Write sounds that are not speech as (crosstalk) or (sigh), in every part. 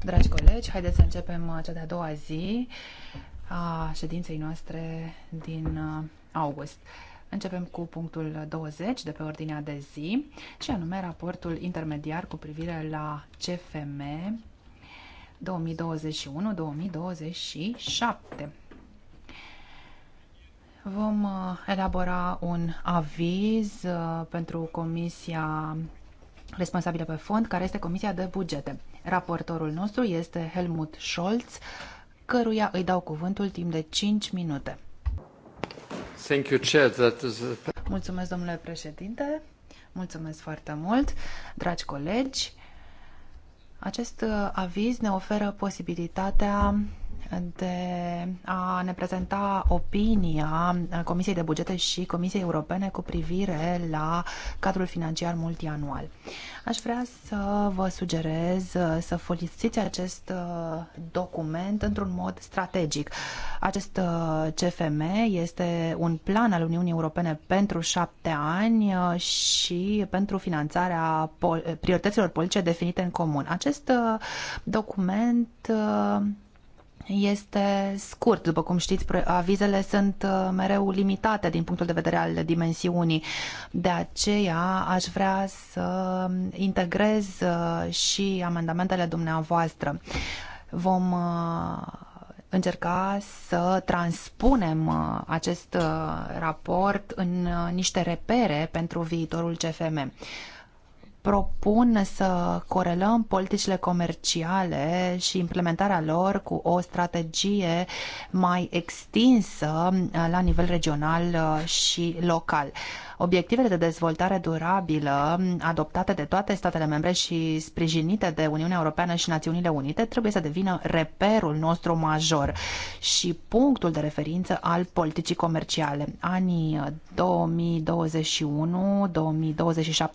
Dragi colegi, haideți să începem uh, cea de-a doua zi a ședinței noastre din uh, august. Începem cu punctul 20 de pe ordinea de zi și anume raportul intermediar cu privire la CFM 2021-2027 vom uh, elabora un aviz pentru Comisia responsabilă pe fond, care este Comisia de Bugete. Raportorul nostru este Helmut Scholz, căruia îi dau cuvântul timp de 5 minute. Thank you, Chair. That is a... Mulțumesc, domnule președinte. Mulțumesc foarte mult, dragi colegi. Acest uh, aviz ne oferă posibilitatea de a ne prezenta opinia Comisiei de Bugete și Comisiei Europene cu privire la cadrul financiar multianual. Aș vrea să vă sugerez să folosiți acest uh, document într-un mod strategic. Acest uh, CFM este un plan al Uniunii Europene pentru șapte ani uh, și pentru finanțarea priorităților politice definite în comun. Acest document este scurt. După cum știți, avizele sunt uh, mereu limitate din punctul de vedere al dimensiunii. De aceea aș vrea să integrez uh, și amendamentele dumneavoastră. Vom uh, încerca să transpunem acest raport în niște repere pentru viitorul CFM propun să corelăm politicile comerciale și implementarea lor cu o strategie mai extinsă uh, la nivel regional uh, și local. Obiectivele de dezvoltare durabilă adoptate de toate statele membre și sprijinite de Uniunea Europeană și Națiunile Unite trebuie să devină reperul nostru major și punctul de referință al politicii comerciale. Anii 2021-2027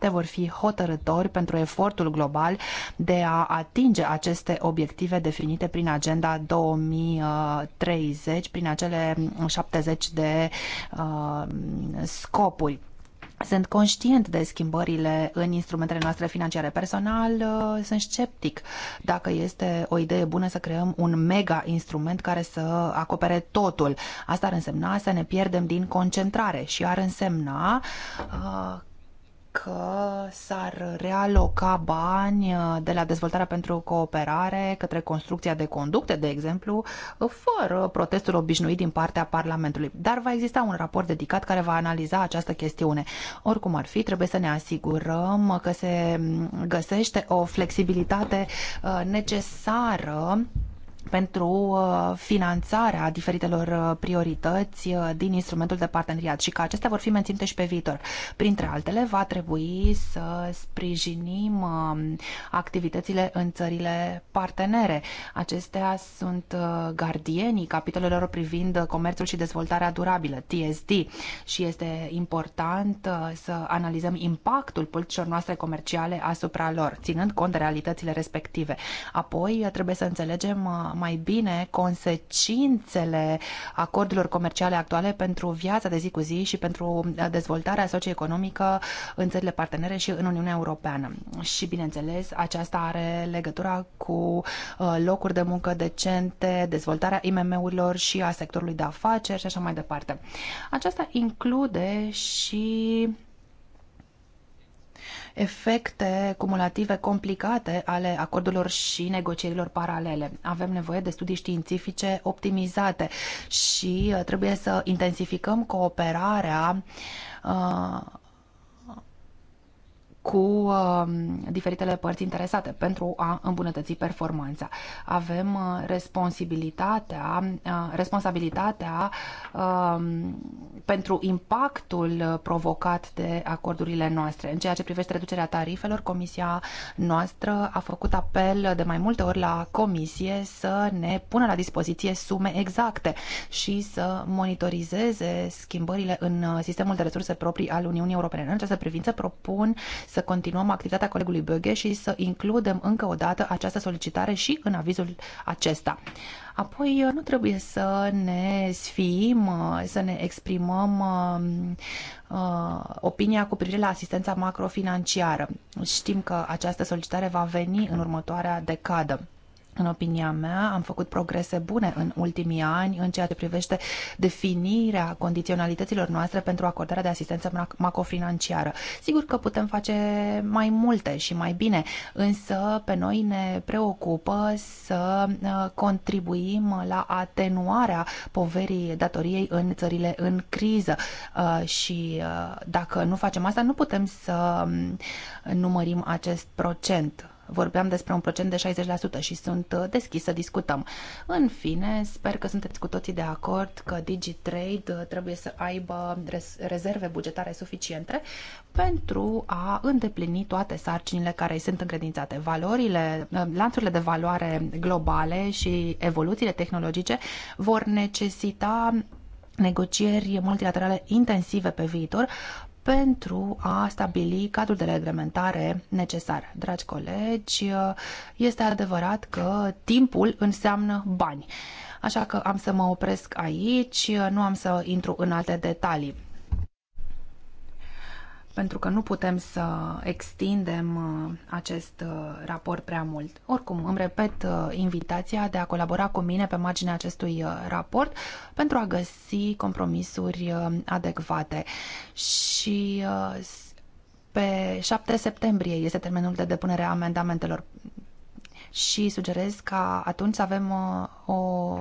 vor fi hotărători pentru efortul global de a atinge aceste obiective definite prin Agenda 2030, prin acele 70 de uh, scopuri sunt conștient de schimbările în instrumentele noastre financiare. Personal, uh, sunt sceptic dacă este o idee bună să creăm un mega instrument care să acopere totul. Asta ar însemna să ne pierdem din concentrare și ar însemna uh, că s-ar realoca bani uh, de la dezvoltarea pentru cooperare către construcția de conducte, de exemplu, uh, fără protestul obișnuit din partea Parlamentului. Dar va exista un raport dedicat care va analiza această chestiune. Oricum ar fi, trebuie să ne asigurăm că se mm, găsește o flexibilitate uh, necesară pentru uh, finanțarea diferitelor uh, priorități uh, din instrumentul de parteneriat și că acestea vor fi menținute și pe viitor. Printre altele, va trebui să sprijinim um, activitățile în țările partenere. Acestea sunt gardienii capitolelor privind comerțul și dezvoltarea durabilă, TSD, și este important să analizăm impactul politicilor noastre comerciale asupra lor, ținând cont de realitățile respective. Apoi, trebuie să înțelegem mai bine consecințele acordurilor comerciale actuale pentru viața de zi cu zi și pentru uh, dezvoltarea socioeconomică în țările partenere și în Uniunea Europeană. Și, bineînțeles, aceasta are legătura cu uh, locuri de muncă decente, dezvoltarea IMM-urilor și a sectorului de afaceri și așa mai departe. Aceasta include și efecte cumulative complicate ale acordurilor și negocierilor paralele. Avem nevoie de studii științifice optimizate și uh, trebuie să intensificăm cooperarea uh, cu um, diferitele părți interesate pentru a îmbunătăți performanța. Avem uh, responsabilitatea, uh, responsabilitatea um, pentru impactul uh, provocat de acordurile noastre. În ceea ce privește reducerea tarifelor, Comisia noastră a făcut apel de mai multe ori la Comisie să ne pună la dispoziție sume exacte și să monitorizeze schimbările în sistemul de resurse proprii al Uniunii Europene. În această privință propun să să continuăm activitatea colegului Böge și să includem încă o dată această solicitare și în avizul acesta. Apoi uh, nu trebuie să ne sfiim, uh, să ne exprimăm uh, opinia cu privire la asistența macrofinanciară. Știm că această solicitare va veni în următoarea decadă. În opinia mea, am făcut progrese bune în ultimii ani în ceea ce privește definirea condiționalităților noastre pentru acordarea de asistență macrofinanciară. Sigur că putem face mai multe și mai bine, însă pe noi ne preocupă să uh, contribuim la atenuarea poverii datoriei în țările în criză uh, și uh, dacă nu facem asta, nu putem să mm, numărim acest procent vorbeam despre un procent de 60% și sunt uh, deschis să discutăm. În fine, sper că sunteți cu toții de acord că DigiTrade uh, trebuie să aibă rezerve bugetare suficiente pentru a îndeplini toate sarcinile care îi sunt încredințate. Valorile, uh, lanțurile de valoare globale și evoluțiile tehnologice vor necesita negocieri multilaterale intensive pe viitor pentru a stabili cadrul de reglementare necesar. Dragi colegi, este adevărat că timpul înseamnă bani. Așa că am să mă opresc aici, nu am să intru în alte detalii pentru că nu putem să extindem uh, acest uh, raport prea mult. Oricum, îmi repet uh, invitația de a colabora cu mine pe marginea acestui raport pentru a găsi compromisuri adecvate. Și pe 7 septembrie este termenul de depunere a amendamentelor și sugerez ca atunci să avem uh, o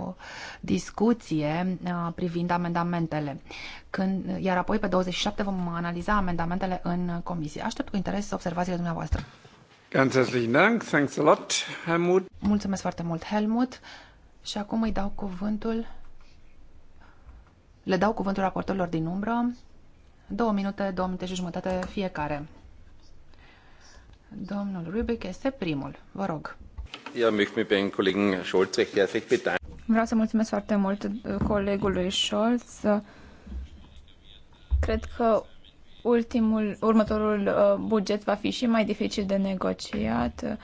discuție uh, privind amendamentele. Când, iar apoi pe 27 vom analiza amendamentele în comisie. Aștept cu interes observațiile dumneavoastră. Ganz herzlichen Dank. Thanks a lot, Helmut. Mulțumesc foarte mult, Helmut. Și acum îi dau cuvântul le dau cuvântul raportorilor din umbră. Două minute, două minute și jumătate fiecare. Domnul Rubic este primul. Vă rog. Vreau să mulțumesc foarte mult uh, colegului Scholz. Cred că ultimul, următorul uh, buget va fi și mai dificil de negociat.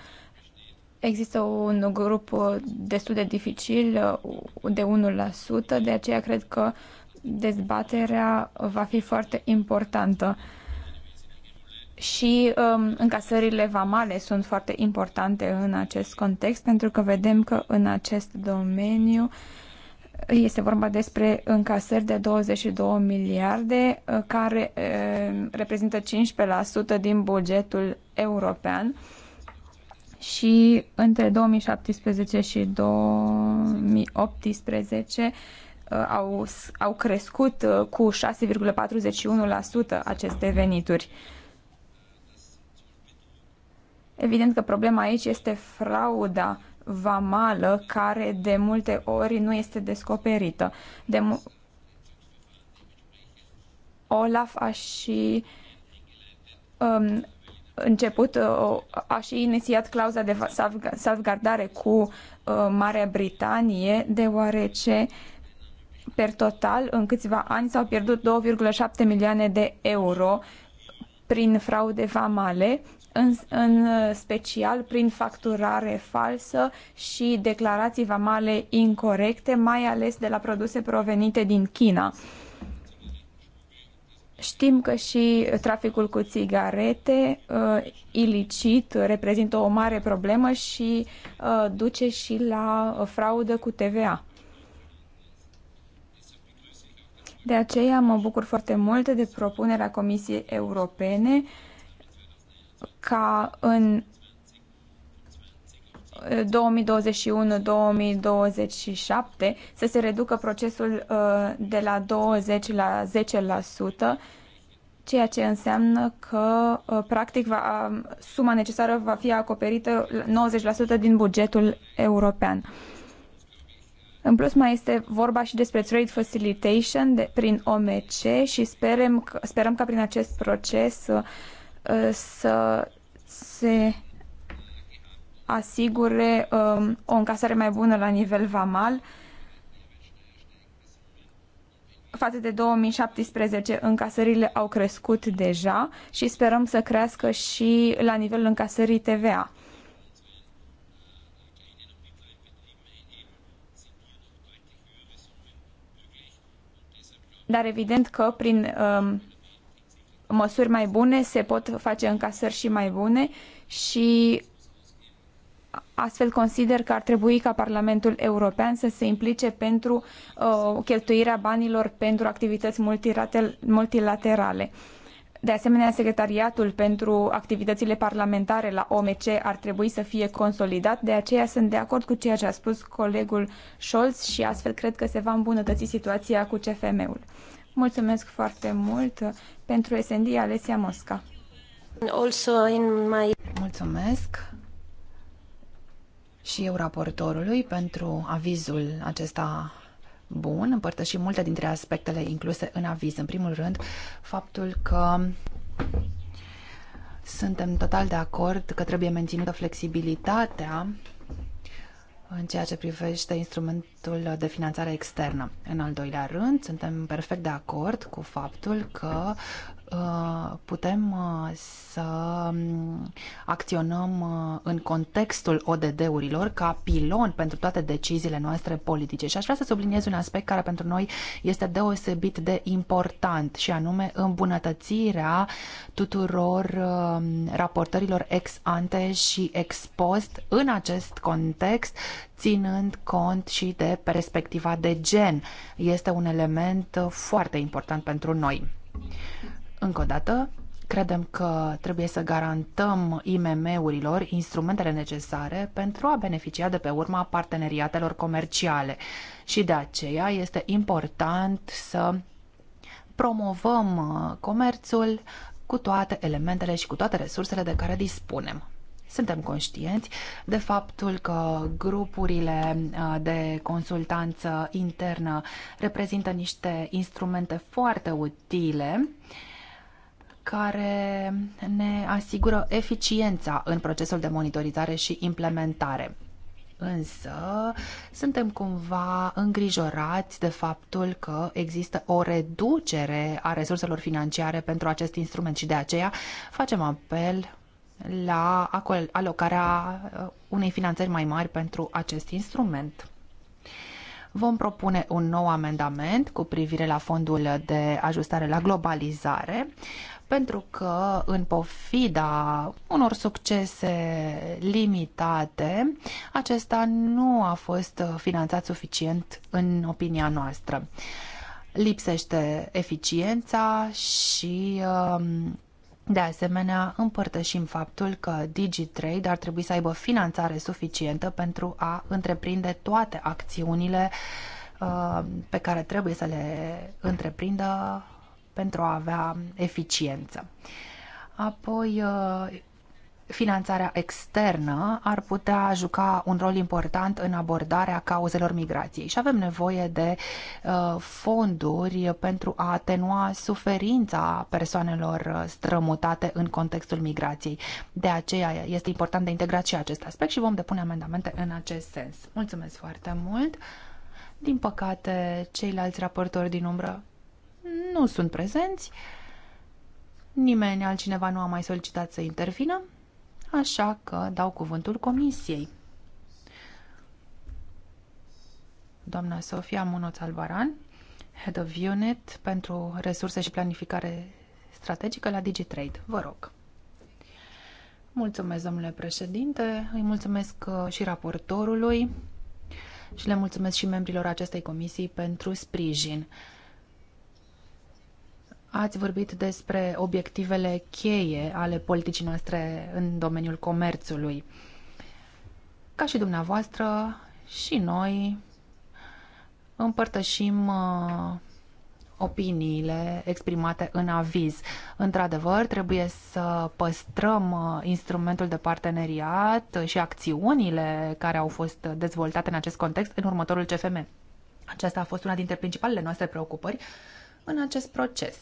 Există un grup uh, destul de dificil, de 1%, de aceea cred că dezbaterea va fi foarte importantă și um, încasările vamale sunt foarte importante în acest context, pentru că vedem că în acest domeniu este vorba despre încasări de 22 miliarde, uh, care um, reprezintă 15% din bugetul european și între 2017 și 2018 uh, au, au crescut uh, cu 6,41% aceste venituri. Uh, Evident că problema aici este frauda vamală, care de multe ori nu este descoperită. De Olaf a și um, început, uh, a și inițiat clauza de salvgardare cu uh, Marea Britanie, deoarece per total în câțiva ani s-au pierdut 2,7 milioane de euro prin fraude vamale în, în special prin facturare falsă și declarații vamale incorrecte, mai ales de la produse provenite din China. Știm că și traficul cu țigarete uh, ilicit reprezintă o mare problemă și uh, duce și la fraudă cu TVA. De aceea mă bucur foarte mult de propunerea Comisiei Europene uh, ca în 2021-2027 eh, să se reducă procesul eh, de la 20 la 10%, ceea ce înseamnă că eh, practic va, suma necesară va fi acoperită 90% din bugetul european. În plus, mai este vorba și despre trade facilitation de, prin OMC și sperăm, sperăm ca prin acest proces să se asigure um, o încasare mai bună la nivel vamal față de 2017 încasările au crescut deja și sperăm să crească și la nivelul încasării TVA. Dar evident că prin um, măsuri mai bune, se pot face încasări și mai bune și astfel consider că ar trebui ca Parlamentul European să se implice pentru uh, cheltuirea banilor pentru activități multilaterale. De asemenea, secretariatul pentru activitățile parlamentare la OMC ar trebui să fie consolidat, de aceea sunt de acord cu ceea ce a spus colegul Scholz și astfel cred că se va îmbunătăți situația cu CFM-ul. Mulțumesc foarte mult pentru SND Alesia Mosca. Also in my... Mulțumesc și eu raportorului pentru avizul acesta bun. Împărtășim multe dintre aspectele incluse în aviz. În primul rând, faptul că suntem total de acord că trebuie menținută flexibilitatea în ceea ce privește instrumentul de finanțare externă. În al doilea rând, suntem perfect de acord cu faptul că Uh, putem uh, să um, acționăm uh, în contextul ODD-urilor ca pilon pentru toate deciziile noastre politice. Și aș vrea să subliniez un aspect care pentru noi este deosebit de important și anume îmbunătățirea tuturor um, raportărilor ex ante și ex post în acest context, ținând cont și de perspectiva de gen. Este un element foarte important pentru noi. Încă o dată, credem că trebuie să garantăm IMM-urilor instrumentele necesare pentru a beneficia de pe urma parteneriatelor comerciale și de aceea este important să promovăm uh, comerțul cu toate elementele și cu toate resursele de care dispunem. Suntem conștienți de faptul că grupurile uh, de consultanță internă reprezintă niște instrumente foarte utile uh, care ne asigură eficiența în procesul de monitorizare și implementare. Însă, suntem cumva îngrijorați de faptul că există o reducere a resurselor financiare pentru acest instrument și de aceea facem apel la alocarea uh, unei finanțări mai mari pentru acest instrument. Vom propune un nou amendament cu privire la fondul de ajustare la globalizare pentru că în pofida unor succese limitate, acesta nu a fost finanțat suficient în opinia noastră. Lipsește eficiența și um, de asemenea, împărtășim faptul că DigiTrade ar trebui să aibă finanțare suficientă pentru a întreprinde toate acțiunile uh, pe care trebuie să le întreprindă pentru a avea eficiență. Apoi, uh, finanțarea externă ar putea juca un rol important în abordarea cauzelor migrației și avem nevoie de uh, fonduri pentru a atenua suferința persoanelor uh, strămutate în contextul migrației. De aceea este important de integrat și acest aspect și vom depune amendamente în acest sens. Mulțumesc foarte mult! Din păcate, ceilalți raportori din umbră nu sunt prezenți. Nimeni altcineva nu a mai solicitat să intervină, așa că dau cuvântul comisiei. Doamna Sofia Munoț Alvaran, Head of Unit pentru Resurse și Planificare Strategică la DigiTrade. Vă rog. Mulțumesc, domnule președinte, îi mulțumesc uh, și raportorului și le mulțumesc și membrilor acestei comisii pentru sprijin. Ați vorbit despre obiectivele cheie ale politicii noastre în domeniul comerțului. Ca și dumneavoastră, și noi împărtășim uh, opiniile exprimate în aviz. Într-adevăr, trebuie să păstrăm uh, instrumentul de parteneriat și acțiunile care au fost dezvoltate în acest context în următorul CFM. Aceasta a fost una dintre principalele noastre preocupări în acest proces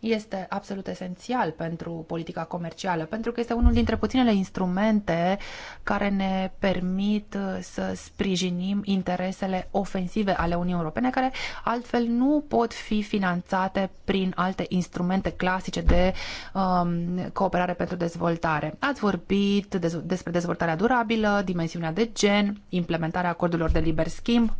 este absolut esențial pentru politica comercială, pentru că este unul dintre puținele instrumente care ne permit uh, să sprijinim interesele ofensive ale Uniunii Europene, care altfel nu pot fi finanțate prin alte instrumente clasice de um, cooperare pentru dezvoltare. Ați vorbit despre dezvoltarea durabilă, dimensiunea de gen, implementarea acordurilor de liber schimb,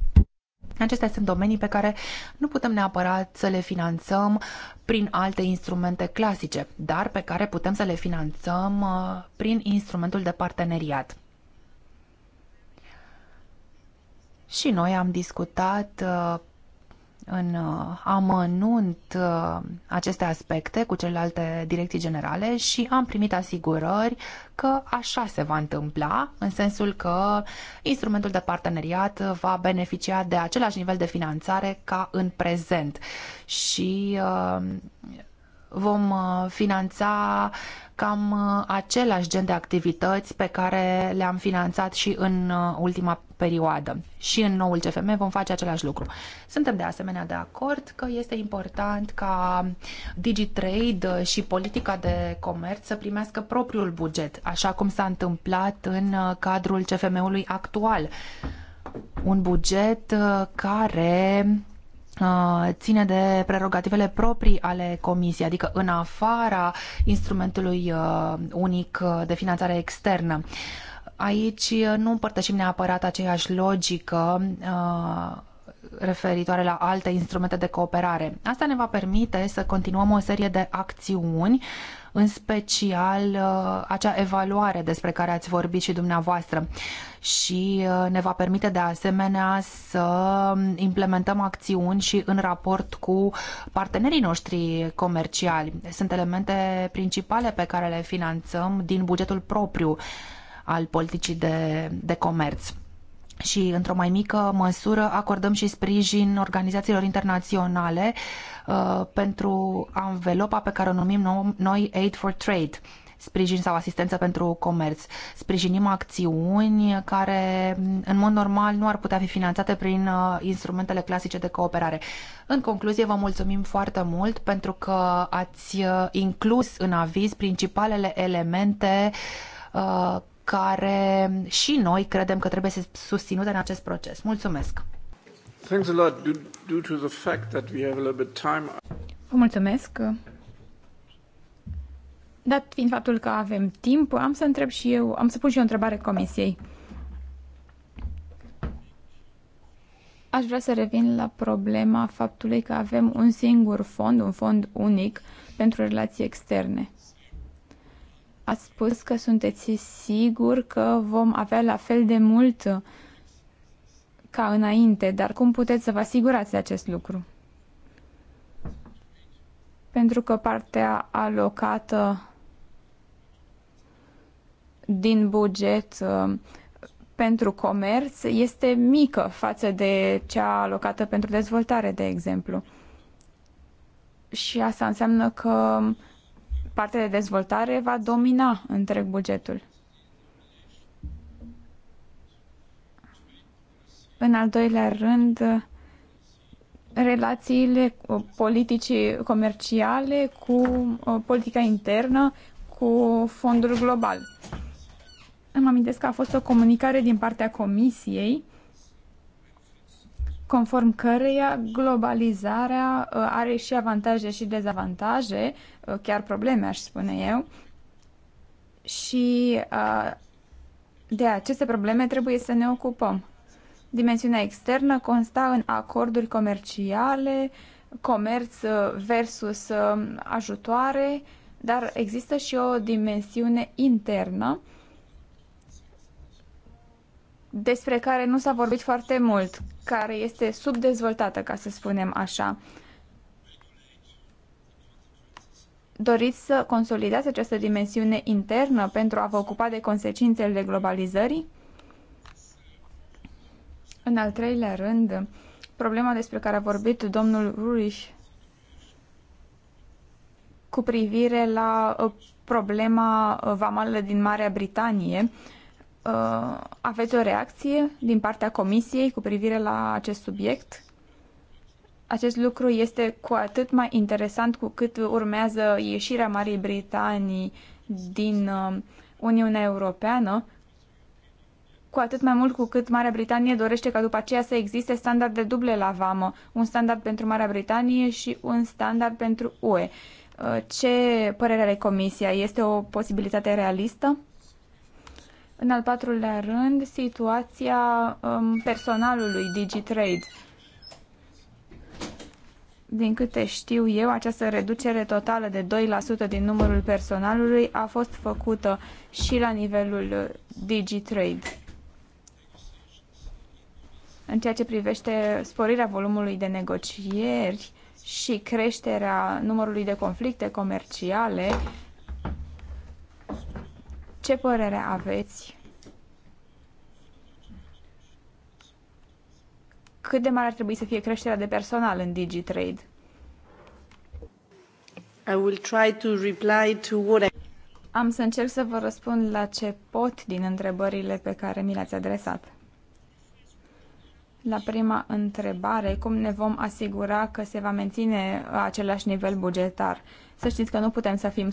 Acestea sunt domenii pe care nu putem neapărat să le finanțăm prin alte instrumente clasice, dar pe care putem să le finanțăm uh, prin instrumentul de parteneriat. Și noi am discutat uh, în uh, amănunt uh, aceste aspecte cu celelalte direcții generale și am primit asigurări că așa se va întâmpla, în sensul că instrumentul de parteneriat va beneficia de același nivel de finanțare ca în prezent și uh, vom finanța cam uh, același gen de activități pe care le-am finanțat și în uh, ultima perioadă. Și în noul CFM vom face același lucru. Suntem de asemenea de acord că este important ca DigiTrade și politica de comerț să primească propriul buget, așa cum s-a întâmplat în uh, cadrul CFM-ului actual. Un buget care Uh, ține de prerogativele proprii ale Comisiei, adică în afara instrumentului uh, unic uh, de finanțare externă. Aici nu împărtășim neapărat aceeași logică referitoare la alte instrumente de cooperare. Asta ne va permite să continuăm o serie de acțiuni în special uh, acea evaluare despre care ați vorbit și dumneavoastră și uh, ne va permite de asemenea să implementăm acțiuni și în raport cu partenerii noștri comerciali. Sunt elemente principale pe care le finanțăm din bugetul propriu al politicii de, de comerț și, într-o mai mică măsură, acordăm și sprijin organizațiilor internaționale Uh, pentru anvelopa pe care o numim noi Aid for Trade sprijin sau asistență pentru comerț. Sprijinim acțiuni care, în mod normal, nu ar putea fi finanțate prin uh, instrumentele clasice de cooperare. În concluzie, vă mulțumim foarte mult pentru că ați uh, inclus în aviz principalele elemente care și noi credem că trebuie să susținute în acest proces. Mulțumesc! Thanks a lot. Due to the fact that we have a little bit time. Vă mulțumesc. Dat fiind faptul că avem timp, am să întreb și eu, am să pun și eu o întrebare comisiei. Aș vrea să revin la problema faptului că avem un singur fond, un fond unic pentru relații externe. Ați spus că sunteți sigur că vom avea la fel de mult uh, ca înainte, dar cum puteți să vă asigurați de acest lucru? Pentru că partea alocată din buget uh, pentru comerț este mică față de cea alocată pentru dezvoltare, de exemplu. Și asta înseamnă că partea de dezvoltare va domina întreg bugetul. În al doilea rând, relațiile politicii comerciale cu uh, politica internă, cu fondul global. Îmi amintesc că a fost o comunicare din partea Comisiei conform căreia globalizarea uh, are și avantaje și dezavantaje, uh, chiar probleme, aș spune eu, și de aceste probleme trebuie să ne ocupăm. Dimensiunea externă consta în acorduri comerciale, comerț uh, versus uh, ajutoare, dar există și o dimensiune internă despre care nu s-a vorbit foarte mult, care este subdezvoltată, ca să spunem așa. Doriți să consolidați această dimensiune internă pentru a vă ocupa de consecințele globalizării? În al treilea rând, problema despre care a vorbit domnul Ruriș cu privire la uh, problema uh, vamală din Marea Britanie. Uh, aveți o reacție din partea Comisiei cu privire la acest subiect? Acest lucru este cu atât mai interesant cu cât urmează ieșirea Marii Britanii din Uniunea Europeană, cu atât mai mult cu cât Marea Britanie dorește ca după aceea să existe standarde duble la vamă, un standard pentru Marea Britanie și un standard pentru UE. Uh, ce părere are Comisia? Este o posibilitate realistă? În al patrulea rând, situația um, personalului DigiTrade. Din câte știu eu, această reducere totală de 2% din numărul personalului a fost făcută și la nivelul uh, DigiTrade în ceea ce privește sporirea volumului de negocieri și creșterea numărului de conflicte comerciale, ce părere aveți? Cât de mare ar trebui să fie creșterea de personal în DigiTrade? I will try to reply to what I... Am să încerc să vă răspund la ce pot din întrebările pe care mi le-ați adresat. La prima întrebare, cum ne vom asigura că se va menține același nivel bugetar? Să știți că nu putem să fim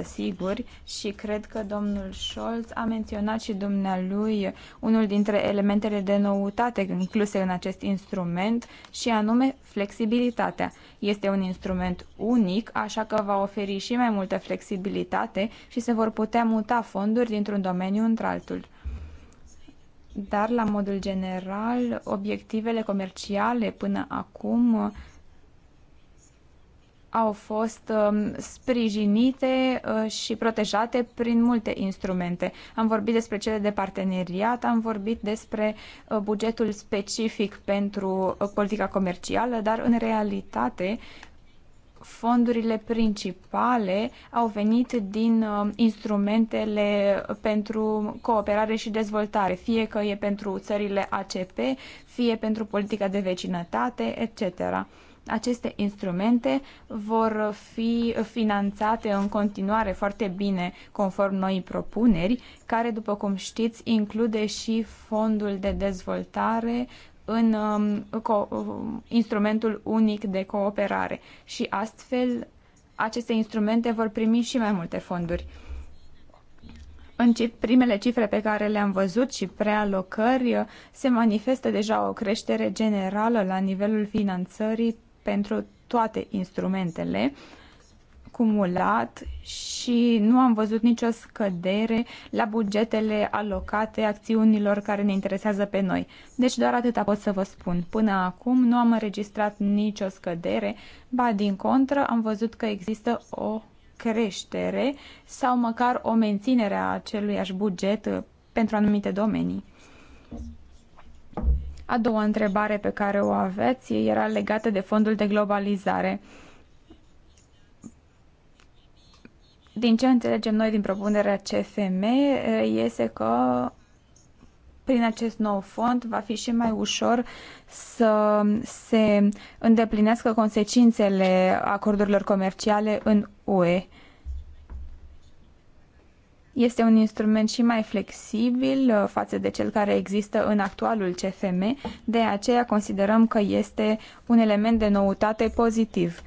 100% siguri și cred că domnul Scholz a menționat și dumnealui unul dintre elementele de noutate incluse în acest instrument și anume flexibilitatea. Este un instrument unic, așa că va oferi și mai multă flexibilitate și se vor putea muta fonduri dintr-un domeniu într-altul dar la modul general, obiectivele comerciale până acum uh, au fost um, sprijinite uh, și protejate prin multe instrumente. Am vorbit despre cele de parteneriat, am vorbit despre uh, bugetul specific pentru politica comercială, dar în realitate fondurile principale au venit din uh, instrumentele pentru cooperare și dezvoltare, fie că e pentru țările ACP, fie pentru politica de vecinătate, etc. Aceste instrumente vor fi finanțate în continuare foarte bine conform noii propuneri, care, după cum știți, include și fondul de dezvoltare în um, um, instrumentul unic de cooperare și astfel aceste instrumente vor primi și mai multe fonduri. În primele cifre pe care le-am văzut și prealocări, uh, se manifestă deja o creștere generală la nivelul finanțării pentru toate instrumentele, uh, cumulat și nu am văzut nicio scădere la bugetele alocate acțiunilor care ne interesează pe noi. Deci doar atâta pot să vă spun. Până acum nu am înregistrat nicio scădere, ba din contră am văzut că există o creștere sau măcar o menținere a aceluiași buget uh, pentru anumite domenii. A doua întrebare pe care o aveți era legată de fondul de globalizare. Din ce înțelegem noi din propunerea CFM este că prin acest nou fond va fi și mai ușor să se îndeplinească consecințele acordurilor comerciale în UE. Este un instrument și mai flexibil uh, față de cel care există în actualul CFM, de aceea considerăm că este un element de noutate pozitiv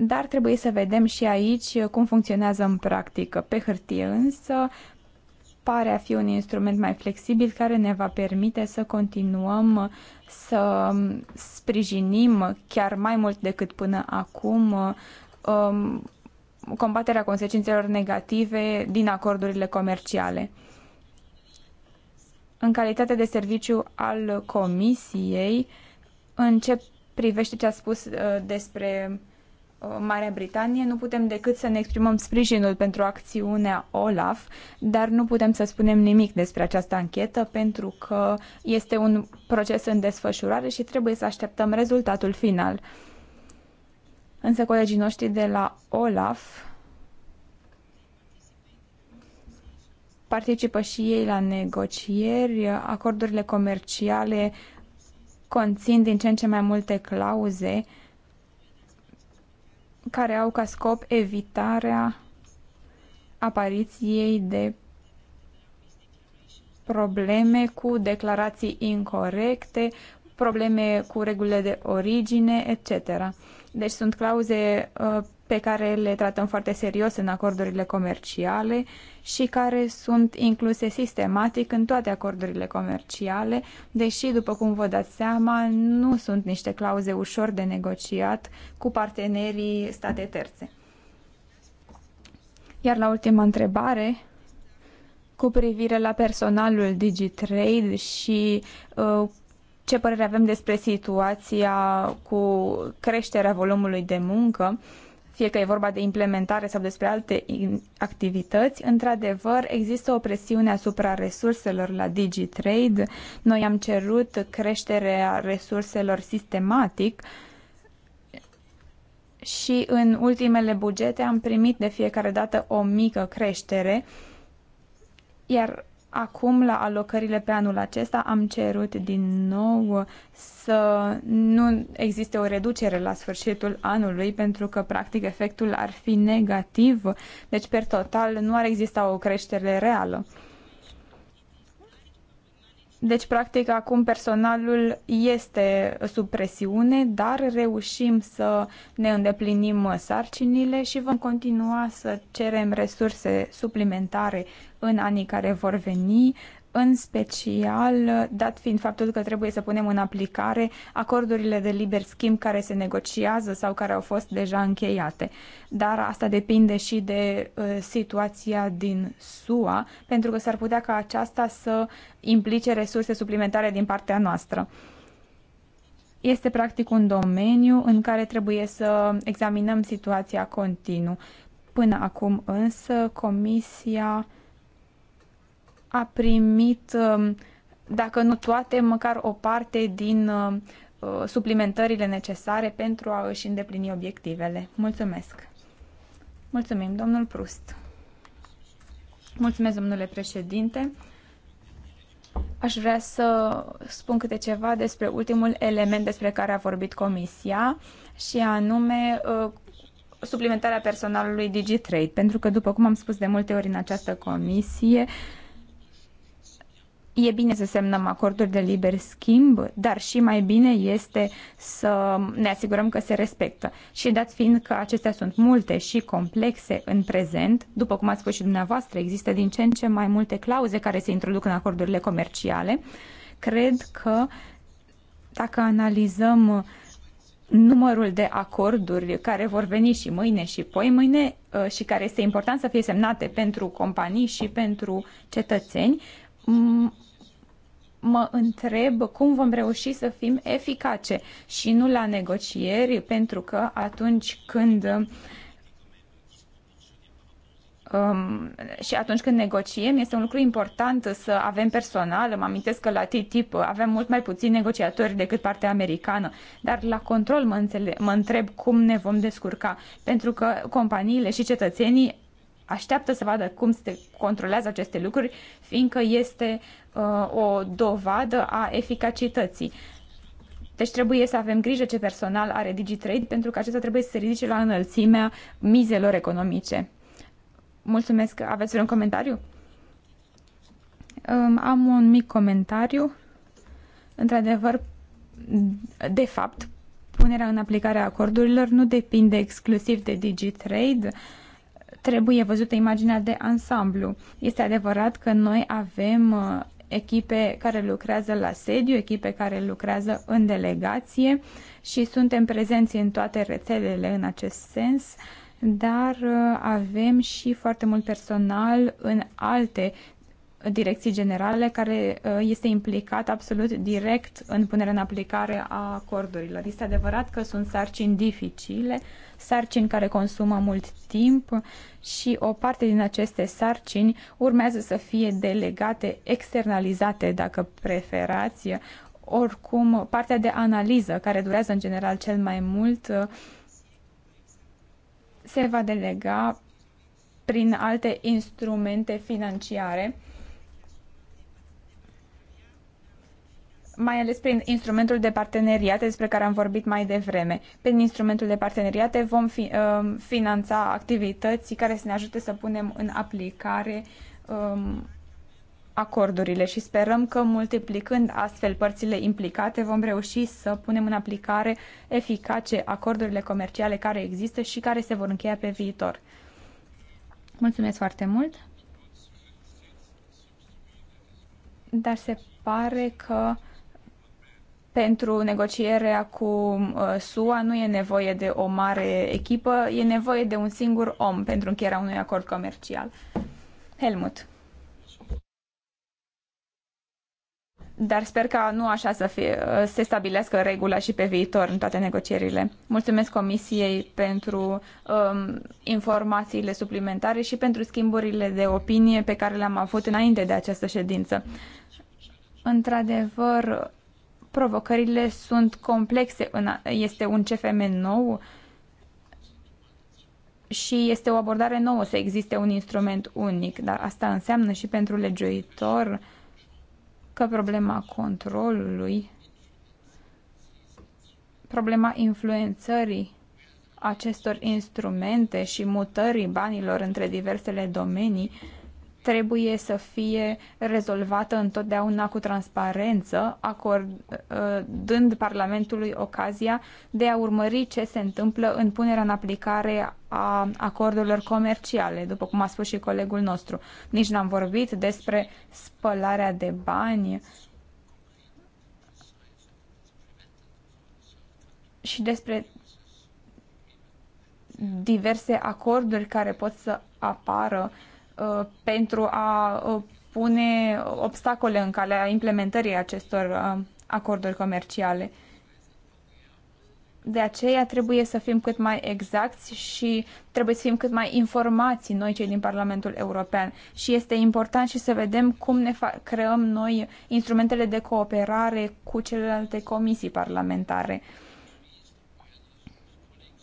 dar trebuie să vedem și aici cum funcționează în practică. Pe hârtie însă pare a fi un instrument mai flexibil care ne va permite să continuăm să sprijinim chiar mai mult decât până acum um, combaterea consecințelor negative din acordurile comerciale. În calitate de serviciu al Comisiei, în ce privește ce a spus uh, despre Uh, Marea Britanie, nu putem decât să ne exprimăm sprijinul pentru acțiunea OLAF, dar nu putem să spunem nimic despre această anchetă pentru că este un proces în desfășurare și trebuie să așteptăm rezultatul final. Însă colegii noștri de la OLAF participă și ei la negocieri, acordurile comerciale conțin din ce în ce mai multe clauze uh, care au ca scop evitarea apariției de probleme cu declarații incorrecte, probleme cu regulile de origine, etc. Deci sunt clauze uh, pe care le tratăm foarte serios în acordurile comerciale și care sunt incluse sistematic în toate acordurile comerciale, deși, după cum vă dați seama, nu sunt niște clauze ușor de negociat cu partenerii state terțe. Iar la ultima întrebare, cu privire la personalul DigiTrade și uh, ce părere avem despre situația cu creșterea volumului de muncă, uh, fie că e vorba de implementare sau despre alte activități, într-adevăr există o presiune asupra resurselor la DigiTrade. Noi am cerut creșterea resurselor sistematic și în ultimele bugete am primit de fiecare dată o mică creștere, iar acum la alocările pe anul acesta am cerut din nou să nu existe o reducere la sfârșitul anului, pentru că, practic, efectul ar fi negativ. Deci, per total, nu ar exista o creștere reală. Deci, practic, acum personalul este sub presiune, dar reușim să ne îndeplinim sarcinile și vom continua să cerem resurse suplimentare în anii care vor veni, în special dat fiind faptul că trebuie să punem în aplicare acordurile de liber schimb care se negociază sau care au fost deja încheiate. Dar asta depinde și de uh, situația din SUA, pentru că s-ar putea ca aceasta să implice resurse suplimentare din partea noastră. Este practic un domeniu în care trebuie să examinăm situația continuu. Până acum însă Comisia a primit, um, dacă nu toate, măcar o parte din uh, uh, suplimentările necesare pentru a își îndeplini obiectivele. Mulțumesc! Mulțumim, domnul Prust! Mulțumesc, domnule președinte! Aș vrea să spun câte ceva despre ultimul element despre care a vorbit Comisia și anume uh, suplimentarea personalului DigiTrade, pentru că, după cum am spus de multe ori în această comisie, E bine să semnăm acorduri de liber schimb, dar și mai bine este să ne asigurăm că se respectă. Și dat fiind că acestea sunt multe și complexe în prezent, după cum ați spus și dumneavoastră, există din ce în ce mai multe clauze care se introduc în acordurile comerciale. Cred că dacă analizăm numărul de acorduri care vor veni și mâine și poi mâine uh, și care este important să fie semnate pentru companii și pentru cetățeni, mă întreb cum vom reuși să fim eficace și nu la negocieri, pentru că atunci când Um, și atunci când negociem, este un lucru important să avem personal. Mă amintesc că la TTIP avem mult mai puțini negociatori decât partea americană, dar la control mă, mă întreb cum ne vom descurca, pentru că companiile și cetățenii așteaptă să vadă cum se controlează aceste lucruri, fiindcă este uh, o dovadă a eficacității. Deci trebuie să avem grijă ce personal are DigiTrade, pentru că acesta trebuie să se ridice la înălțimea mizelor economice. Mulțumesc. Aveți vreun comentariu? Um, am un mic comentariu. Într-adevăr, de fapt, punerea în aplicare a acordurilor nu depinde exclusiv de DigiTrade. Uh, trebuie văzută imaginea de ansamblu. Este adevărat că noi avem uh, echipe care lucrează la sediu, echipe care lucrează în delegație și suntem prezenți în toate rețelele în acest sens, dar uh, avem și foarte mult personal în alte direcții generale care uh, este implicat absolut direct în punerea în aplicare a acordurilor. Este adevărat că sunt sarcini dificile, sarcini care consumă mult timp și o parte din aceste sarcini urmează să fie delegate, externalizate, dacă preferați. Oricum, partea de analiză, care durează în general cel mai mult, uh, se va delega prin alte instrumente financiare mai ales prin instrumentul de parteneriate despre care am vorbit mai devreme. Prin instrumentul de parteneriate vom fi, um, finanța activități care să ne ajute să punem în aplicare um, acordurile și sperăm că multiplicând astfel părțile implicate vom reuși să punem în aplicare eficace acordurile comerciale care există și care se vor încheia pe viitor. Mulțumesc foarte mult! Dar se pare că pentru negocierea cu uh, SUA nu e nevoie de o mare echipă, e nevoie de un singur om pentru încheierea unui acord comercial. Helmut. Dar sper ca nu așa să fie, uh, se stabilească regula și pe viitor în toate negocierile. Mulțumesc Comisiei pentru um, informațiile suplimentare și pentru schimburile de opinie pe care le-am avut înainte de această ședință. Într-adevăr, provocările sunt complexe, este un CFM nou și este o abordare nouă să existe un instrument unic, dar asta înseamnă și pentru legiuitor că problema controlului, problema influențării acestor instrumente și mutării banilor între diversele domenii trebuie să fie rezolvată întotdeauna cu transparență, acordând ă, dând Parlamentului ocazia de a urmări ce se întâmplă în punerea în aplicare a acordurilor comerciale, după cum a spus și colegul nostru. Nici n-am vorbit despre spălarea de bani și despre diverse acorduri care pot să apară Uh, pentru a uh, pune obstacole în calea implementării acestor uh, acorduri comerciale. De aceea trebuie să fim cât mai exacti și trebuie să fim cât mai informați noi cei din Parlamentul European. Și este important și să vedem cum ne creăm noi instrumentele de cooperare cu celelalte comisii parlamentare.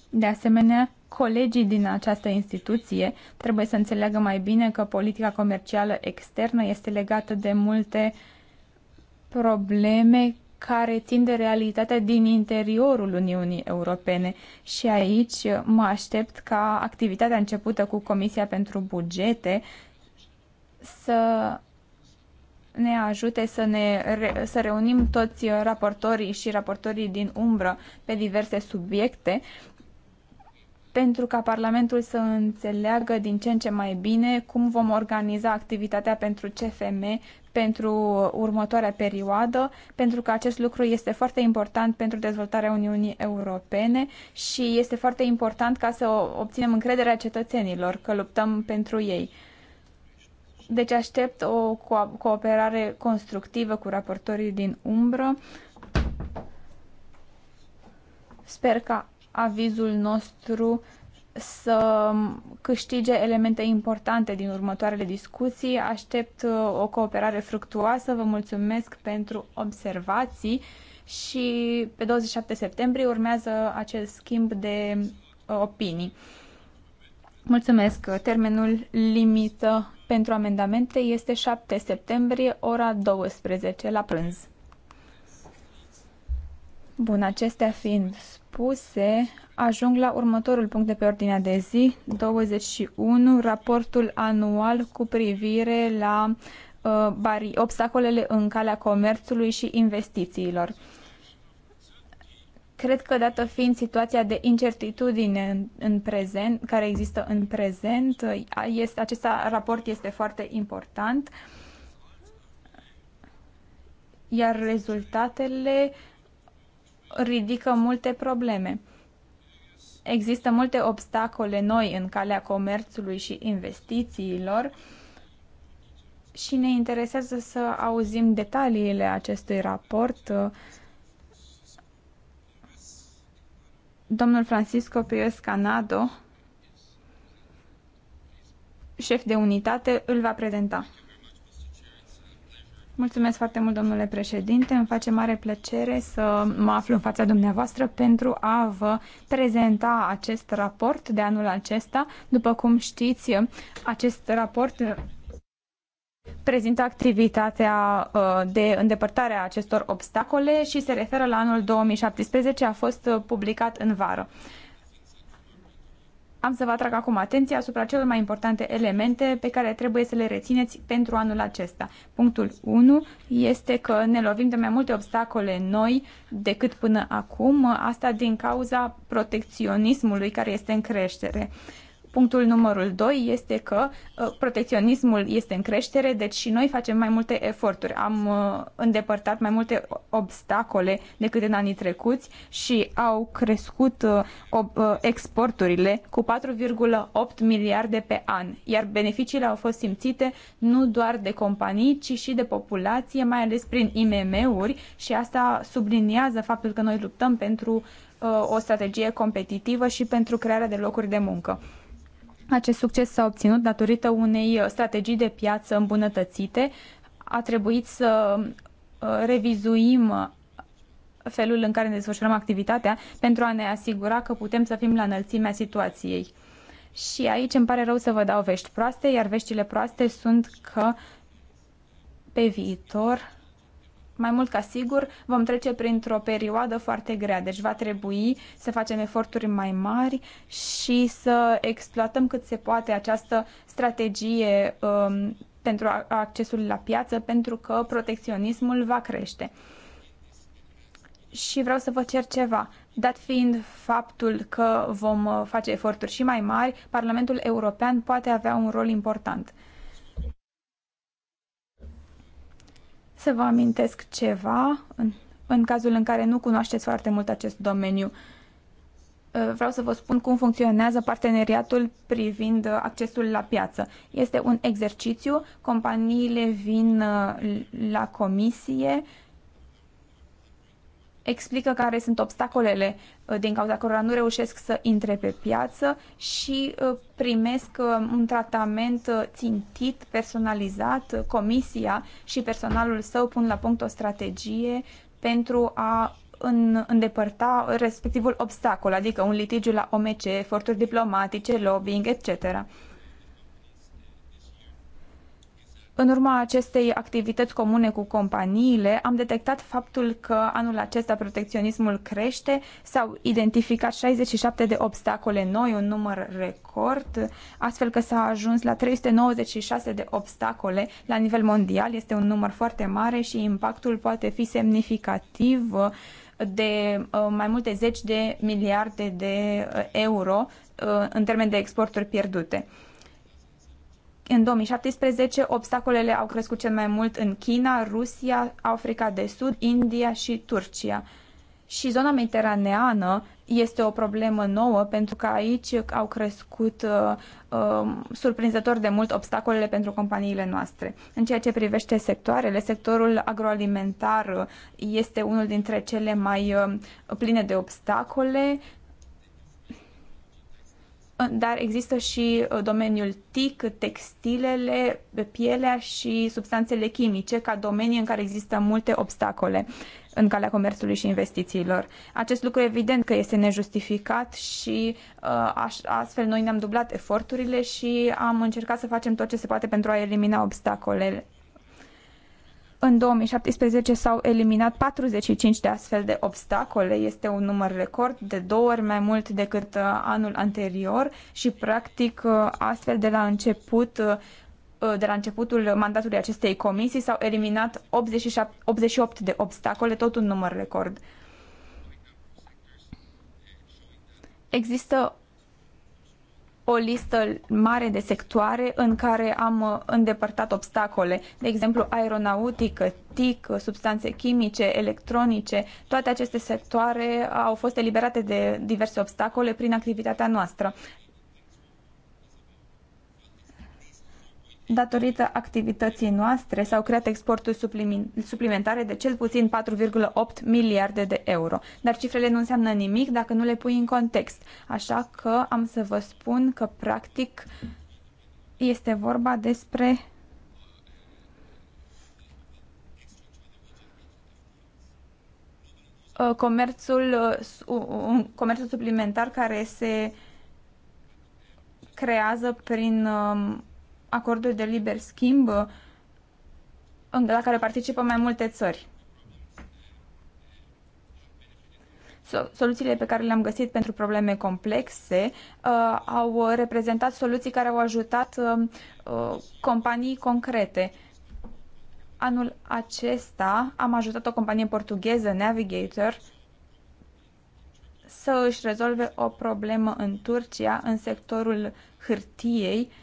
De asemenea, colegii din această instituție trebuie să înțeleagă mai bine că politica comercială externă este legată de multe probleme care țin de realitatea din interiorul Uniunii Europene și aici mă aștept ca activitatea începută cu Comisia pentru Bugete să ne ajute să ne re, să reunim toți raportorii și raportorii din umbră pe diverse subiecte pentru ca Parlamentul să înțeleagă din ce în ce mai bine cum vom organiza activitatea pentru CFM pentru următoarea perioadă, pentru că acest lucru este foarte important pentru dezvoltarea Uniunii Europene și este foarte important ca să obținem încrederea cetățenilor că luptăm pentru ei. Deci aștept o cooperare constructivă cu raportorii din umbră. Sper ca avizul nostru să câștige elemente importante din următoarele discuții. Aștept uh, o cooperare fructuoasă. Vă mulțumesc pentru observații și pe 27 septembrie urmează acest schimb de uh, opinii. Mulțumesc. Termenul limită pentru amendamente este 7 septembrie, ora 12, la prânz. Bun, acestea fiind spuse, ajung la următorul punct de pe ordinea de zi, 21, raportul anual cu privire la uh, obstacolele în calea comerțului și investițiilor. Cred că, dată fiind situația de incertitudine în, în prezent, care există în prezent, uh, este, acest raport este foarte important, iar rezultatele uh, ridică multe probleme. Există multe obstacole noi în calea comerțului și investițiilor și ne interesează să auzim detaliile acestui raport. Domnul Francisco Pires Canado, șef de unitate, îl va prezenta. Mulțumesc foarte mult, domnule președinte. Îmi face mare plăcere să mă aflu în fața dumneavoastră pentru a vă prezenta acest raport de anul acesta. După cum știți, acest raport prezintă activitatea uh, de îndepărtare a acestor obstacole și se referă la anul 2017, a fost publicat în vară. Am să vă atrag acum atenția asupra celor mai importante elemente pe care trebuie să le rețineți pentru anul acesta. Punctul 1 este că ne lovim de mai multe obstacole noi decât până acum, asta din cauza protecționismului care este în creștere. Punctul numărul 2 este că uh, protecționismul este în creștere, deci și noi facem mai multe eforturi. Am uh, îndepărtat mai multe obstacole decât în anii trecuți și au crescut uh, exporturile cu 4,8 miliarde pe an, iar beneficiile au fost simțite nu doar de companii, ci și de populație, mai ales prin IMM-uri și asta subliniază faptul că noi luptăm pentru o strategie competitivă și pentru crearea de locuri de muncă. Acest succes s-a obținut datorită unei uh, strategii de piață îmbunătățite. A trebuit să uh, revizuim uh, felul în care ne desfășurăm activitatea pentru a ne asigura că putem să fim la înălțimea situației. Și aici îmi pare rău să vă dau vești proaste, iar veștile proaste sunt că pe viitor mai mult ca sigur, vom trece printr-o perioadă foarte grea, deci va trebui să facem eforturi mai mari și să exploatăm cât se poate această strategie um, pentru accesul la piață, pentru că protecționismul va crește. Și vreau să vă cer ceva. Dat fiind faptul că vom uh, face eforturi și mai mari, Parlamentul European poate avea un rol important. să vă amintesc ceva în, în cazul în care nu cunoașteți foarte mult acest domeniu. Uh, vreau să vă spun cum funcționează parteneriatul privind uh, accesul la piață. Este un exercițiu, companiile vin uh, la comisie, explică care sunt obstacolele uh, din cauza cărora nu reușesc să intre pe piață și uh, primesc uh, un tratament țintit, personalizat. Comisia și personalul său pun la punct o strategie pentru a îndepărta respectivul obstacol, adică un litigiu la OMC, eforturi diplomatice, lobbying, etc. În urma acestei activități comune cu companiile, am detectat faptul că anul acesta protecționismul crește, s-au identificat 67 de obstacole noi, un număr record, astfel că s-a ajuns la 396 de obstacole la nivel mondial, este un număr foarte mare și impactul poate fi semnificativ de uh, mai multe zeci de miliarde de uh, euro uh, în termen de exporturi pierdute în 2017, obstacolele au crescut cel mai mult în China, Rusia, Africa de Sud, India și Turcia. Și zona mediteraneană este o problemă nouă pentru că aici au crescut uh, uh, surprinzător de mult obstacolele pentru companiile noastre. În ceea ce privește sectoarele, sectorul agroalimentar este unul dintre cele mai uh, pline de obstacole dar există și uh, domeniul TIC, textilele, pielea și substanțele chimice, ca domenii în care există multe obstacole în calea comerțului și investițiilor. Acest lucru evident că este nejustificat și uh, astfel noi ne-am dublat eforturile și am încercat să facem tot ce se poate pentru a elimina obstacolele în 2017 s-au eliminat 45 de astfel de obstacole, este un număr record de două ori mai mult decât uh, anul anterior și practic uh, astfel de la început uh, de la începutul mandatului acestei comisii s-au eliminat 87, 88 de obstacole, tot un număr record. Există o listă mare de sectoare în care am uh, îndepărtat obstacole, de exemplu aeronautică, TIC, uh, substanțe chimice, electronice, toate aceste sectoare au fost eliberate de diverse obstacole prin activitatea noastră. Datorită activității noastre s-au creat exporturi suplimentare de cel puțin 4,8 miliarde de euro. Dar cifrele nu înseamnă nimic dacă nu le pui în context. Așa că am să vă spun că, practic, este vorba despre uh, comerțul, uh, un comerțul suplimentar care se creează prin um, acorduri de liber schimb uh, la care participă mai multe țări. Soluțiile pe care le-am găsit pentru probleme complexe uh, au reprezentat soluții care au ajutat uh, uh, companii concrete. Anul acesta am ajutat o companie portugheză, Navigator, să își rezolve o problemă în Turcia, în sectorul hârtiei, uh,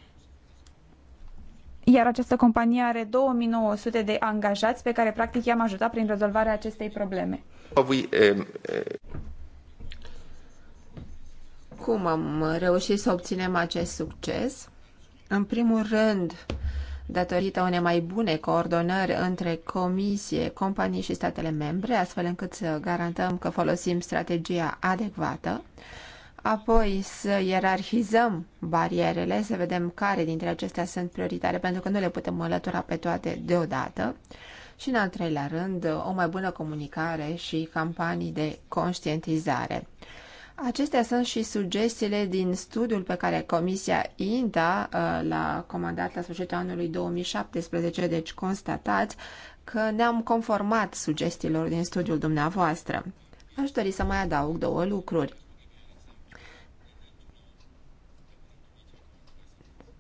iar această companie are 2900 de angajați pe care practic i-am ajutat prin rezolvarea acestei probleme. Păi, eh, eh. Cum am reușit să obținem acest succes? În primul rând, datorită unei mai bune coordonări între comisie, companii și statele membre, astfel încât să garantăm că folosim strategia adecvată apoi să ierarhizăm barierele, să vedem care dintre acestea sunt prioritare, pentru că nu le putem înlătura pe toate deodată. Și în al treilea rând, o mai bună comunicare și campanii de conștientizare. Acestea sunt și sugestiile din studiul pe care Comisia INTA uh, l-a comandat la sfârșitul anului 2017, deci constatați că ne-am conformat sugestiilor din studiul dumneavoastră. Aș dori să mai adaug două lucruri.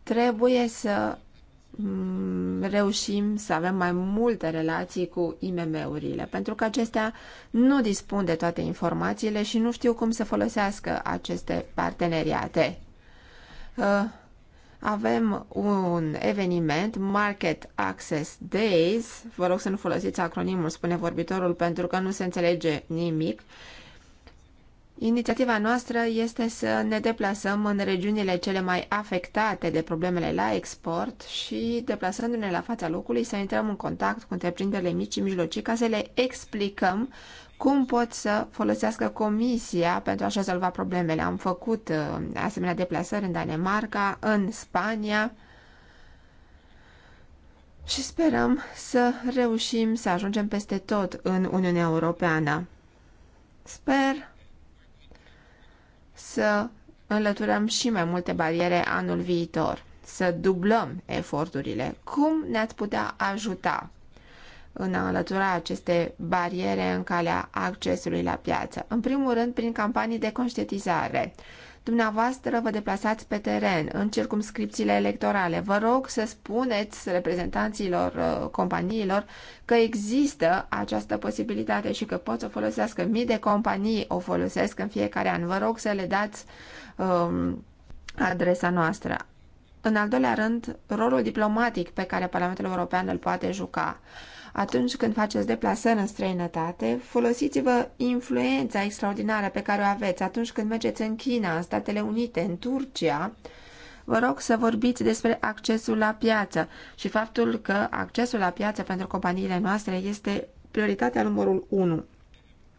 Trebuie să mm, reușim să avem mai multe relații cu IMM-urile, pentru că acestea nu dispun de toate informațiile și nu știu cum să folosească aceste parteneriate. Uh, avem un eveniment, Market Access Days, vă rog să nu folosiți acronimul, spune vorbitorul, pentru că nu se înțelege nimic, Inițiativa noastră este să ne deplasăm în regiunile cele mai afectate de problemele la export și, deplasându-ne la fața locului, să intrăm în contact cu întreprinderile mici și mijlocii ca să le explicăm cum pot să folosească comisia pentru a-și rezolva problemele. Am făcut uh, asemenea deplasări în Danemarca, în Spania și sperăm să reușim să ajungem peste tot în Uniunea Europeană. Sper să înlăturăm și mai multe bariere anul viitor, să dublăm eforturile. Cum ne-ați putea ajuta în a înlătura aceste bariere în calea accesului la piață? În primul rând, prin campanii de conștientizare, Dumneavoastră vă deplasați pe teren, în circumscripțiile electorale. Vă rog să spuneți reprezentanților uh, companiilor că există această posibilitate și că pot să o folosească. Mii de companii o folosesc în fiecare an. Vă rog să le dați um, adresa noastră. În al doilea rând, rolul diplomatic pe care Parlamentul European îl poate juca. Uh, atunci când faceți deplasări în străinătate, folosiți-vă influența extraordinară pe care o aveți atunci când mergeți în China, în Statele Unite, în Turcia. Vă rog să vorbiți despre accesul la piață și faptul că accesul la piață pentru companiile noastre este prioritatea numărul 1,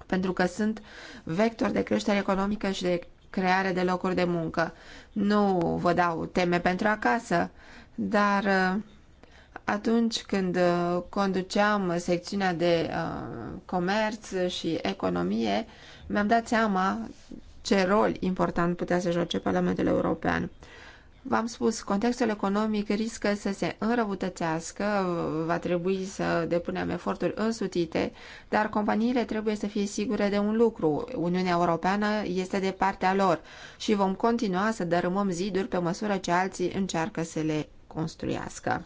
pentru că sunt vector de creștere economică și de creare de locuri de muncă. Nu vă dau teme pentru acasă, dar atunci când uh, conduceam secțiunea de uh, comerț și economie, mi-am dat seama ce rol important putea să joace Parlamentul European. V-am spus, contextul economic riscă să se înrăutățească, va trebui să depunem eforturi însutite, dar companiile trebuie să fie sigure de un lucru. Uniunea Europeană este de partea lor și vom continua să dărâmăm ziduri pe măsură ce alții încearcă să le construiască.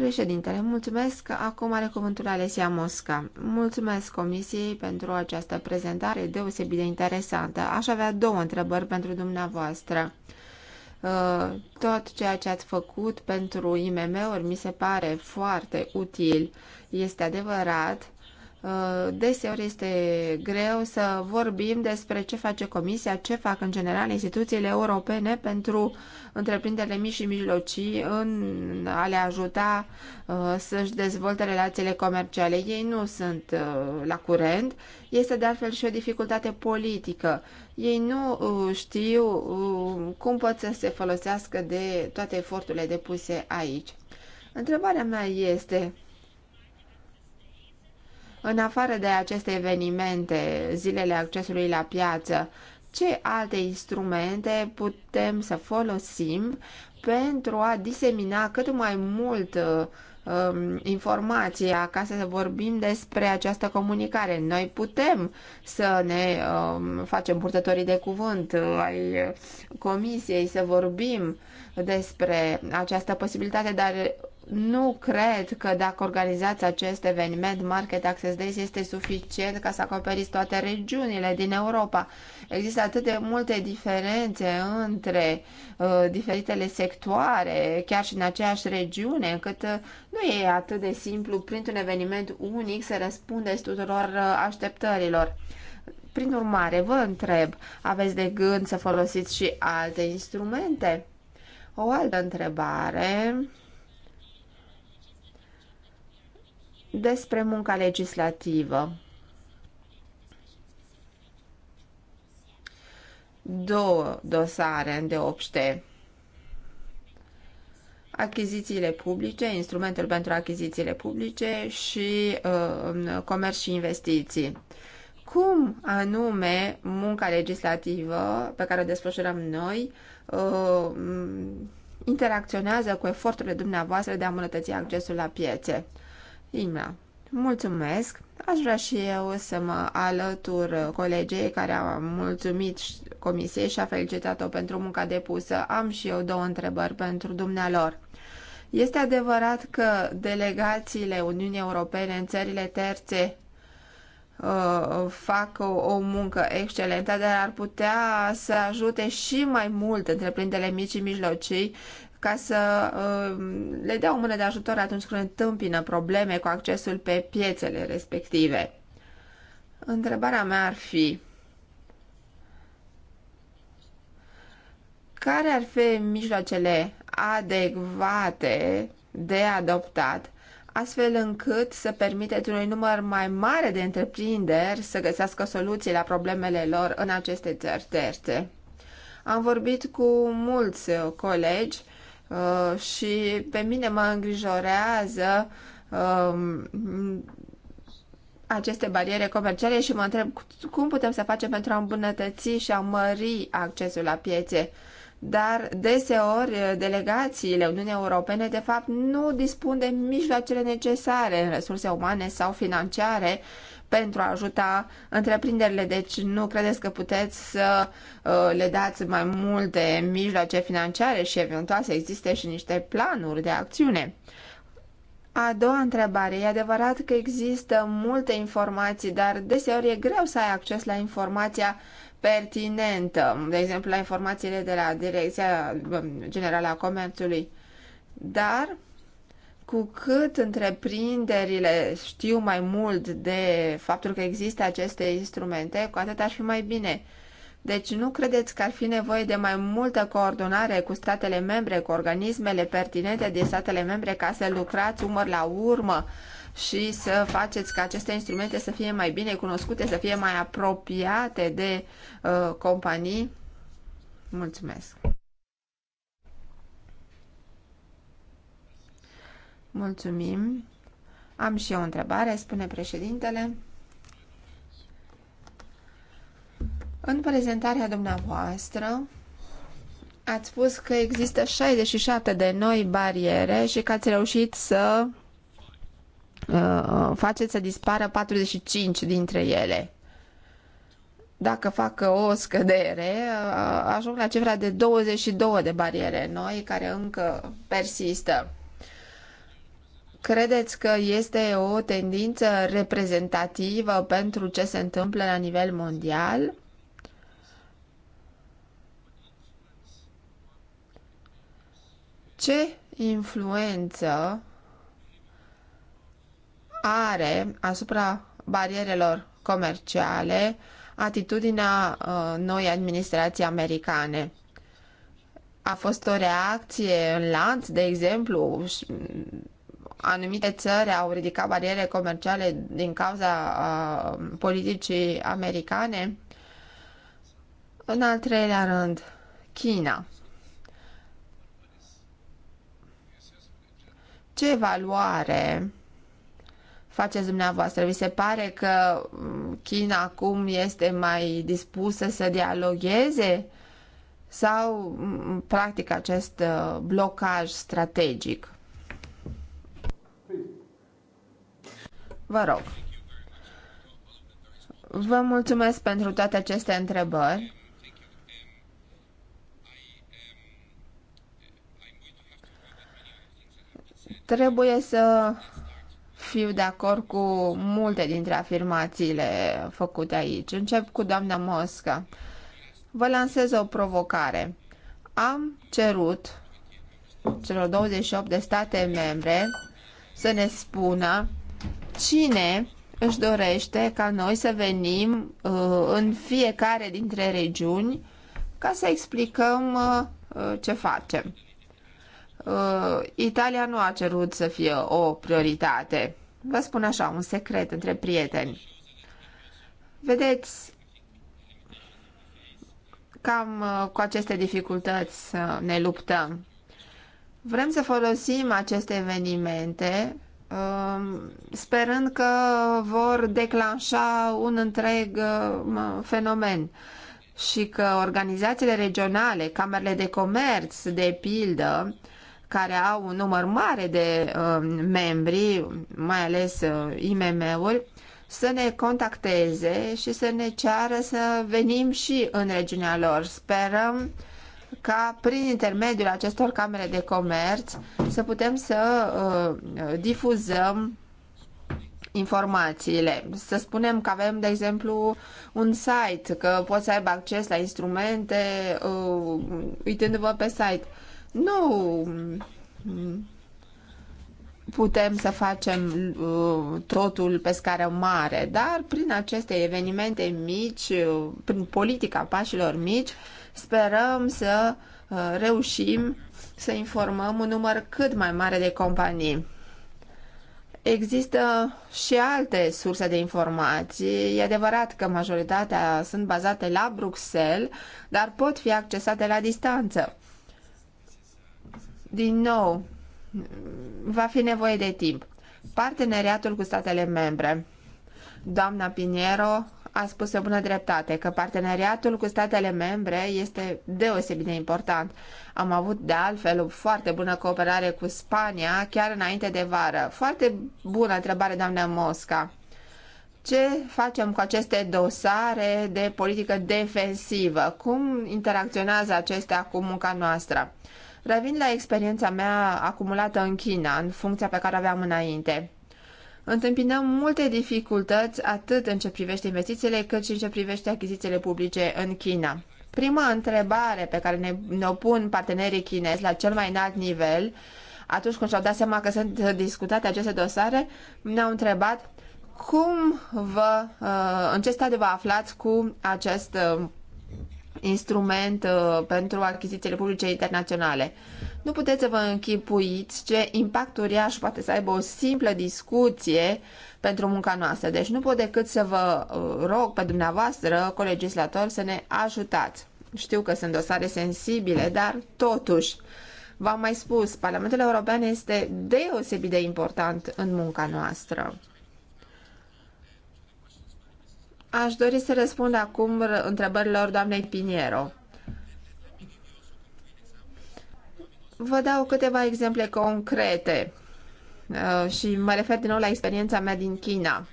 Președintele, mulțumesc. Acum are cuvântul Alesia Mosca. Mulțumesc Comisiei pentru această prezentare deosebit de interesantă. Aș avea două întrebări pentru dumneavoastră. Uh, tot ceea ce ați făcut pentru IMM-uri mi se pare foarte util. Este adevărat Uh, deseori este greu să vorbim despre ce face Comisia, ce fac în general instituțiile europene pentru întreprinderile mici și mijlocii în a le ajuta uh, să-și dezvolte relațiile comerciale. Ei nu sunt uh, la curent. Este de altfel și o dificultate politică. Ei nu știu cum pot să se folosească de toate eforturile depuse aici. Întrebarea mea este, în afară de aceste evenimente, zilele accesului la piață, ce alte instrumente putem să folosim pentru a disemina cât mai mult um, informația ca să vorbim despre această comunicare. Noi putem să ne um, facem purtătorii de cuvânt uh, ai comisiei, să vorbim despre această posibilitate, dar nu cred că dacă organizați acest eveniment, Market Access Days este suficient ca să acoperiți toate regiunile din Europa. Există atât de multe diferențe între uh, diferitele sectoare, chiar și în aceeași regiune, încât uh, nu e atât de simplu printr-un eveniment unic să răspundeți tuturor uh, așteptărilor. Prin urmare, vă întreb, aveți de gând să folosiți și alte instrumente? O altă întrebare despre munca legislativă. Două dosare îndeopște. Achizițiile publice, instrumentul pentru achizițiile publice și uh, comerț și investiții. Cum anume munca legislativă pe care o desfășurăm noi uh, interacționează cu eforturile dumneavoastră de a îmbunătăți accesul la piețe? Imra, mulțumesc! Aș vrea și eu să mă alătur colegei care a mulțumit comisiei și a felicitat-o pentru munca depusă. Am și eu două întrebări pentru dumnealor. Este adevărat că delegațiile Uniunii Europene în țările terțe uh, fac o, o muncă excelentă, dar ar putea să ajute și mai mult întreprinderile mici și mijlocii ca să uh, le dea o mână de ajutor atunci când întâmpină probleme cu accesul pe piețele respective. Întrebarea mea ar fi care ar fi mijloacele adecvate de adoptat astfel încât să permiteți unui număr mai mare de întreprinderi să găsească soluții la problemele lor în aceste țări terțe. Am vorbit cu mulți uh, colegi Uh, și pe mine mă îngrijorează uh, aceste bariere comerciale și mă întreb cum putem să facem pentru a îmbunătăți și a mări accesul la piețe. Dar deseori uh, delegațiile Uniunii Europene de fapt nu dispun de mijloacele necesare, resurse umane sau financiare, uh, pentru a ajuta întreprinderile. Deci nu credeți că puteți să uh, le dați mai multe mijloace financiare și eventual să existe și niște planuri de acțiune. A doua întrebare. E adevărat că există multe informații, dar deseori e greu să ai acces la informația pertinentă, de exemplu la informațiile de la Direcția Generală a Comerțului. Dar cu cât întreprinderile știu mai mult de faptul că există aceste instrumente, cu atât ar fi mai bine. Deci nu credeți că ar fi nevoie de mai multă coordonare cu statele membre, cu organismele pertinente din statele membre ca să lucrați umăr la urmă și să faceți ca aceste instrumente să fie mai bine cunoscute, să fie mai apropiate de uh, companii? Mulțumesc! Mulțumim. Am și eu o întrebare, spune președintele. În prezentarea dumneavoastră ați spus că există 67 de noi bariere și că ați reușit să uh, faceți să dispară 45 dintre ele. Dacă fac o scădere, uh, ajung la cifra de 22 de bariere noi care încă persistă. Credeți că este o tendință reprezentativă pentru ce se întâmplă la nivel mondial? Ce influență are asupra barierelor comerciale atitudinea uh, noi administrații americane? A fost o reacție în lanț, de exemplu, anumite țări au ridicat bariere comerciale din cauza a, politicii americane. În al treilea rând, China. Ce evaluare faceți dumneavoastră? Vi se pare că China acum este mai dispusă să dialogueze sau practic acest uh, blocaj strategic? Vă rog. Vă mulțumesc pentru toate aceste întrebări. Trebuie să fiu de acord cu multe dintre afirmațiile făcute aici. Încep cu doamna Mosca. Vă lansez o provocare. Am cerut celor 28 de state membre să ne spună Cine își dorește ca noi să venim uh, în fiecare dintre regiuni ca să explicăm uh, uh, ce facem. Uh, Italia nu a cerut să fie o prioritate. Vă spun așa, un secret între prieteni. Vedeți, cam uh, cu aceste dificultăți ne luptăm. Vrem să folosim aceste evenimente Um, sperând că vor declanșa un întreg uh, fenomen și că organizațiile regionale, camerele de comerț, de pildă, care au un număr mare de um, membri, mai ales uh, IMM-uri, să ne contacteze și să ne ceară să venim și în regiunea lor. Sperăm ca prin intermediul acestor camere de comerț să putem să uh, difuzăm informațiile. Să spunem că avem, de exemplu, un site, că poți să aibă acces la instrumente uh, uitându-vă pe site. Nu mm, putem să facem uh, totul pe scară mare, dar prin aceste evenimente mici, prin politica pașilor mici, Sperăm să uh, reușim să informăm un număr cât mai mare de companii. Există și alte surse de informații. E adevărat că majoritatea sunt bazate la Bruxelles, dar pot fi accesate la distanță. Din nou, va fi nevoie de timp. Parteneriatul cu statele membre. Doamna Piniero a spus o bună dreptate că parteneriatul cu statele membre este deosebit de important. Am avut de altfel o foarte bună cooperare cu Spania chiar înainte de vară. Foarte bună întrebare, doamnă Mosca. Ce facem cu aceste dosare de politică defensivă? Cum interacționează acestea cu munca noastră? Revin la experiența mea acumulată în China, în funcția pe care o aveam înainte întâmpinăm multe dificultăți atât în ce privește investițiile cât și în ce privește achizițiile publice în China. Prima întrebare pe care ne, ne pun partenerii chinezi la cel mai înalt nivel, atunci când și-au dat seama că sunt discutate aceste dosare, ne-au întrebat cum vă, uh, în ce stadiu vă aflați cu acest uh, instrument uh, pentru achizițiile publice internaționale. Nu puteți să vă închipuiți ce impact uriaș poate să aibă o simplă discuție pentru munca noastră. Deci nu pot decât să vă uh, rog pe dumneavoastră, colegislator, să ne ajutați. Știu că sunt dosare sensibile, dar totuși, v-am mai spus, Parlamentul European este deosebit de important în munca noastră. Aș dori să răspund acum întrebărilor doamnei Piniero. Vă dau câteva exemple concrete uh, și mă refer din nou la experiența mea din China.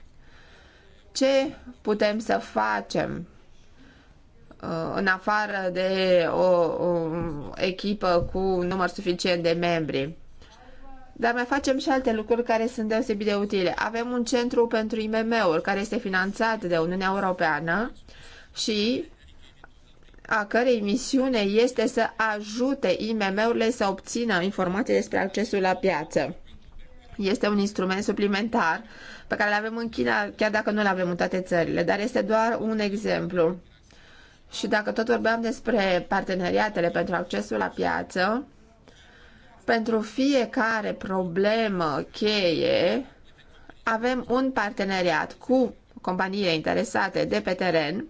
Ce putem să facem uh, în afară de o, o echipă cu număr suficient de membri? Dar mai facem și alte lucruri care sunt deosebit de utile. Avem un centru pentru IMM-uri care este finanțat de Uniunea Europeană și a cărei misiune este să ajute IMM-urile să obțină informații despre accesul la piață. Este un instrument suplimentar pe care îl avem în China, chiar dacă nu-l avem în toate țările, dar este doar un exemplu. Și dacă tot vorbeam despre parteneriatele pentru accesul la piață, pentru fiecare problemă cheie avem un parteneriat cu companiile interesate de pe teren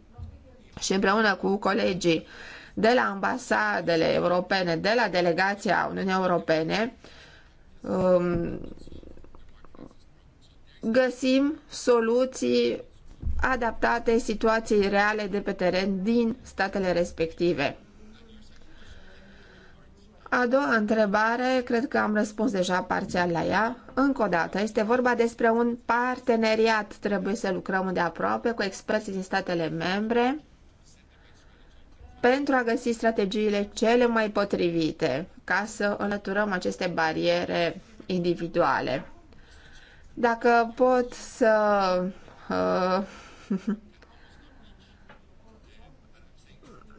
și împreună cu colegii de la ambasadele europene, de la delegația Uniunii Europene, um, găsim soluții adaptate situației reale de pe teren din statele respective. A doua întrebare, cred că am răspuns deja parțial la ea. Încă o dată, este vorba despre un parteneriat. Trebuie să lucrăm de aproape cu experții din statele membre pentru a găsi strategiile cele mai potrivite ca să înlăturăm aceste bariere individuale. Dacă pot să uh, (laughs)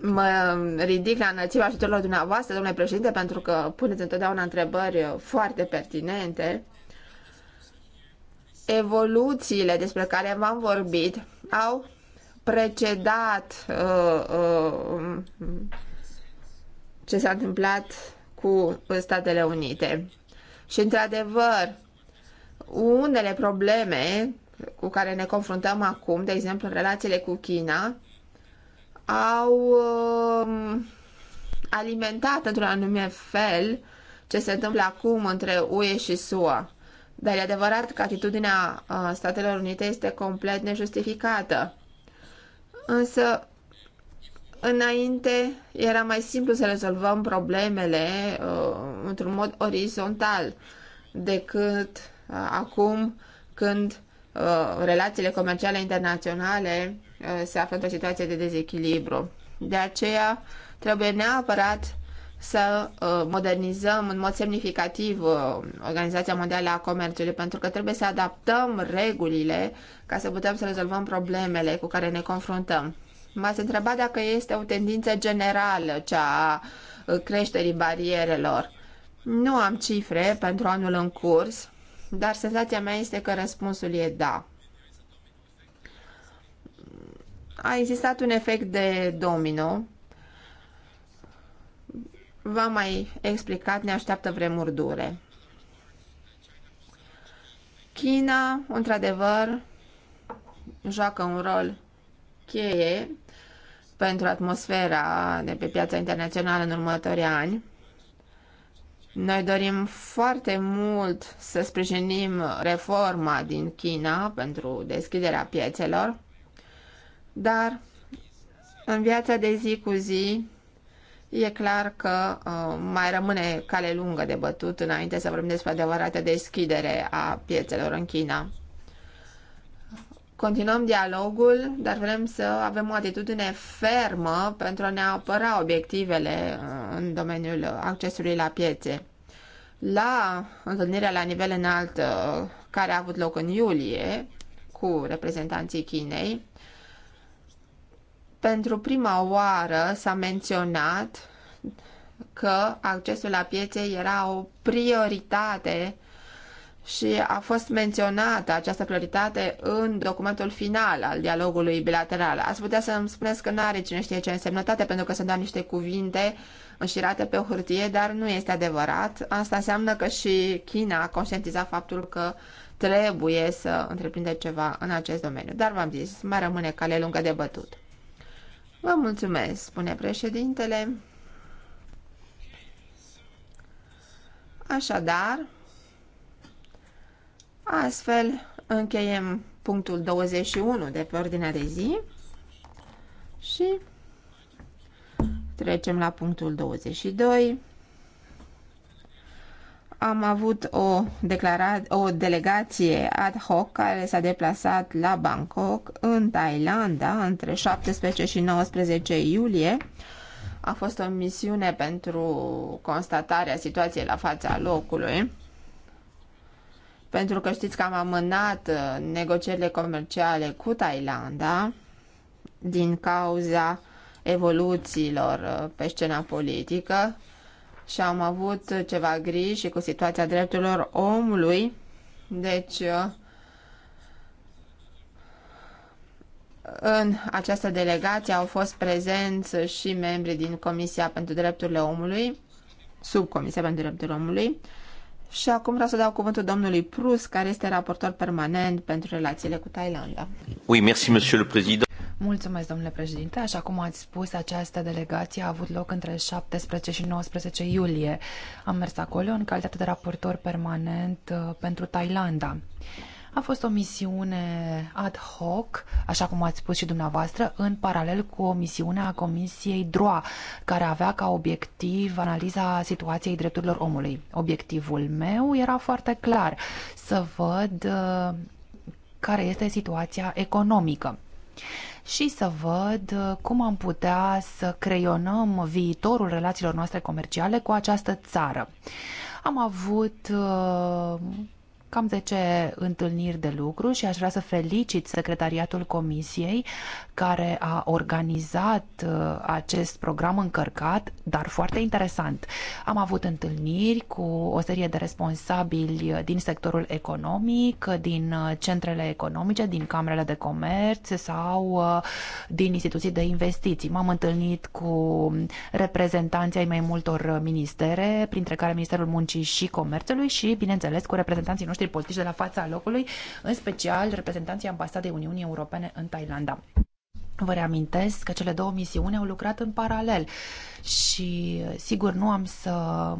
mă ridic la înălțimea ajutorilor dumneavoastră, domnule președinte, pentru că puneți întotdeauna întrebări foarte pertinente. Evoluțiile despre care v-am vorbit au precedat uh, uh, ce s-a întâmplat cu Statele Unite. Și, într-adevăr, unele probleme cu care ne confruntăm acum, de exemplu, în relațiile cu China, au um, alimentat într-un anumit fel ce se întâmplă acum între UE și SUA. Dar e adevărat că atitudinea uh, Statelor Unite este complet nejustificată. Însă, înainte era mai simplu să rezolvăm problemele uh, într-un mod orizontal decât uh, acum când uh, relațiile comerciale internaționale Uh, se află într-o situație de dezechilibru. De aceea trebuie neapărat să uh, modernizăm în mod semnificativ uh, Organizația Mondială a Comerțului, pentru că trebuie să adaptăm regulile ca să putem să rezolvăm problemele cu care ne confruntăm. M-ați întrebat dacă este o tendință generală cea a creșterii barierelor. Nu am cifre pentru anul în curs, dar senzația mea este că răspunsul e da. a existat un efect de domino. V-am mai explicat, ne așteaptă vremuri dure. China, într-adevăr, joacă un rol cheie pentru atmosfera de pe piața internațională în următorii ani. Noi dorim foarte mult să sprijinim reforma din China pentru deschiderea piețelor dar în viața de zi cu zi e clar că uh, mai rămâne cale lungă de bătut înainte să vorbim despre adevărată deschidere a piețelor în China. Continuăm dialogul, dar vrem să avem o atitudine fermă pentru a ne apăra obiectivele uh, în domeniul accesului la piețe. La întâlnirea la nivel înalt uh, care a avut loc în iulie cu reprezentanții Chinei, pentru prima oară s-a menționat că accesul la piețe era o prioritate și a fost menționată această prioritate în documentul final al dialogului bilateral. Ați putea să îmi spuneți că nu are cine știe ce însemnătate, pentru că sunt doar niște cuvinte înșirate pe o hârtie, dar nu este adevărat. Asta înseamnă că și China a conștientizat faptul că trebuie să întreprinde ceva în acest domeniu. Dar v-am zis, mai rămâne cale lungă de bătut. Vă mulțumesc, spune președintele. Așadar, astfel încheiem punctul 21 de pe ordinea de zi și trecem la punctul 22 am avut o, declara- o delegație ad hoc care s-a deplasat la Bangkok, în Thailanda, între 17 și 19 iulie. A fost o misiune pentru constatarea situației la fața locului, pentru că știți că am amânat uh, negocierile comerciale cu Thailanda din cauza evoluțiilor uh, pe scena politică și am avut ceva griji cu situația drepturilor omului, deci uh, în această delegație au fost prezenți și membri din Comisia pentru Drepturile Omului, sub Comisia pentru Drepturile Omului, și acum vreau să dau cuvântul domnului Prus, care este raportor permanent pentru relațiile cu Thailanda. Oui, merci, monsieur le président. Mulțumesc, domnule președinte. Așa cum ați spus, această delegație a avut loc între 17 și 19 iulie. Am mers acolo în calitate de raportor permanent uh, pentru Thailanda. A fost o misiune ad hoc, așa cum ați spus și dumneavoastră, în paralel cu o misiune a Comisiei DROA, care avea ca obiectiv analiza situației drepturilor omului. Obiectivul meu era foarte clar, să văd uh, care este situația economică și să văd uh, cum am putea să creionăm viitorul relațiilor noastre comerciale cu această țară. Am avut uh, cam 10 întâlniri de lucru și aș vrea să felicit secretariatul comisiei care a organizat uh, acest program încărcat, dar foarte interesant. Am avut întâlniri cu o serie de responsabili uh, din sectorul economic, din uh, centrele economice, din camerele de comerț sau din instituții de investiții. M-am întâlnit cu reprezentanții ai mai multor ministere, printre care Ministerul Muncii și Comerțului și, bineînțeles, cu reprezentanții noștri noștri politici de la fața locului, în special reprezentanții ambasadei Uniunii Europene în Thailanda. Vă reamintesc că cele două misiuni au lucrat în paralel și sigur nu am să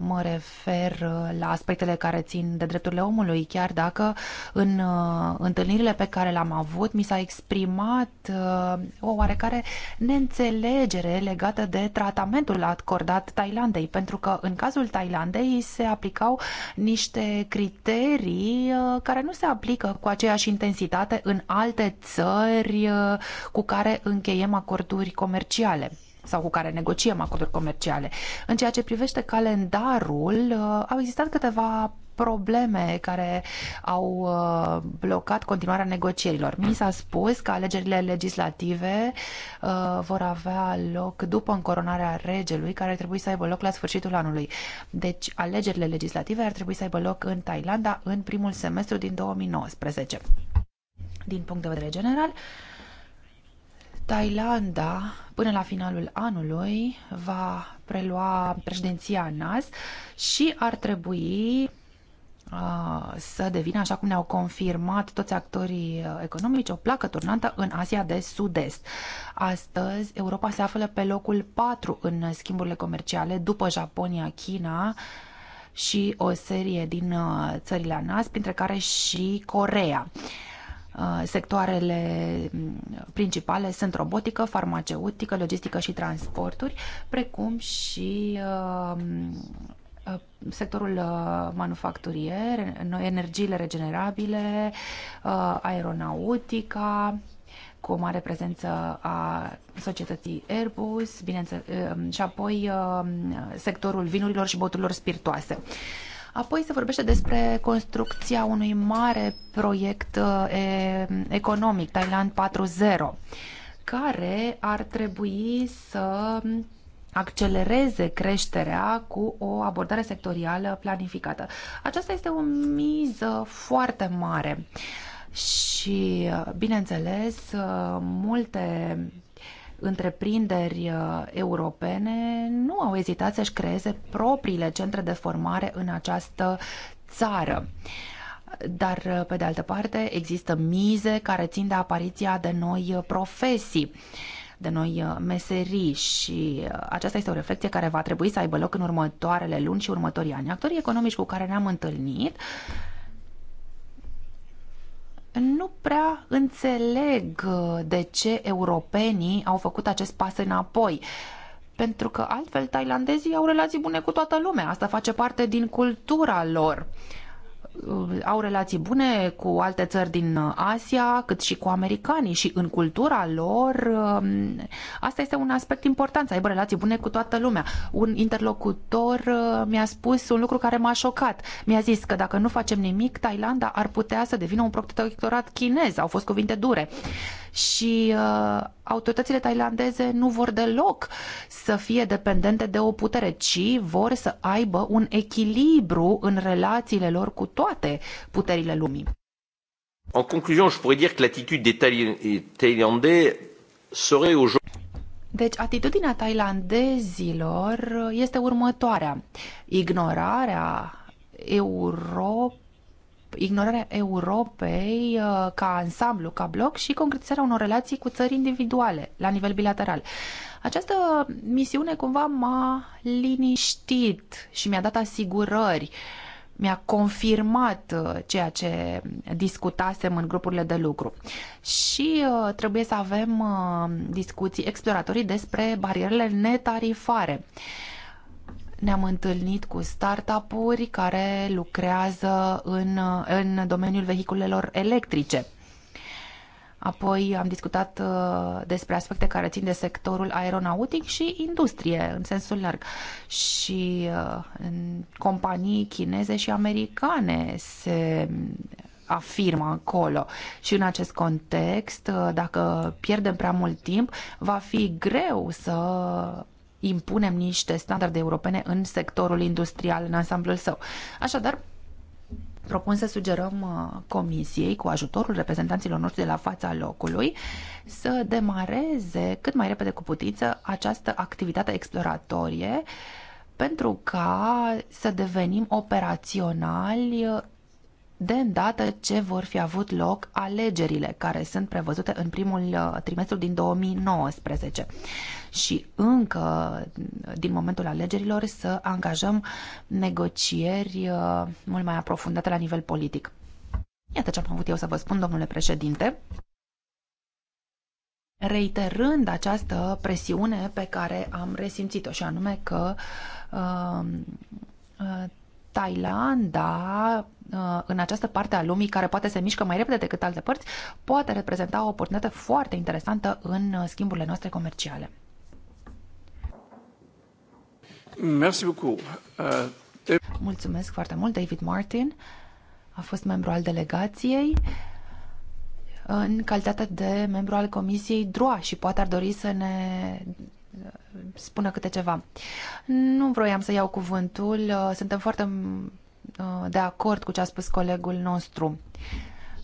mă refer uh, la aspectele care țin de drepturile omului, chiar dacă în uh, întâlnirile pe care le-am avut mi s-a exprimat uh, o oarecare neînțelegere legată de tratamentul acordat Thailandei, pentru că în cazul Thailandei se aplicau niște criterii care nu se aplică cu aceeași intensitate în alte țări cu care încheiem acorduri comerciale sau cu care negociem acorduri comerciale. În ceea ce privește calendarul, uh, au existat câteva probleme care au uh, blocat continuarea negocierilor. Mi s-a spus că alegerile legislative uh, vor avea loc după încoronarea regelui, care ar trebui să aibă loc la sfârșitul anului. Deci, alegerile legislative ar trebui să aibă loc în Thailanda în primul semestru din 2019. Din punct de vedere general, uh, Thailanda, până la finalul anului, va prelua președinția NAS și ar trebui uh, să devină, așa cum ne-au confirmat toți actorii economici, o placă turnantă în Asia de Sud-Est. Astăzi, Europa se află pe locul 4 în schimburile comerciale, după Japonia, China și o serie din uh, țările NAS, printre care și Corea. Uh, Uh, sectoarele mm, principale sunt robotică, farmaceutică, logistică și transporturi, precum și uh, uh, sectorul manufacturier, energiile regenerabile, aeronautica, cu o mare prezență a societății Airbus, bineînțeles, și apoi sectorul vinurilor și boturilor spiritoase. Apoi se vorbește despre construcția unui mare proiect uh, economic, Thailand 4.0, care ar trebui să accelereze creșterea cu o abordare sectorială planificată. Aceasta este o miză foarte mare și, uh, bineînțeles, uh, multe întreprinderi uh, europene nu au ezitat să-și creeze propriile centre de formare în această țară. Dar, uh, pe de altă parte, există mize care țin de apariția de noi uh, profesii de noi meserii și aceasta este o reflecție care va trebui să aibă loc în următoarele luni și următorii ani. Actorii economici cu care ne-am întâlnit nu prea înțeleg uh, de ce europenii au făcut acest pas înapoi. Pentru că altfel tailandezii au relații bune cu toată lumea, asta face parte din cultura lor. Uh, Uh, au relații bune cu alte țări din uh, Asia, cât și cu americanii și în cultura lor um, asta este un aspect important, să aibă relații bune cu toată lumea. Un interlocutor uh, mi-a spus un lucru care m-a șocat. Mi-a zis că dacă nu facem nimic, Thailanda ar putea să devină un protectorat chinez. Au fost cuvinte dure. Și uh, autoritățile tailandeze nu vor deloc să fie dependente de o putere, ci vor să aibă un echilibru în relațiile lor cu toată toate puterile lumii. En conclusion, je pourrais dire que l'attitude des Thaïlandais serait aujourd'hui deci, atitudinea tailandezilor este următoarea. Ignorarea Europei ignorarea Europei uh, ca ansamblu, ca bloc și concretizarea unor relații cu țări individuale, la nivel bilateral. Această misiune cumva m-a liniștit și mi-a dat asigurări uh, mi-a confirmat uh, ceea ce discutasem în grupurile de lucru. Și uh, trebuie să avem uh, discuții exploratorii despre barierele netarifare. Ne-am întâlnit cu startup-uri care lucrează în, în domeniul vehiculelor electrice Apoi am discutat uh, despre aspecte care țin de sectorul aeronautic și industrie în sensul larg. Și uh, companii chineze și americane se afirmă acolo. Și în acest context, uh, dacă pierdem prea mult timp, va fi greu să impunem niște standarde europene în sectorul industrial în ansamblul său. Așadar, propun să sugerăm uh, comisiei, cu ajutorul reprezentanților noștri de la fața locului, să demareze cât mai repede cu putință această activitate exploratorie pentru ca să devenim operaționali de îndată ce vor fi avut loc alegerile care sunt prevăzute în primul uh, trimestru din 2019 și încă uh, din momentul alegerilor să angajăm negocieri uh, mult mai aprofundate la nivel politic. Iată ce am avut eu să vă spun, domnule președinte reiterând această presiune pe care am resimțit-o și anume că uh, uh, Thailanda, uh, în această parte a lumii, care poate se mișcă mai repede decât alte părți, poate reprezenta o oportunitate foarte interesantă în uh, schimburile noastre comerciale. Merci beaucoup. Uh, Mulțumesc foarte mult, David Martin. A fost membru al delegației în calitate de membru al Comisiei DROA și poate ar dori să ne spună câte ceva. Nu vroiam să iau cuvântul, suntem foarte uh, de acord cu ce a spus colegul nostru.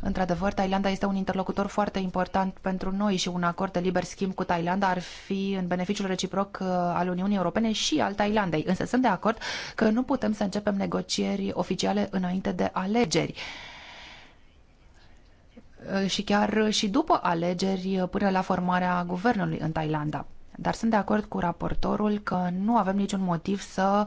Într-adevăr, Thailanda este un interlocutor foarte important pentru noi și un acord de liber schimb cu Thailanda ar fi în beneficiul reciproc uh, al Uniunii Europene și al Thailandei. Însă sunt de acord că nu putem să începem negocieri oficiale înainte de alegeri uh, și chiar și după alegeri până la formarea guvernului în Thailanda. Dar sunt de acord cu raportorul că nu avem niciun motiv să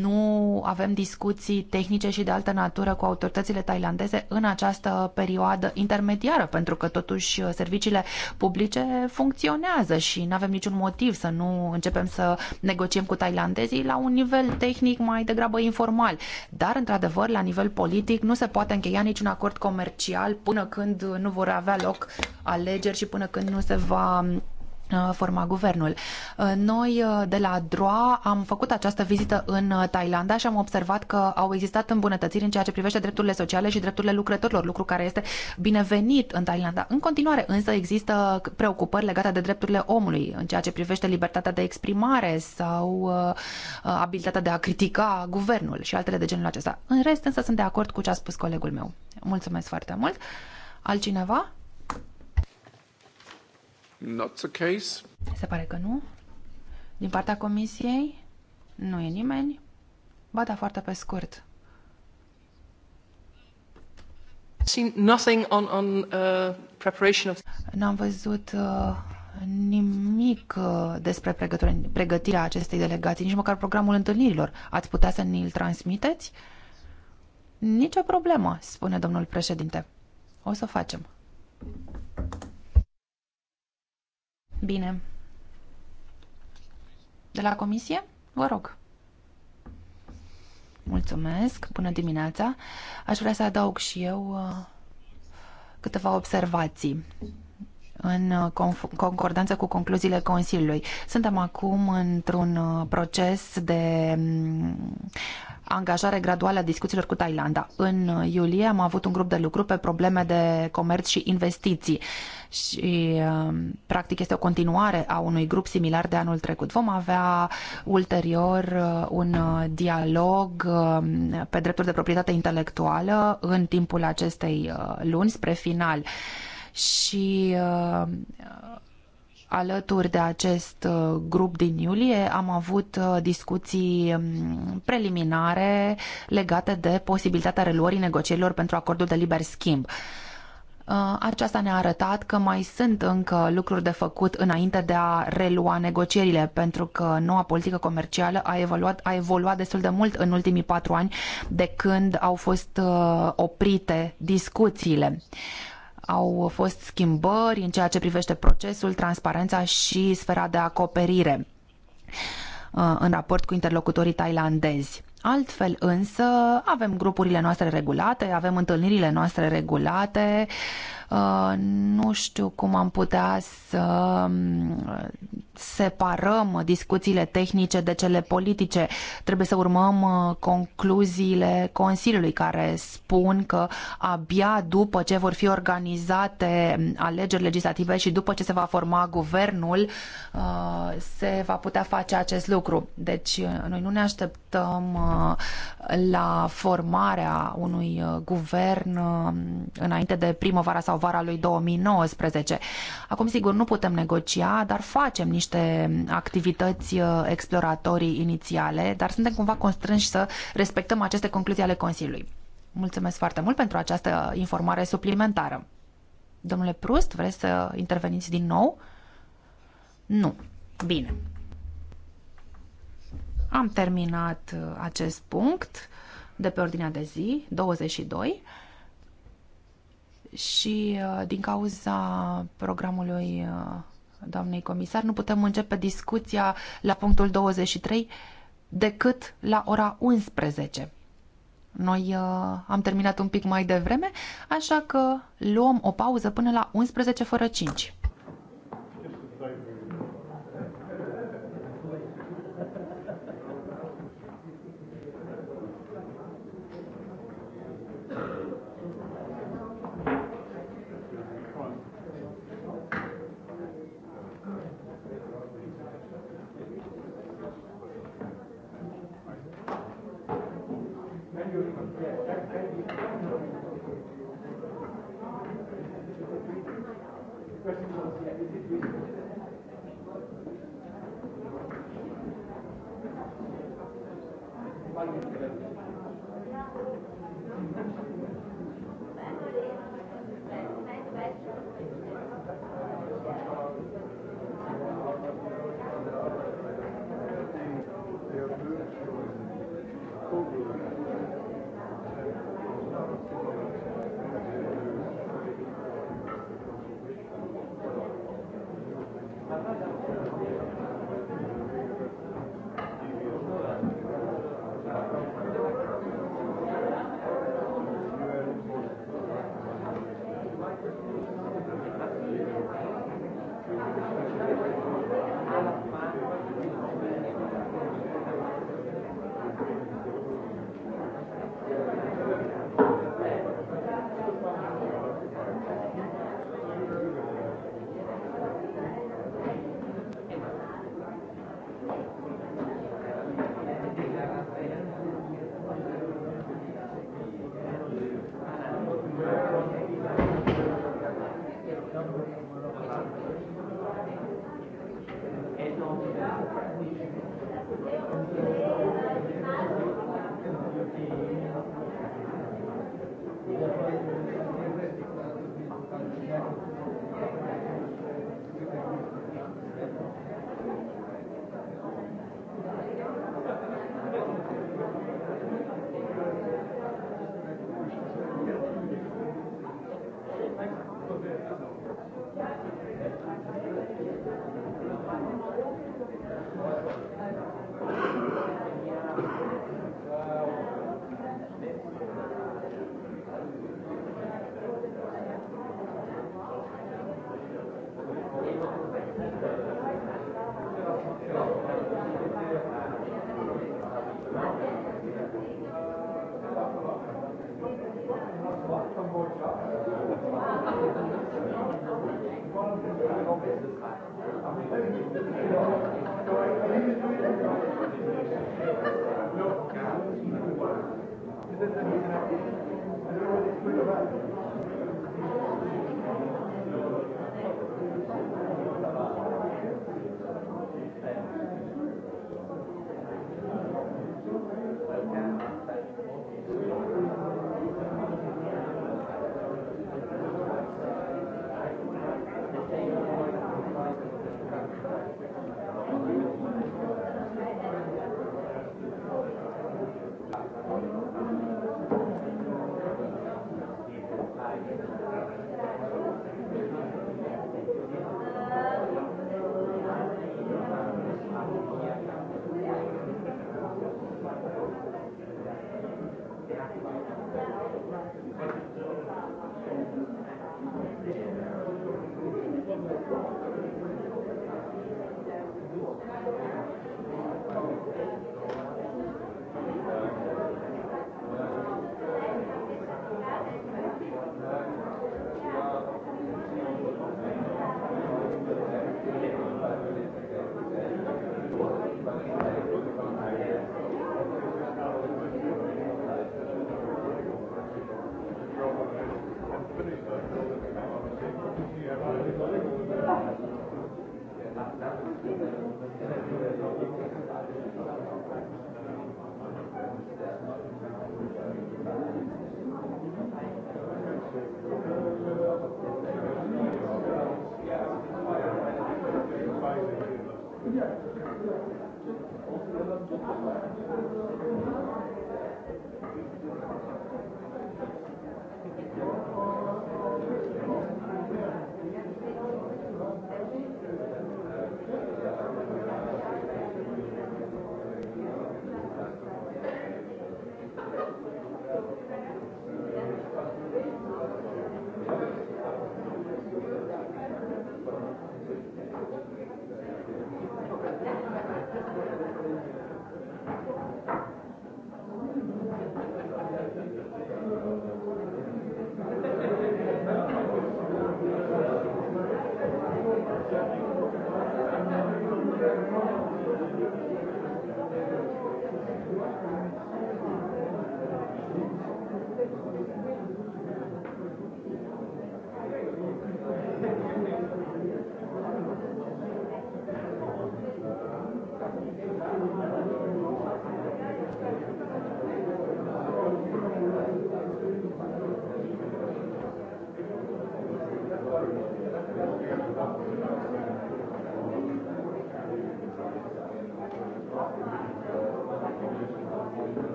nu avem discuții tehnice și de altă natură cu autoritățile tailandeze în această perioadă intermediară, pentru că totuși uh, serviciile publice funcționează și nu avem niciun motiv să nu începem să negociem cu tailandezii la un nivel tehnic mai degrabă informal. Dar, într-adevăr, la nivel politic nu se poate încheia niciun acord comercial până când nu vor avea loc alegeri și până când nu se va Uh, forma guvernul. Uh, noi uh, de la DROA am făcut această vizită în Thailanda și am observat că au existat îmbunătățiri în ceea ce privește drepturile sociale și drepturile lucrătorilor, lucru care este binevenit în Thailanda. În continuare însă există preocupări legate de drepturile omului în ceea ce privește libertatea de exprimare sau abilitatea de a critica guvernul și altele de genul acesta. În rest însă sunt de acord cu ce a spus colegul meu. Mulțumesc foarte mult. Altcineva? Not the case. Se pare că nu. Din partea comisiei nu e nimeni. Ba da, foarte pe scurt. Seen nothing on, on uh, preparation of... N-am văzut uh, nimic uh, despre pregătirea acestei delegații, nici măcar programul întâlnirilor. Ați putea să ni-l transmiteți? Nicio problemă, spune domnul președinte. O să o facem. Bine. De la comisie? Vă rog. Mulțumesc. Bună dimineața. Aș vrea să adaug și eu uh, câteva observații în uh, concordanță cu concluziile Consiliului. Suntem acum într-un uh, proces de mm, angajare graduală a discuțiilor cu Thailanda. În uh, iulie am avut un grup de lucru pe probleme de comerț și investiții și um, practic este o continuare a unui grup similar de anul trecut. Vom avea ulterior uh, un uh, dialog um, pe drepturi de proprietate intelectuală în timpul acestei luni spre final și alături de acest uh, grup din iulie am avut uh, discuții um, preliminare legate de posibilitatea reluării negocierilor pentru acordul de liber schimb. Uh, aceasta ne-a arătat că mai sunt încă lucruri de făcut înainte de a relua negocierile, pentru că noua politică comercială a evoluat, a evoluat destul de mult în ultimii patru ani de când au fost oprite discuțiile au fost schimbări în ceea ce privește procesul, transparența și sfera de acoperire uh, în raport cu interlocutorii tailandezi. Altfel însă avem grupurile noastre regulate, avem întâlnirile noastre regulate, Uh, nu știu cum am putea să um, separăm discuțiile tehnice de cele politice. Trebuie să urmăm uh, concluziile Consiliului care spun că abia după ce vor fi organizate um, alegeri legislative și după ce se va forma guvernul, uh, se va putea face acest lucru. Deci noi nu ne așteptăm la formarea unui guvern um, înainte de primăvara sau sau vara lui 2019. Acum, sigur, nu putem negocia, dar facem niște activități uh, exploratorii inițiale, dar suntem cumva constrânși să respectăm aceste concluzii ale Consiliului. Mulțumesc foarte mult pentru această informare suplimentară. Domnule Prust, vreți să interveniți din nou? Nu. Bine. Am terminat uh, acest punct de pe ordinea de zi 22 și uh, din cauza programului uh, doamnei comisar nu putem începe discuția la punctul 23 decât la ora 11. Noi uh, am terminat un pic mai devreme, așa că luăm o pauză până la 11 fără 5.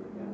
Yeah.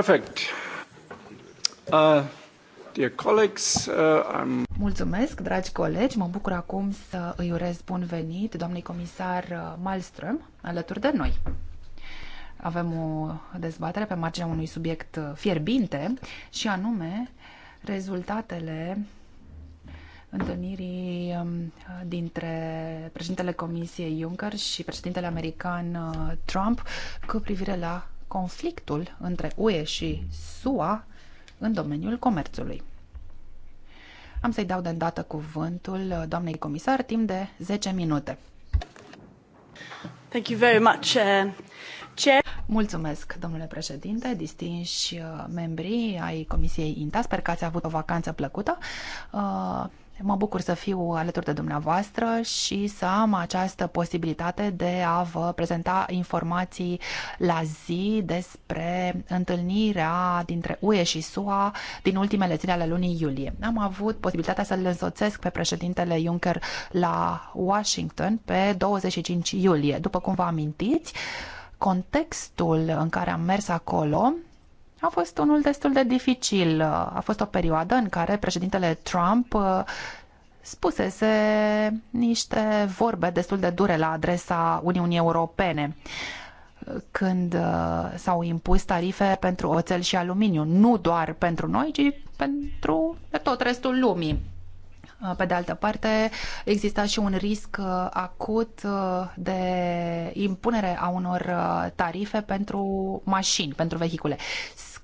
Perfect. Uh, dear colleagues, uh, I'm... Mulțumesc, dragi colegi. Mă bucur acum să îi urez bun venit doamnei comisar uh, Malmström alături de noi. Avem o dezbatere pe marginea unui subiect uh, fierbinte și anume rezultatele întâlnirii um, dintre președintele Comisiei Juncker și președintele american uh, Trump cu privire la conflictul între UE și SUA în domeniul comerțului. Am să-i dau de îndată cuvântul uh, doamnei comisar timp de 10 minute. Thank you very much, uh, Chair. Mulțumesc, domnule președinte, distinși uh, membrii ai Comisiei INTA. Sper că ați avut o vacanță plăcută. Uh, mă bucur să fiu alături de dumneavoastră și să am această posibilitate de a vă prezenta informații la zi despre întâlnirea dintre UE și SUA din ultimele zile ale lunii iulie. Am avut posibilitatea să-l însoțesc pe președintele Juncker la Washington pe 25 iulie. După cum vă amintiți, Contextul în care am mers acolo a fost unul destul de dificil. A fost o perioadă în care președintele Trump uh, spusese niște vorbe destul de dure la adresa Uniunii Europene când uh, s-au impus tarife pentru oțel și aluminiu, nu doar pentru noi, ci pentru tot restul lumii. Uh, pe de altă parte, exista și un risc uh, acut uh, de impunere a unor tarife pentru mașini, pentru vehicule.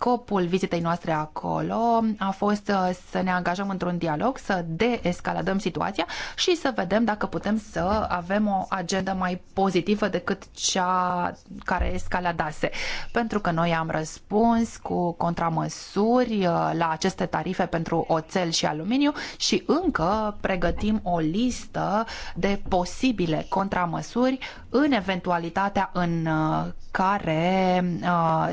Scopul vizitei noastre acolo a fost uh, să ne angajăm într-un dialog, să deescaladăm situația și să vedem dacă putem să avem o agendă mai pozitivă decât cea care escaladase. Pentru că noi am răspuns cu contramăsuri uh, la aceste tarife pentru oțel și aluminiu și încă pregătim o listă de posibile contramăsuri în eventualitatea în uh, care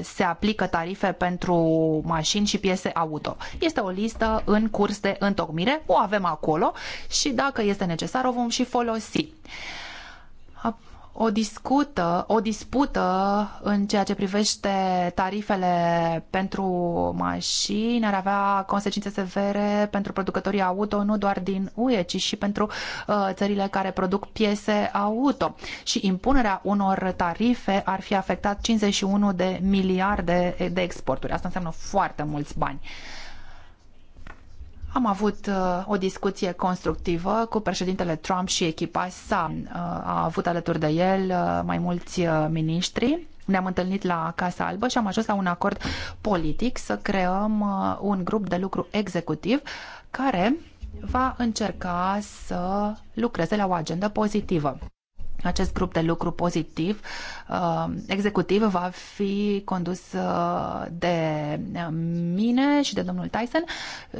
se aplică tarife pentru pentru mașini și piese auto. Este o listă în curs de întocmire, o avem acolo și dacă este necesar o vom și folosi o, discută, o dispută în ceea ce privește tarifele pentru mașini ar avea consecințe severe pentru producătorii auto, nu doar din UE, ci și pentru uh, țările care produc piese auto. Și impunerea unor tarife ar fi afectat 51 de miliarde de exporturi. Asta înseamnă foarte mulți bani. Uh, am avut uh, o discuție constructivă cu președintele Trump și echipa sa. Uh, a avut alături de el uh, mai mulți uh, miniștri. Ne-am întâlnit la Casa Albă și am ajuns la un acord politic să creăm uh, un grup de lucru executiv care va încerca să lucreze la o agendă pozitivă. Acest grup de lucru pozitiv uh, executiv va fi condus uh, de uh, mine și de domnul Tyson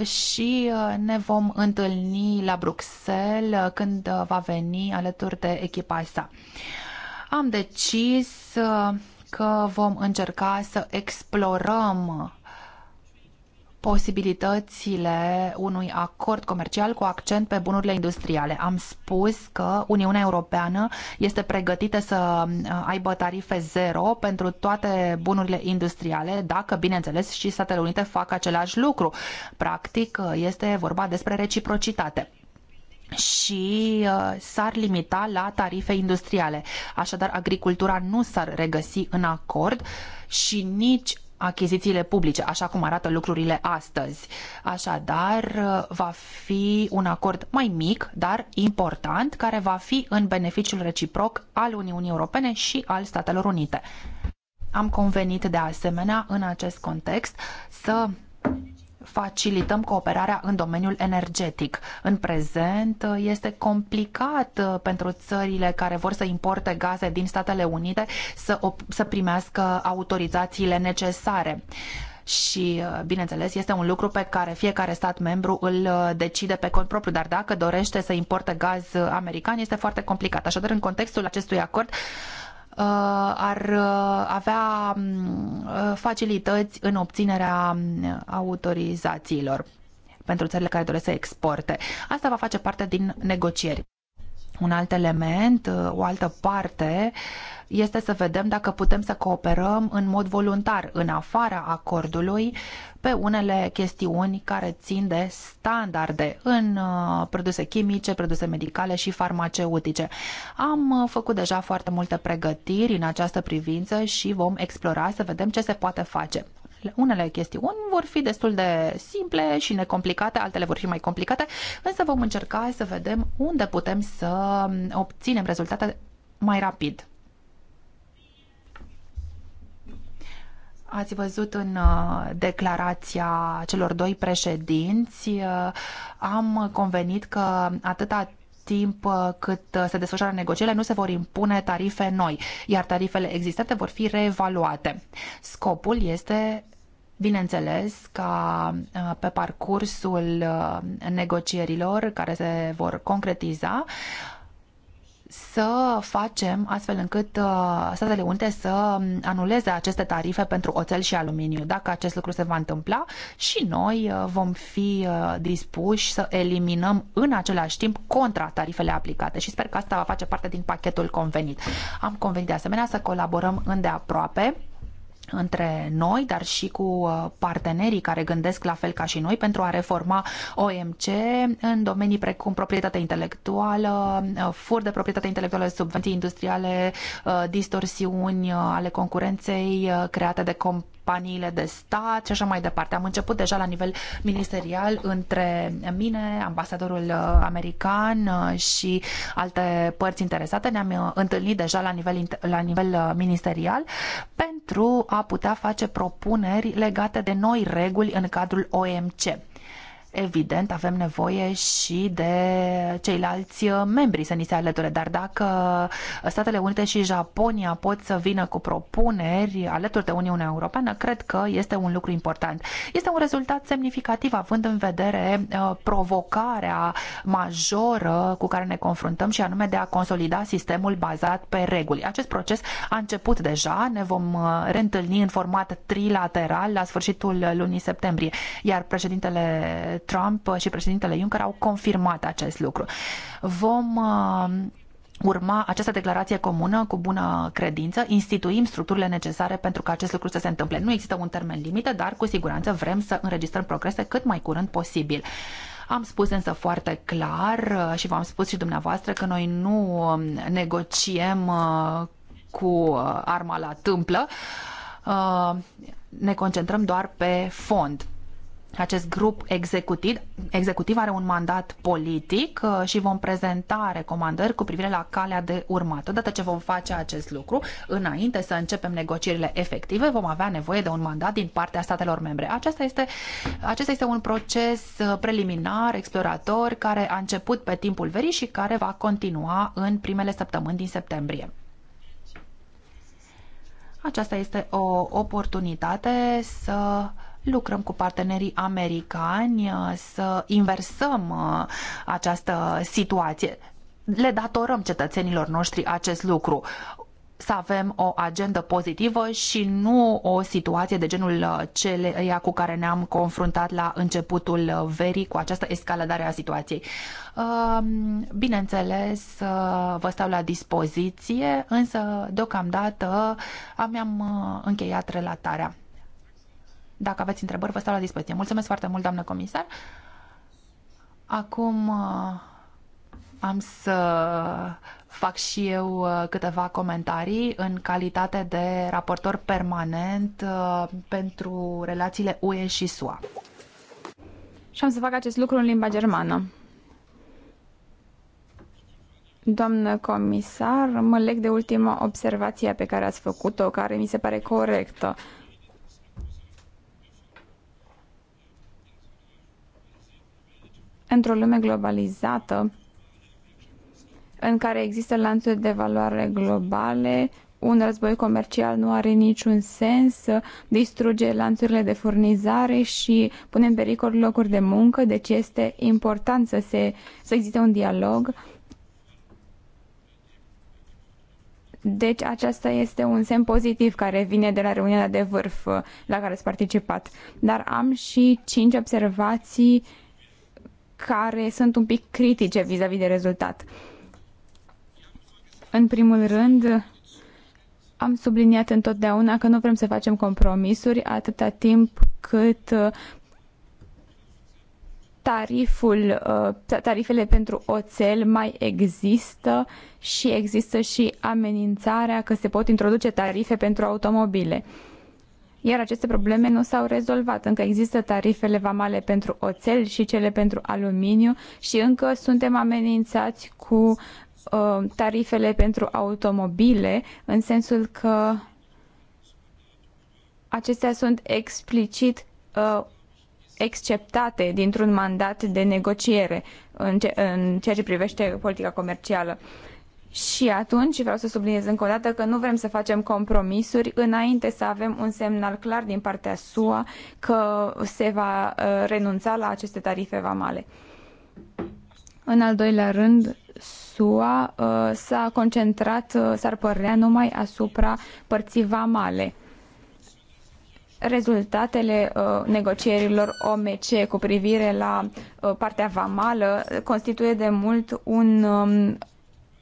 și ne vom întâlni la Bruxelles când va veni alături de echipa sa. Am decis că vom încerca să explorăm posibilitățile unui acord comercial cu accent pe bunurile industriale. Am spus că Uniunea Europeană este pregătită să uh, aibă tarife zero pentru toate bunurile industriale, dacă, bineînțeles, și Statele Unite fac același lucru. Practic, uh, este vorba despre reciprocitate și uh, s-ar limita la tarife industriale. Așadar, agricultura nu s-ar regăsi în acord și nici achizițiile publice, așa cum arată lucrurile astăzi. Așadar, va fi un acord mai mic, dar important, care va fi în beneficiul reciproc al Uniunii Europene și al Statelor Unite. Am convenit de asemenea în acest context să facilităm cooperarea în domeniul energetic. În prezent uh, este complicat uh, pentru țările care vor să importe gaze din Statele Unite să, să primească autorizațiile necesare și, uh, bineînțeles, este un lucru pe care fiecare stat membru îl decide pe cont propriu, dar dacă dorește să importe gaz american, este foarte complicat. Așadar, în contextul acestui acord, Uh, ar uh, avea um, uh, facilități în obținerea um, autorizațiilor pentru țările care doresc să exporte. Asta va face parte din negocieri. Un alt element, uh, o altă parte, este să vedem dacă putem să cooperăm în mod voluntar, în afara acordului, pe unele chestiuni care țin de standarde în uh, produse chimice, produse medicale și farmaceutice. Am uh, făcut deja foarte multe pregătiri în această privință și vom explora să vedem ce se poate face unele chestiuni vor fi destul de simple și necomplicate, altele vor fi mai complicate, însă vom încerca să vedem unde putem să obținem rezultate mai rapid. Ați văzut în uh, declarația celor doi președinți, uh, am convenit că atâta timp uh, cât uh, se desfășoară negocierile, nu se vor impune tarife noi, iar tarifele existente vor fi reevaluate. Scopul este Bineînțeles ca uh, pe parcursul negocierilor care se vor concretiza, să facem astfel încât uh, Statele Unite să um, anuleze aceste tarife pentru oțel și aluminiu. Dacă acest lucru se va întâmpla, și noi uh, vom fi uh, dispuși să eliminăm în același timp contra tarifele aplicate și sper că asta va face parte din pachetul convenit. Am convenit de asemenea să colaborăm îndeaproape între noi, dar și cu uh, partenerii care gândesc la fel ca și noi pentru a reforma OMC în domenii precum proprietatea intelectuală, uh, fur de proprietate intelectuală, subvenții industriale, uh, distorsiuni ale concurenței create de comp- companiile de stat și așa mai departe. Am început deja la nivel ministerial între mine, ambasadorul uh, american uh, și alte părți interesate. Ne-am uh, întâlnit deja la nivel, la nivel ministerial pentru a putea face propuneri legate de noi reguli în cadrul OMC. Evident, avem nevoie și de ceilalți membri să ni se alăture, dar dacă Statele Unite și Japonia pot să vină cu propuneri alături de Uniunea Europeană, cred că este un lucru important. Este un rezultat semnificativ, având în vedere uh, provocarea majoră cu care ne confruntăm și anume de a consolida sistemul bazat pe reguli. Acest proces a început deja, ne vom uh, reîntâlni în format trilateral la sfârșitul lunii septembrie, iar președintele Trump și președintele Juncker au confirmat acest lucru. Vom uh, urma această declarație comună cu bună credință, instituim structurile necesare pentru ca acest lucru să se întâmple. Nu există un termen limită, dar cu siguranță vrem să înregistrăm progrese cât mai curând posibil. Am spus însă foarte clar uh, și v-am spus și dumneavoastră că noi nu um, negociem uh, cu arma la tâmplă, ne concentrăm doar pe fond acest grup executiv, executiv are un mandat politic uh, și vom prezenta recomandări cu privire la calea de urmat. Odată ce vom face acest lucru, înainte să începem negocierile efective, vom avea nevoie de un mandat din partea statelor membre. Acesta este, acesta este un proces uh, preliminar, explorator, care a început pe timpul verii și care va continua în primele săptămâni din septembrie. Aceasta este o oportunitate să lucrăm cu partenerii americani uh, să inversăm uh, această situație. Le datorăm cetățenilor noștri acest lucru să avem o agendă pozitivă și nu o situație de genul uh, celeia cu care ne-am confruntat la începutul verii cu această escaladare a situației. Um, bineînțeles, vă stau la dispoziție, însă deocamdată mi-am încheiat relatarea. Dacă aveți întrebări, vă stau la dispoziție. Mulțumesc foarte mult, doamnă comisar. Acum uh, am să fac și eu uh, câteva comentarii în calitate de raportor permanent uh, pentru relațiile UE și SUA. Și am să fac acest lucru în limba germană. Doamnă comisar, mă leg de ultima observație pe care ați făcut-o, care mi se pare corectă. Uh, într-o lume globalizată în care există lanțuri de valoare globale, un război comercial nu are niciun sens, distruge lanțurile de furnizare și pune în pericol locuri de muncă, deci este important să, se, să existe un dialog. Deci aceasta este un semn pozitiv care vine de la reuniunea de vârf la care ați participat. Dar am și cinci observații uh, care sunt un pic critice vis-a-vis -vis de rezultat. În primul rând, am subliniat întotdeauna că nu vrem să facem compromisuri atâta timp cât uh, tariful, uh, tarifele pentru oțel mai există și există și amenințarea că se pot introduce tarife pentru automobile iar aceste probleme nu s-au rezolvat. Încă există tarifele vamale pentru oțel și cele pentru aluminiu și încă suntem amenințați cu uh, tarifele pentru automobile, în sensul că acestea sunt explicit uh, exceptate dintr-un mandat de negociere în, ce, în ceea ce privește politica comercială. Uh, și atunci vreau să subliniez încă o dată că nu vrem să facem compromisuri înainte să avem un semnal clar din partea SUA că se va uh, renunța la aceste tarife vamale. În al doilea rând, SUA uh, s-a concentrat, uh, s-ar părea, numai asupra părții vamale rezultatele negocierilor OMC cu privire la partea vamală constituie de mult un um,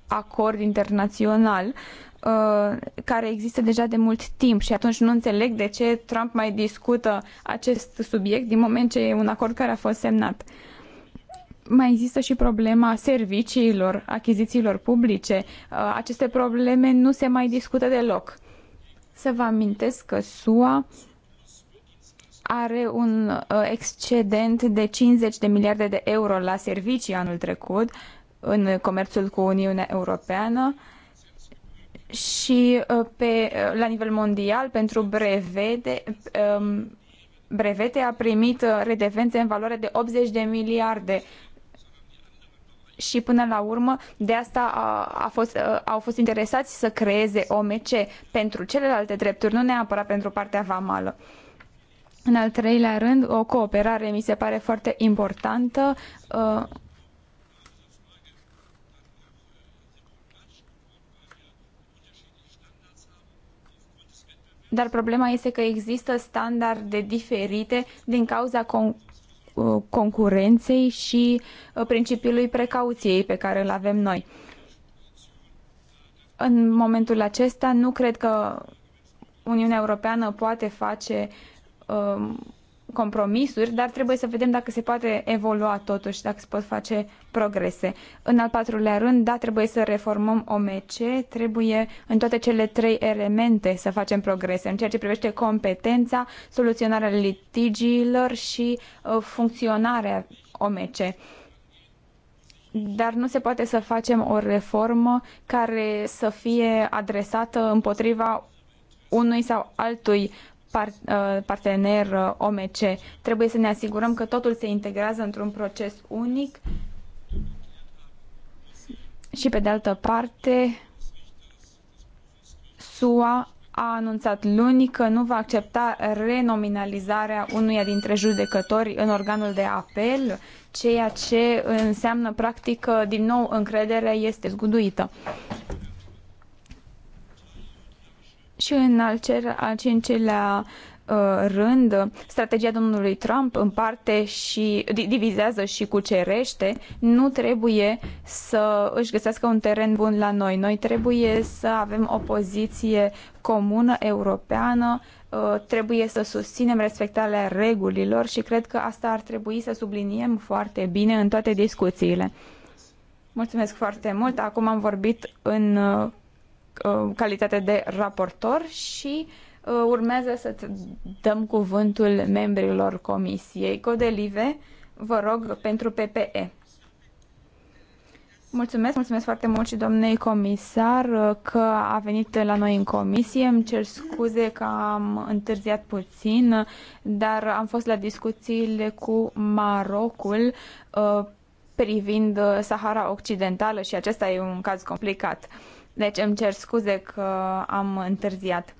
acord internațional uh, care există deja de mult timp și atunci nu înțeleg de ce Trump mai discută acest subiect din moment ce e un acord care a fost semnat. Mai există și problema serviciilor, achizițiilor publice. Uh, aceste probleme nu se mai discută deloc. Să vă amintesc că SUA are un uh, excedent de 50 de miliarde de euro la servicii anul trecut în comerțul cu Uniunea Europeană și uh, pe, uh, la nivel mondial pentru brevete, um, brevete a primit uh, redevențe în valoare de 80 de miliarde și până la urmă de asta a, a fost, a, au fost interesați să creeze OMC pentru celelalte drepturi, nu neapărat pentru partea vamală. În al treilea rând, o cooperare mi se pare foarte importantă. Uh, dar problema este că există standarde diferite din cauza con- concurenței și uh, principiului precauției pe care îl avem noi. În momentul acesta nu cred că Uniunea Europeană poate face um, compromisuri, dar trebuie să vedem dacă se poate evolua totuși, dacă se pot face progrese. În al patrulea rând, da, trebuie să reformăm OMC, trebuie în toate cele trei elemente să facem progrese, în ceea ce privește competența, soluționarea litigiilor și uh, funcționarea OMC dar nu se poate să facem o reformă care să fie adresată împotriva unui sau altui Uh, partener uh, OMC. Trebuie să ne asigurăm că totul se integrează într-un proces unic și pe de altă parte SUA a anunțat luni că nu va accepta renominalizarea unuia dintre judecători în organul de apel, ceea ce înseamnă practic din nou încrederea este zguduită. Și în al, cer, al cincilea uh, rând, strategia domnului Trump împarte și divizează și cucerește, nu trebuie să își găsească un teren bun la noi. Noi trebuie să avem o poziție comună europeană, uh, trebuie să susținem respectarea regulilor și cred că asta ar trebui să subliniem foarte bine în toate discuțiile. Mulțumesc foarte mult. Acum am vorbit în uh, Uh, calitate de raportor și uh, urmează să dăm cuvântul membrilor comisiei. Codelive, vă rog, pentru PPE. Mulțumesc, mulțumesc foarte mult și domnei comisar uh, că a venit la noi în comisie. Îmi cer scuze că am întârziat puțin, dar am fost la discuțiile cu Marocul privind Sahara Occidentală și acesta e un caz complicat. Deci îmi cer scuze că am întârziat.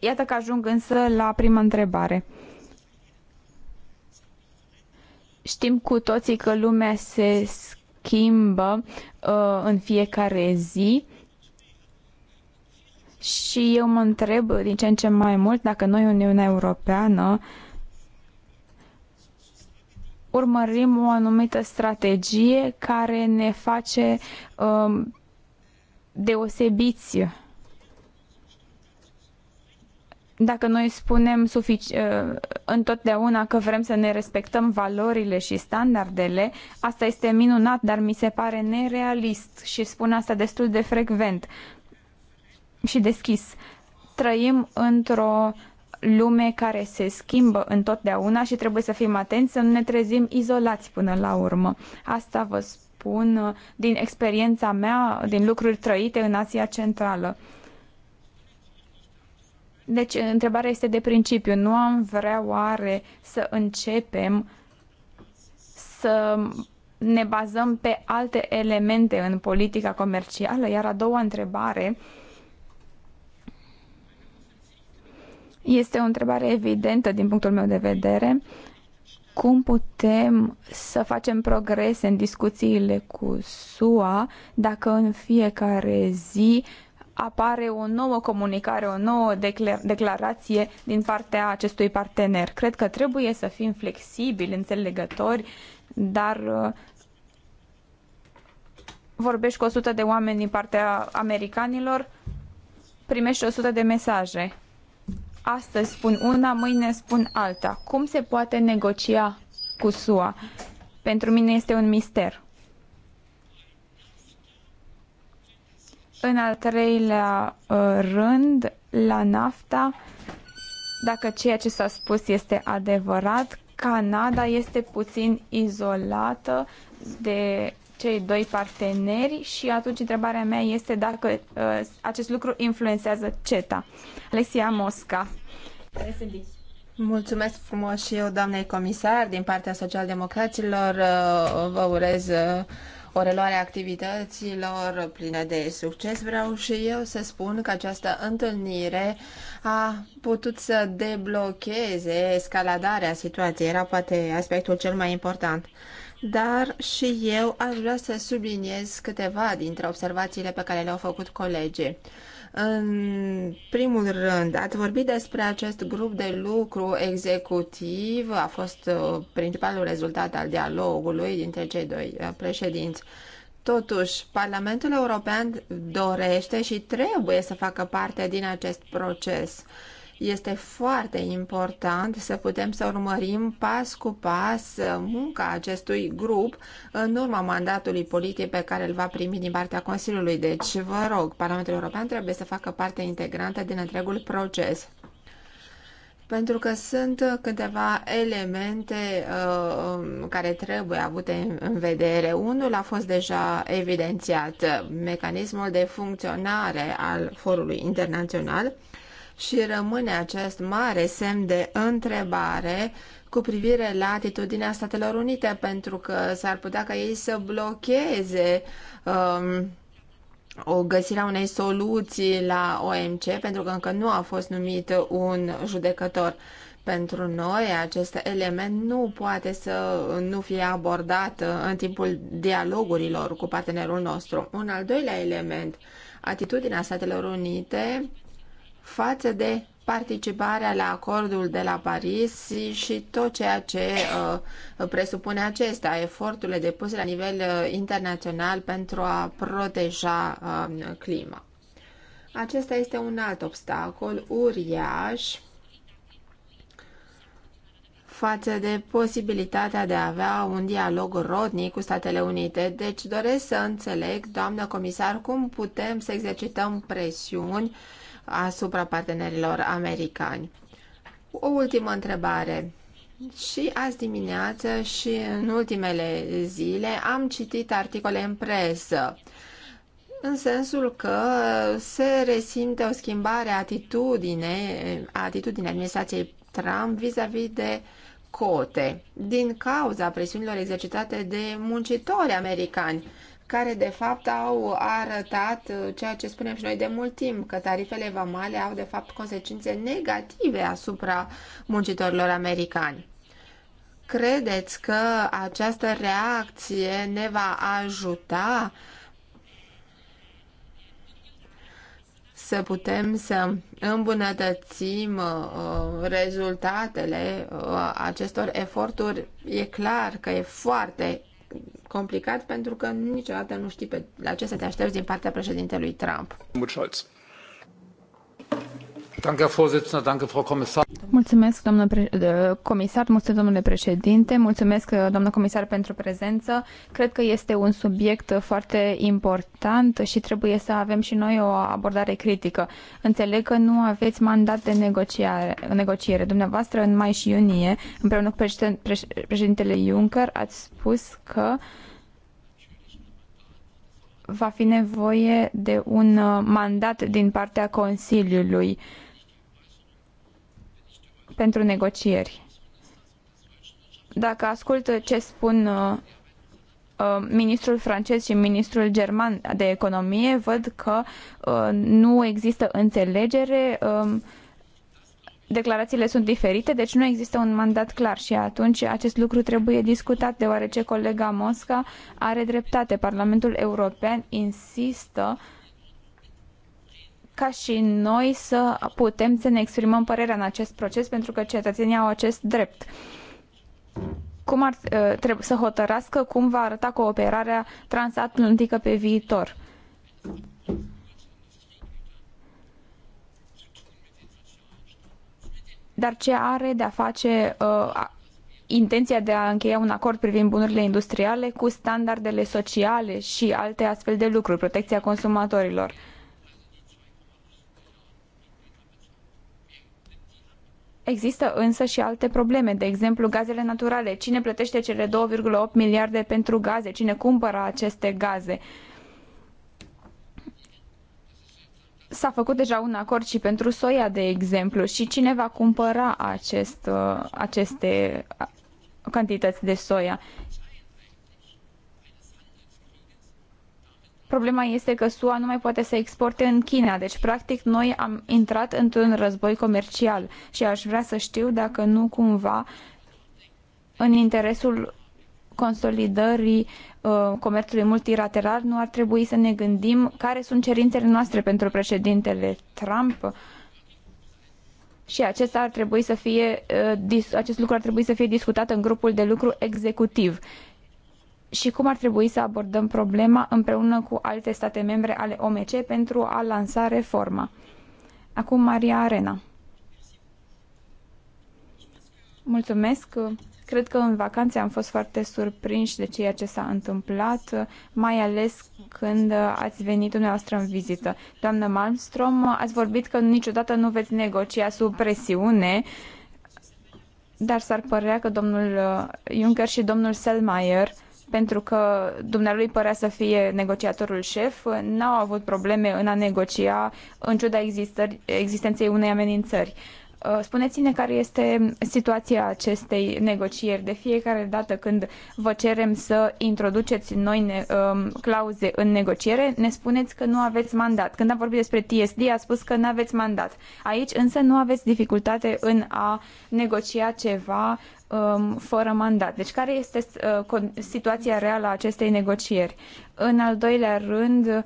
Iată că ajung însă la prima întrebare. Știm cu toții că lumea se schimbă uh, în fiecare zi și eu mă întreb din ce în ce mai mult dacă noi, Uniunea Europeană, urmărim o anumită strategie care ne face uh, deosebiți dacă noi spunem sufic- ă, întotdeauna că vrem să ne respectăm valorile și standardele, asta este minunat, dar mi se pare nerealist și spun asta destul de frecvent și deschis. Trăim într-o lume care se schimbă întotdeauna și trebuie să fim atenți să nu ne trezim izolați până la urmă. Asta vă spun spun uh, din experiența mea, din lucruri trăite în Asia Centrală. Deci, întrebarea este de principiu. Nu am vrea oare să începem să ne bazăm pe alte elemente în politica comercială? Iar a doua întrebare este o întrebare evidentă din punctul meu de vedere cum putem să facem progrese în discuțiile cu SUA dacă în fiecare zi apare o nouă comunicare, o nouă declarație din partea acestui partener. Cred că trebuie să fim flexibili, înțelegători, dar uh, vorbești cu 100 de oameni din partea americanilor, primești 100 de mesaje astăzi spun una, mâine spun alta. Cum se poate negocia cu SUA? Pentru mine este un mister. În al treilea uh, rând, la NAFTA, dacă ceea ce s-a spus este adevărat, Canada este puțin izolată de cei doi parteneri și atunci întrebarea mea este dacă uh, acest lucru influențează CETA. Alexia Mosca. Mulțumesc frumos și eu, doamnei comisar, din partea socialdemocraților. Uh, vă urez uh, o reluare a activităților pline de succes. Vreau și eu să spun că această întâlnire a putut să deblocheze escaladarea situației. Era poate aspectul cel mai important. Dar și eu aș vrea să subliniez câteva dintre observațiile pe care le-au făcut colegii. În primul rând, ați vorbit despre acest grup de lucru executiv, a fost uh, principalul rezultat al dialogului dintre cei doi uh, președinți. Totuși, Parlamentul European dorește și trebuie să facă parte din acest proces. Uh, este foarte important să putem să urmărim pas cu pas munca acestui grup în urma mandatului politic pe care îl va primi din partea Consiliului. Deci, vă rog, Parlamentul European trebuie să facă parte integrantă din întregul proces pentru că sunt câteva elemente uh, care trebuie avute în vedere. Unul a fost deja evidențiat, mecanismul de funcționare al forului internațional și rămâne acest mare semn de întrebare cu privire la atitudinea Statelor Unite, pentru că s-ar putea ca ei să blocheze um, o găsirea unei soluții la OMC, pentru că încă nu a fost numit un judecător. Pentru noi, acest element nu poate să nu fie abordat în timpul dialogurilor cu partenerul nostru. Un al doilea element, atitudinea Statelor Unite față de participarea la acordul de la Paris și tot ceea ce uh, presupune acesta, eforturile depuse la nivel uh, internațional pentru a proteja uh, clima. Acesta este un alt obstacol uriaș față de posibilitatea de a avea un dialog rodnic cu Statele Unite. Deci doresc să înțeleg, doamnă comisar, cum putem să exercităm presiuni uh, asupra partenerilor americani. O ultimă întrebare. Și azi dimineață și în ultimele zile am citit articole în presă în sensul că se resimte o schimbare a atitudine, atitudine administrației Trump vis-a-vis -vis de cote din cauza presiunilor exercitate de muncitori americani care de fapt au arătat uh, ceea ce spunem și noi de mult timp, că tarifele vamale au de fapt consecințe negative asupra muncitorilor americani. Credeți că această reacție ne va ajuta să putem să îmbunătățim uh, uh, rezultatele acestor eforturi? E clar că e foarte complicat pentru că niciodată nu știi pe la ce să te aștepți din partea președintelui Trump. Mulțumesc. Mulțumesc, doamnă comisar, mulțumesc, domnule președinte, mulțumesc, uh, doamnă comisar, pentru prezență. Cred că este un subiect foarte important și trebuie să avem și noi o abordare critică. Înțeleg că nu aveți mandat de negociare, negociere. Dumneavoastră, în mai și iunie, împreună cu președintele Juncker, ați spus că va fi nevoie de un uh, mandat din partea Consiliului. Uh, pentru negocieri. Dacă ascult ce spun uh, uh, ministrul francez și ministrul german de economie, văd că uh, nu există înțelegere, um, declarațiile sunt diferite, deci nu există un mandat clar și atunci acest lucru trebuie discutat, deoarece colega Mosca are dreptate. Parlamentul European insistă ca și noi să putem să ne exprimăm părerea în acest proces, pentru că cetățenii au acest drept. Cum ar ă, trebui să hotărască cum va arăta cooperarea transatlantică pe viitor? Dar ce are de a face uh, intenția de a încheia un acord privind bunurile industriale cu standardele sociale și alte astfel de lucruri, protecția consumatorilor? Există însă și alte probleme, de exemplu gazele naturale. Cine plătește cele 2,8 miliarde pentru gaze? Cine cumpără aceste gaze? S-a făcut deja un acord și pentru soia, de exemplu, și cine va cumpăra acest, uh, aceste uh, cantități de soia? Problema este că SUA nu mai poate să exporte în China, deci practic noi am intrat într-un război comercial și aș vrea să știu dacă nu cumva în interesul consolidării uh, comerțului multilateral nu ar trebui să ne gândim care sunt cerințele noastre pentru președintele Trump și acesta ar trebui să fie, uh, acest lucru ar trebui să fie discutat în grupul de lucru executiv și cum ar trebui să abordăm problema împreună cu alte state membre ale OMC pentru a lansa reforma. Acum Maria Arena. Mulțumesc. Cred că în vacanțe am fost foarte surprinși de ceea ce s-a întâmplat, mai ales când ați venit dumneavoastră în vizită. Doamnă Malmstrom, ați vorbit că niciodată nu veți negocia sub presiune, dar s-ar părea că domnul uh, Juncker și domnul Selmayr pentru că dumnealui părea să fie negociatorul șef, n-au avut probleme în a negocia în ciuda existenței unei amenințări. Uh, spuneți-ne care este situația acestei negocieri. De fiecare dată când vă cerem să introduceți noi ne, um, clauze în negociere, ne spuneți că nu aveți mandat. Când am vorbit despre TSD, a spus că nu aveți mandat. Aici însă nu aveți dificultate în a negocia ceva Um, fără mandat. Deci care este uh, situația reală a acestei negocieri? În al doilea rând,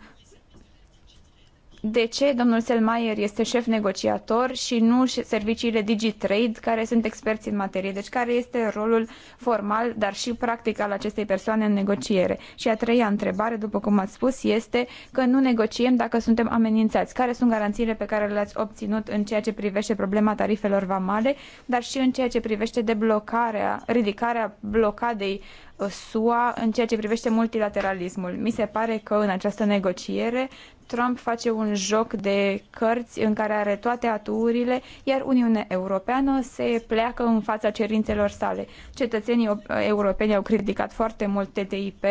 de ce domnul Selmayr este șef negociator și nu serviciile DigiTrade, care sunt experți în materie. Deci care este rolul formal, dar și practic al acestei persoane în negociere? Și a treia întrebare, după cum ați spus, este că nu negociem dacă suntem amenințați. Care sunt garanțiile pe care le-ați obținut în ceea ce privește problema tarifelor vamale, dar și în ceea ce privește deblocarea, ridicarea blocadei uh, SUA în ceea ce privește multilateralismul. Mi se pare că în această negociere Trump face un joc de cărți în care are toate aturile, iar Uniunea Europeană se pleacă în fața cerințelor sale. Cetățenii europeni au criticat foarte mult TTIP,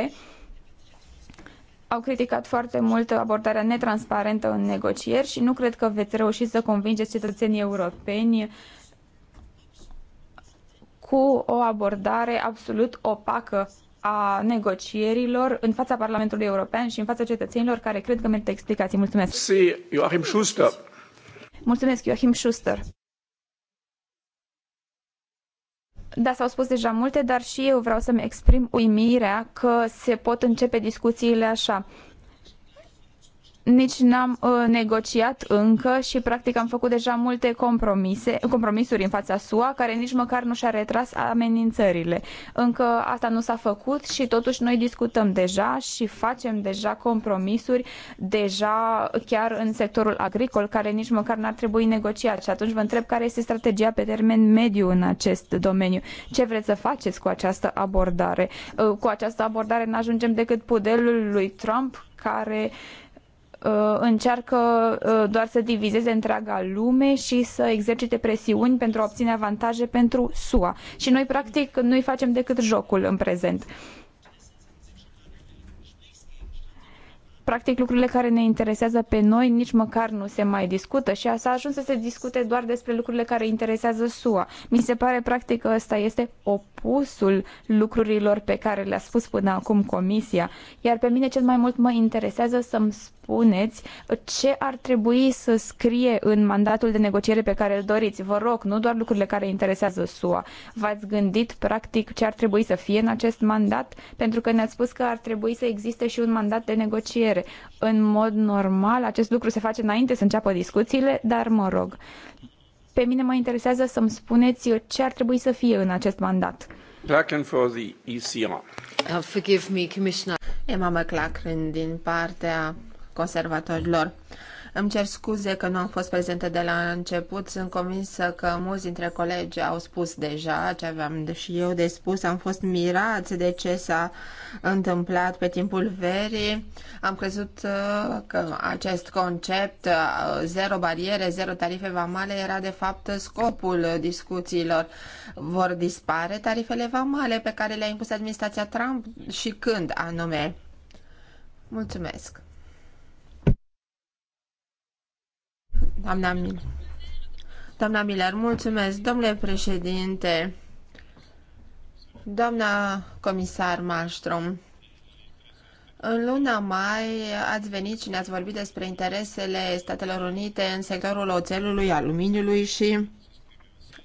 au criticat foarte mult abordarea netransparentă în negocieri și nu cred că veți reuși să convingeți cetățenii europeni cu o abordare absolut opacă a negocierilor în fața Parlamentului European și în fața cetățenilor care cred că merită explicații. Mulțumesc! Si, Joachim Schuster. Mulțumesc, Joachim Schuster. Da, s-au spus deja multe, dar și eu vreau să-mi exprim uimirea că se pot începe discuțiile așa nici n-am uh, negociat încă și practic am făcut deja multe compromise, compromisuri în fața SUA, care nici măcar nu și-a retras amenințările. Încă asta nu s-a făcut și totuși noi discutăm deja și facem deja compromisuri deja chiar în sectorul agricol, care nici măcar n-ar trebui negociat. Și atunci vă întreb care este strategia pe termen mediu în acest domeniu. Ce vreți să faceți cu această abordare? Uh, cu această abordare n-ajungem decât pudelul lui Trump, care Uh, încearcă uh, doar să divizeze întreaga lume și să exercite presiuni pentru a obține avantaje pentru SUA. Și noi, practic, nu-i facem decât jocul în prezent. practic lucrurile care ne interesează pe noi nici măcar nu se mai discută și s-a ajuns să se discute doar despre lucrurile care interesează SUA. Mi se pare practic că ăsta este opusul lucrurilor pe care le-a spus până acum Comisia, iar pe mine cel mai mult mă interesează să-mi spuneți ce ar trebui să scrie în mandatul de negociere pe care îl doriți. Vă rog, nu doar lucrurile care interesează SUA. V-ați gândit practic ce ar trebui să fie în acest mandat? Pentru că ne-ați spus că ar trebui să existe și un mandat de negociere dezbatere. În mod normal, acest lucru se face înainte să înceapă discuțiile, dar mă rog. Pe mine mă interesează să-mi spuneți ce ar trebui să fie în acest mandat. Clacken for the ECR. Uh, forgive me, Commissioner. Emma McLachlan din partea conservatorilor. Uh, îmi cer scuze că nu am fost prezentă de la început. Sunt convinsă că mulți dintre colegi au spus deja ce aveam și eu de spus. Am fost mirați de ce s-a întâmplat pe timpul verii. Am crezut uh, că acest concept uh, zero bariere, zero tarife vamale era de fapt scopul discuțiilor. Vor dispare tarifele vamale pe care le-a impus administrația Trump și când anume? Mulțumesc! Doamna, Mil Doamna Miller, mulțumesc. Domnule președinte, doamna comisar Malmström, în luna mai ați venit și ne-ați vorbit despre interesele Statelor Unite în sectorul oțelului, aluminiului și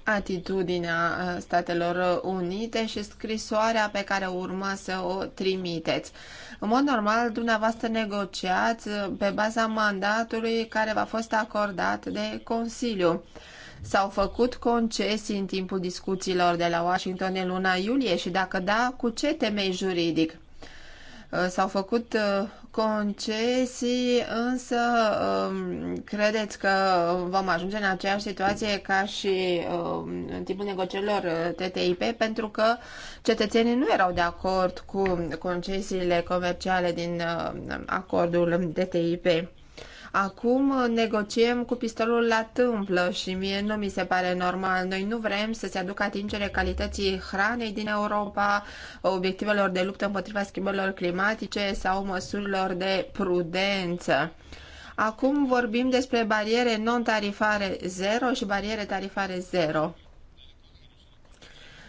atitudinea uh, Statelor Unite și scrisoarea pe care urma să o trimiteți. În mod normal, dumneavoastră negociați uh, pe baza mandatului care v-a fost acordat de Consiliu. S-au făcut concesii în timpul discuțiilor de la Washington în luna iulie și dacă da, cu ce temei juridic? Uh, s-au făcut concesii, însă um, credeți că vom ajunge în aceeași situație ca și um, în timpul negocierilor uh, TTIP, pentru că cetățenii nu erau de acord cu concesiile comerciale din uh, acordul TTIP. Acum negociem cu pistolul la tâmplă și mie nu mi se pare normal. Noi nu vrem să se aducă atingere calității hranei din Europa, obiectivelor de luptă împotriva schimbărilor climatice sau măsurilor de prudență. Acum vorbim despre bariere non-tarifare zero și bariere tarifare zero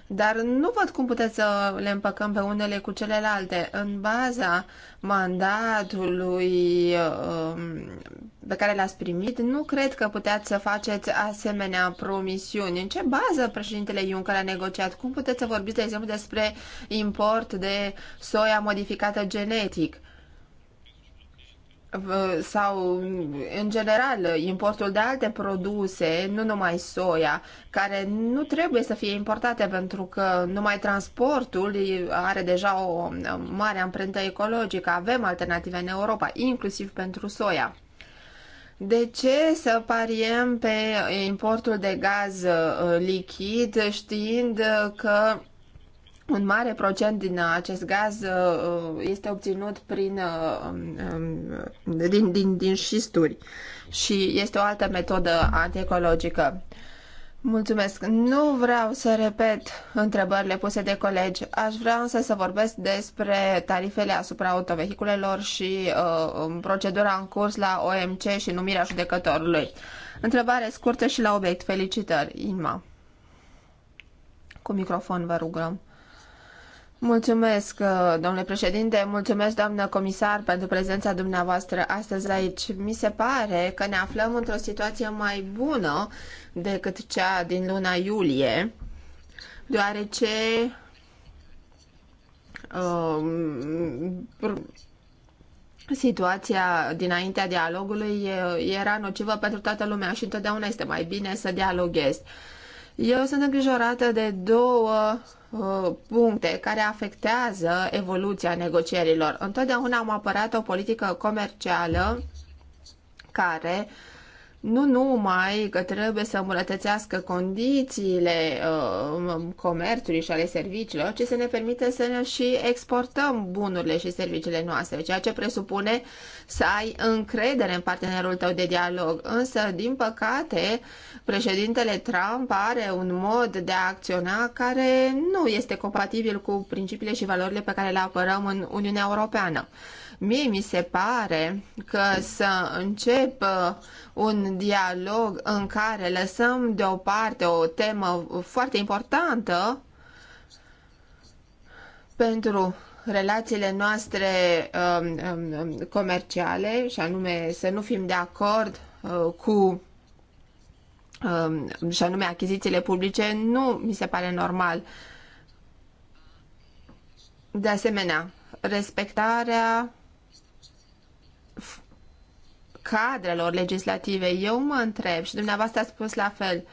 dar nu văd cum puteți să le împăcăm pe unele cu celelalte. În baza mandatului um, pe care l-ați primit, nu cred că puteți să faceți asemenea promisiuni. În ce bază președintele Juncker a negociat? Cum puteți să vorbiți, de exemplu, despre import de soia modificată genetic? sau în general importul de alte produse, nu numai soia, care nu trebuie să fie importate pentru că numai transportul are deja o mare amprentă ecologică. Avem alternative în Europa, inclusiv pentru soia. De ce să pariem pe importul de gaz uh, lichid știind că un mare procent din acest gaz uh, uh, este obținut prin, uh, um, um, din, din, din șisturi și este o altă metodă antiecologică. Mulțumesc. Nu vreau să repet întrebările puse de colegi. Aș vrea însă să vorbesc despre tarifele asupra autovehiculelor și uh, um, procedura în curs la OMC și numirea judecătorului. Întrebare scurtă și la obiect. Felicitări, Inma. Cu microfon vă rugăm. Mulțumesc, uh, domnule președinte, mulțumesc, doamnă comisar, pentru prezența dumneavoastră astăzi aici. Mi se pare că ne aflăm într-o situație mai bună decât cea din luna iulie, deoarece uh, situația dinaintea dialogului uh, era nocivă pentru toată lumea și întotdeauna este mai bine să dialoghezi. Eu sunt îngrijorată de două uh, puncte care afectează evoluția negocierilor. Întotdeauna am apărat o politică comercială care uh, nu numai că trebuie să îmbunătățească condițiile uh, comerțului și ale serviciilor, ci să ne permite să ne și exportăm bunurile și serviciile noastre, ceea ce presupune să ai încredere în partenerul tău de dialog. Însă, din păcate, președintele Trump are un mod de a acționa care nu este compatibil cu principiile și valorile pe care le apărăm în Uniunea Europeană. Mie mi se pare că să încep uh, un dialog în care lăsăm deoparte o temă foarte importantă pentru relațiile noastre um, um, um, comerciale și anume să nu fim de acord uh, cu și anume achizițiile publice, nu mi se pare normal. De asemenea, respectarea cadrelor legislative. Eu mă întreb și dumneavoastră a spus la fel,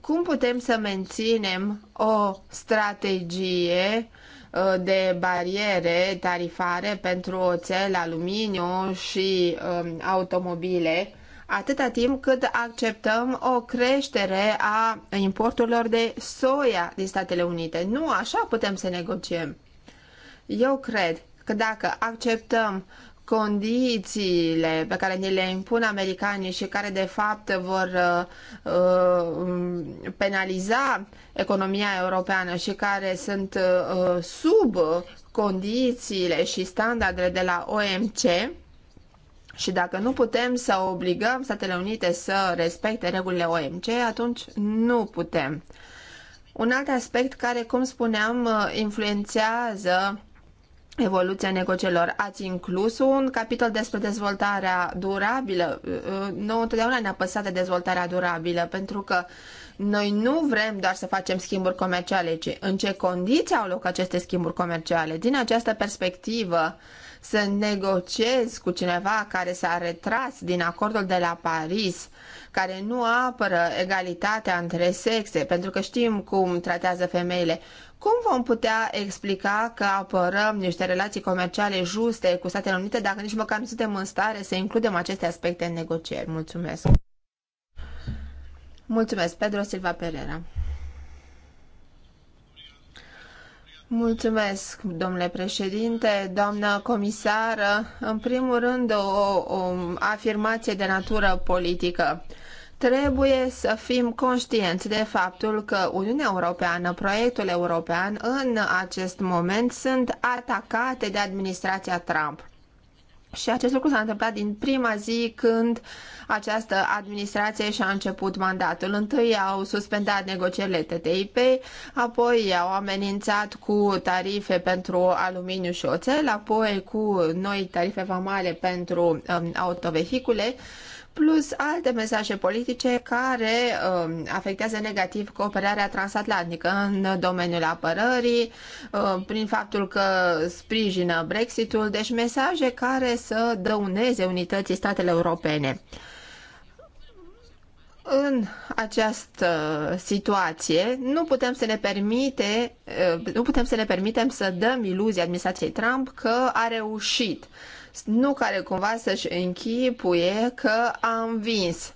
cum putem să menținem o strategie uh, de bariere tarifare pentru oțel, aluminiu și um, automobile, atâta timp cât acceptăm o creștere a importurilor de soia din Statele Unite. Nu așa putem să negociem. Eu cred că dacă acceptăm condițiile pe care ni le impun americanii și care de fapt vor uh, uh, penaliza economia europeană și care sunt uh, sub condițiile și standardele de la OMC și dacă nu putem să obligăm Statele Unite să respecte regulile OMC, atunci nu putem. Un alt aspect care, cum spuneam, uh, influențează evoluția negocierilor. Ați inclus un capitol despre dezvoltarea durabilă. Uh, nu întotdeauna ne-a păsat de dezvoltarea durabilă, pentru că noi nu vrem doar să facem schimburi comerciale, ci în ce condiții au loc aceste schimburi comerciale. Din această perspectivă, să negociezi cu cineva care s-a retras din acordul de la Paris, care nu apără egalitatea între sexe, pentru că știm cum tratează femeile, cum vom putea explica că apărăm niște relații comerciale juste cu Statele Unite dacă nici măcar nu suntem în stare să includem aceste aspecte în negocieri? Mulțumesc! Mulțumesc, Pedro Silva Pereira. Mulțumesc, domnule președinte, doamnă comisară. În primul rând, o, o afirmație de natură politică. Trebuie să fim conștienți de faptul că Uniunea Europeană, proiectul european, în acest moment sunt atacate de administrația Trump. Și acest lucru s-a întâmplat din prima zi când această administrație și-a început mandatul. Întâi au suspendat negocierile TTIP, apoi au amenințat cu tarife pentru aluminiu și oțel, apoi cu noi tarife vamale pentru um, autovehicule plus alte mesaje politice care uh, afectează negativ cooperarea transatlantică în domeniul apărării, uh, prin faptul că sprijină Brexitul, deci mesaje care să dăuneze unității statele europene. În această situație nu putem să ne permite, uh, nu putem să ne permitem să dăm iluzia administrației Trump că a reușit nu care cumva să-și închipuie că a învins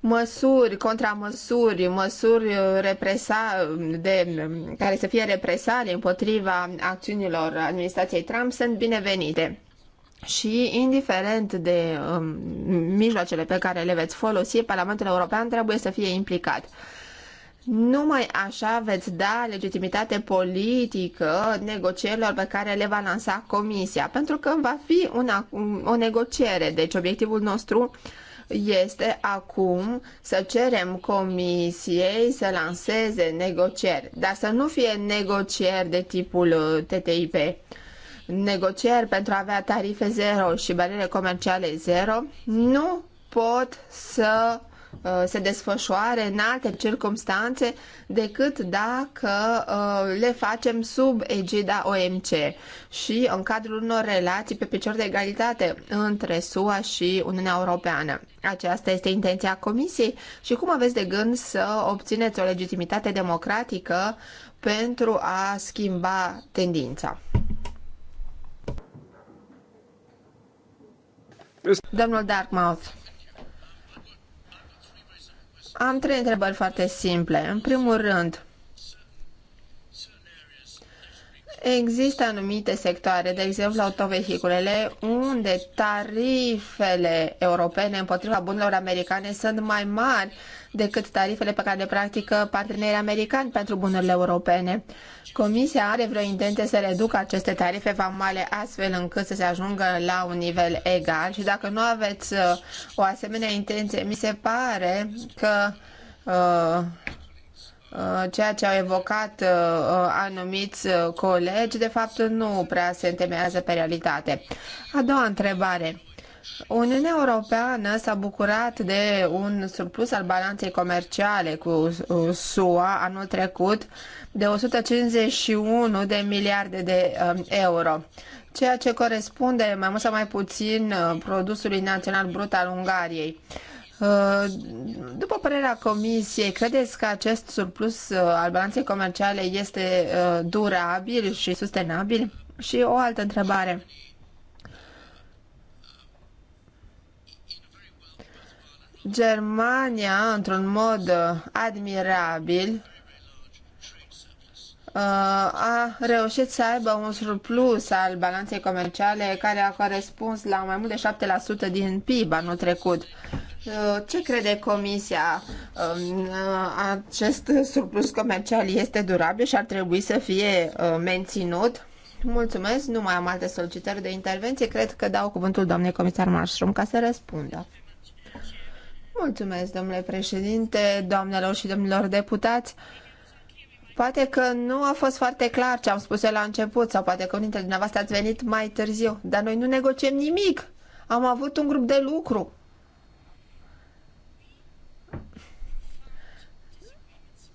măsuri, contramăsuri, măsuri uh, represa, de, um, care să fie represale împotriva acțiunilor administrației Trump sunt binevenite. Și indiferent de um, mijloacele pe care le veți folosi, Parlamentul European trebuie să fie implicat. Numai așa veți da legitimitate politică negocierilor pe care le va lansa Comisia, pentru că va fi una, o negociere. Deci obiectivul nostru este acum să cerem Comisiei să lanseze negocieri, dar să nu fie negocieri de tipul uh, TTIP. Negocieri pentru a avea tarife zero și bariere comerciale zero nu pot să Uh, se desfășoare în alte circumstanțe decât dacă uh, le facem sub egida OMC și în cadrul unor relații pe picior de egalitate între SUA și Uniunea Europeană. Aceasta este intenția Comisiei și cum aveți de gând să obțineți o legitimitate democratică pentru a schimba tendința? Domnul Darkmouth. Am trei întrebări foarte simple. În primul rând, Există anumite sectoare, de exemplu autovehiculele, unde tarifele europene împotriva bunurilor americane sunt mai mari decât tarifele pe care le practică partenerii americani pentru bunurile europene. Comisia are vreo intenție să reducă aceste tarife vamale astfel încât să se ajungă la un nivel egal și dacă nu aveți uh, o asemenea intenție, mi se pare că uh, Uh, ceea ce au evocat uh, uh, anumiți colegi, de fapt nu prea se întemeiază pe realitate. A doua întrebare. Uniunea Europeană s-a bucurat de un surplus al balanței comerciale cu SUA anul trecut de 151 de miliarde de um, euro, ceea ce corespunde mai mult sau mai puțin produsului național brut al Ungariei. Uh, după părerea Comisiei, credeți că acest surplus uh, al balanței comerciale este uh, durabil și sustenabil? Și o altă întrebare. Germania, într-un mod admirabil, Uh, a reușit să aibă un surplus al balanței comerciale care a corespuns la mai mult de 7% din PIB anul trecut. Uh, ce crede Comisia? Um, uh, acest surplus comercial este durabil și ar trebui să fie menținut? Mulțumesc, nu mai am alte solicitări de intervenție. Cred că dau cuvântul doamnei comisar Marstrom ca să răspundă. Mulțumesc, domnule președinte, doamnelor și domnilor deputați. Poate că nu a fost foarte clar ce am spus eu la început sau poate că unii dintre dumneavoastră ați venit mai târziu, dar noi nu negociem nimic. Am avut un grup de lucru.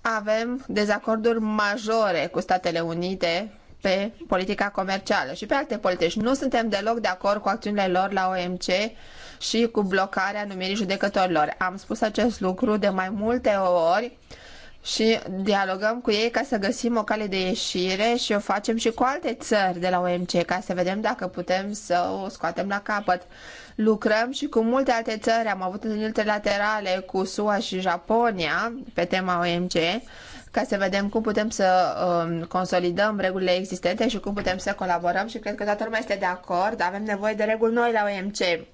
Avem dezacorduri majore cu Statele Unite pe politica comercială și pe alte politici. Nu suntem deloc de acord cu acțiunile lor la OMC și cu blocarea numirii judecătorilor. Am spus acest lucru de mai multe ori și dialogăm cu ei ca să găsim o cale de ieșire și o facem și cu alte țări de la OMC ca să vedem dacă putem să o scoatem la capăt. Lucrăm și cu multe alte țări, am avut întâlniri laterale cu SUA și Japonia pe tema OMC ca să vedem cum putem să um, consolidăm regulile existente și cum putem să colaborăm și cred că toată lumea este de acord, avem nevoie de reguli noi la OMC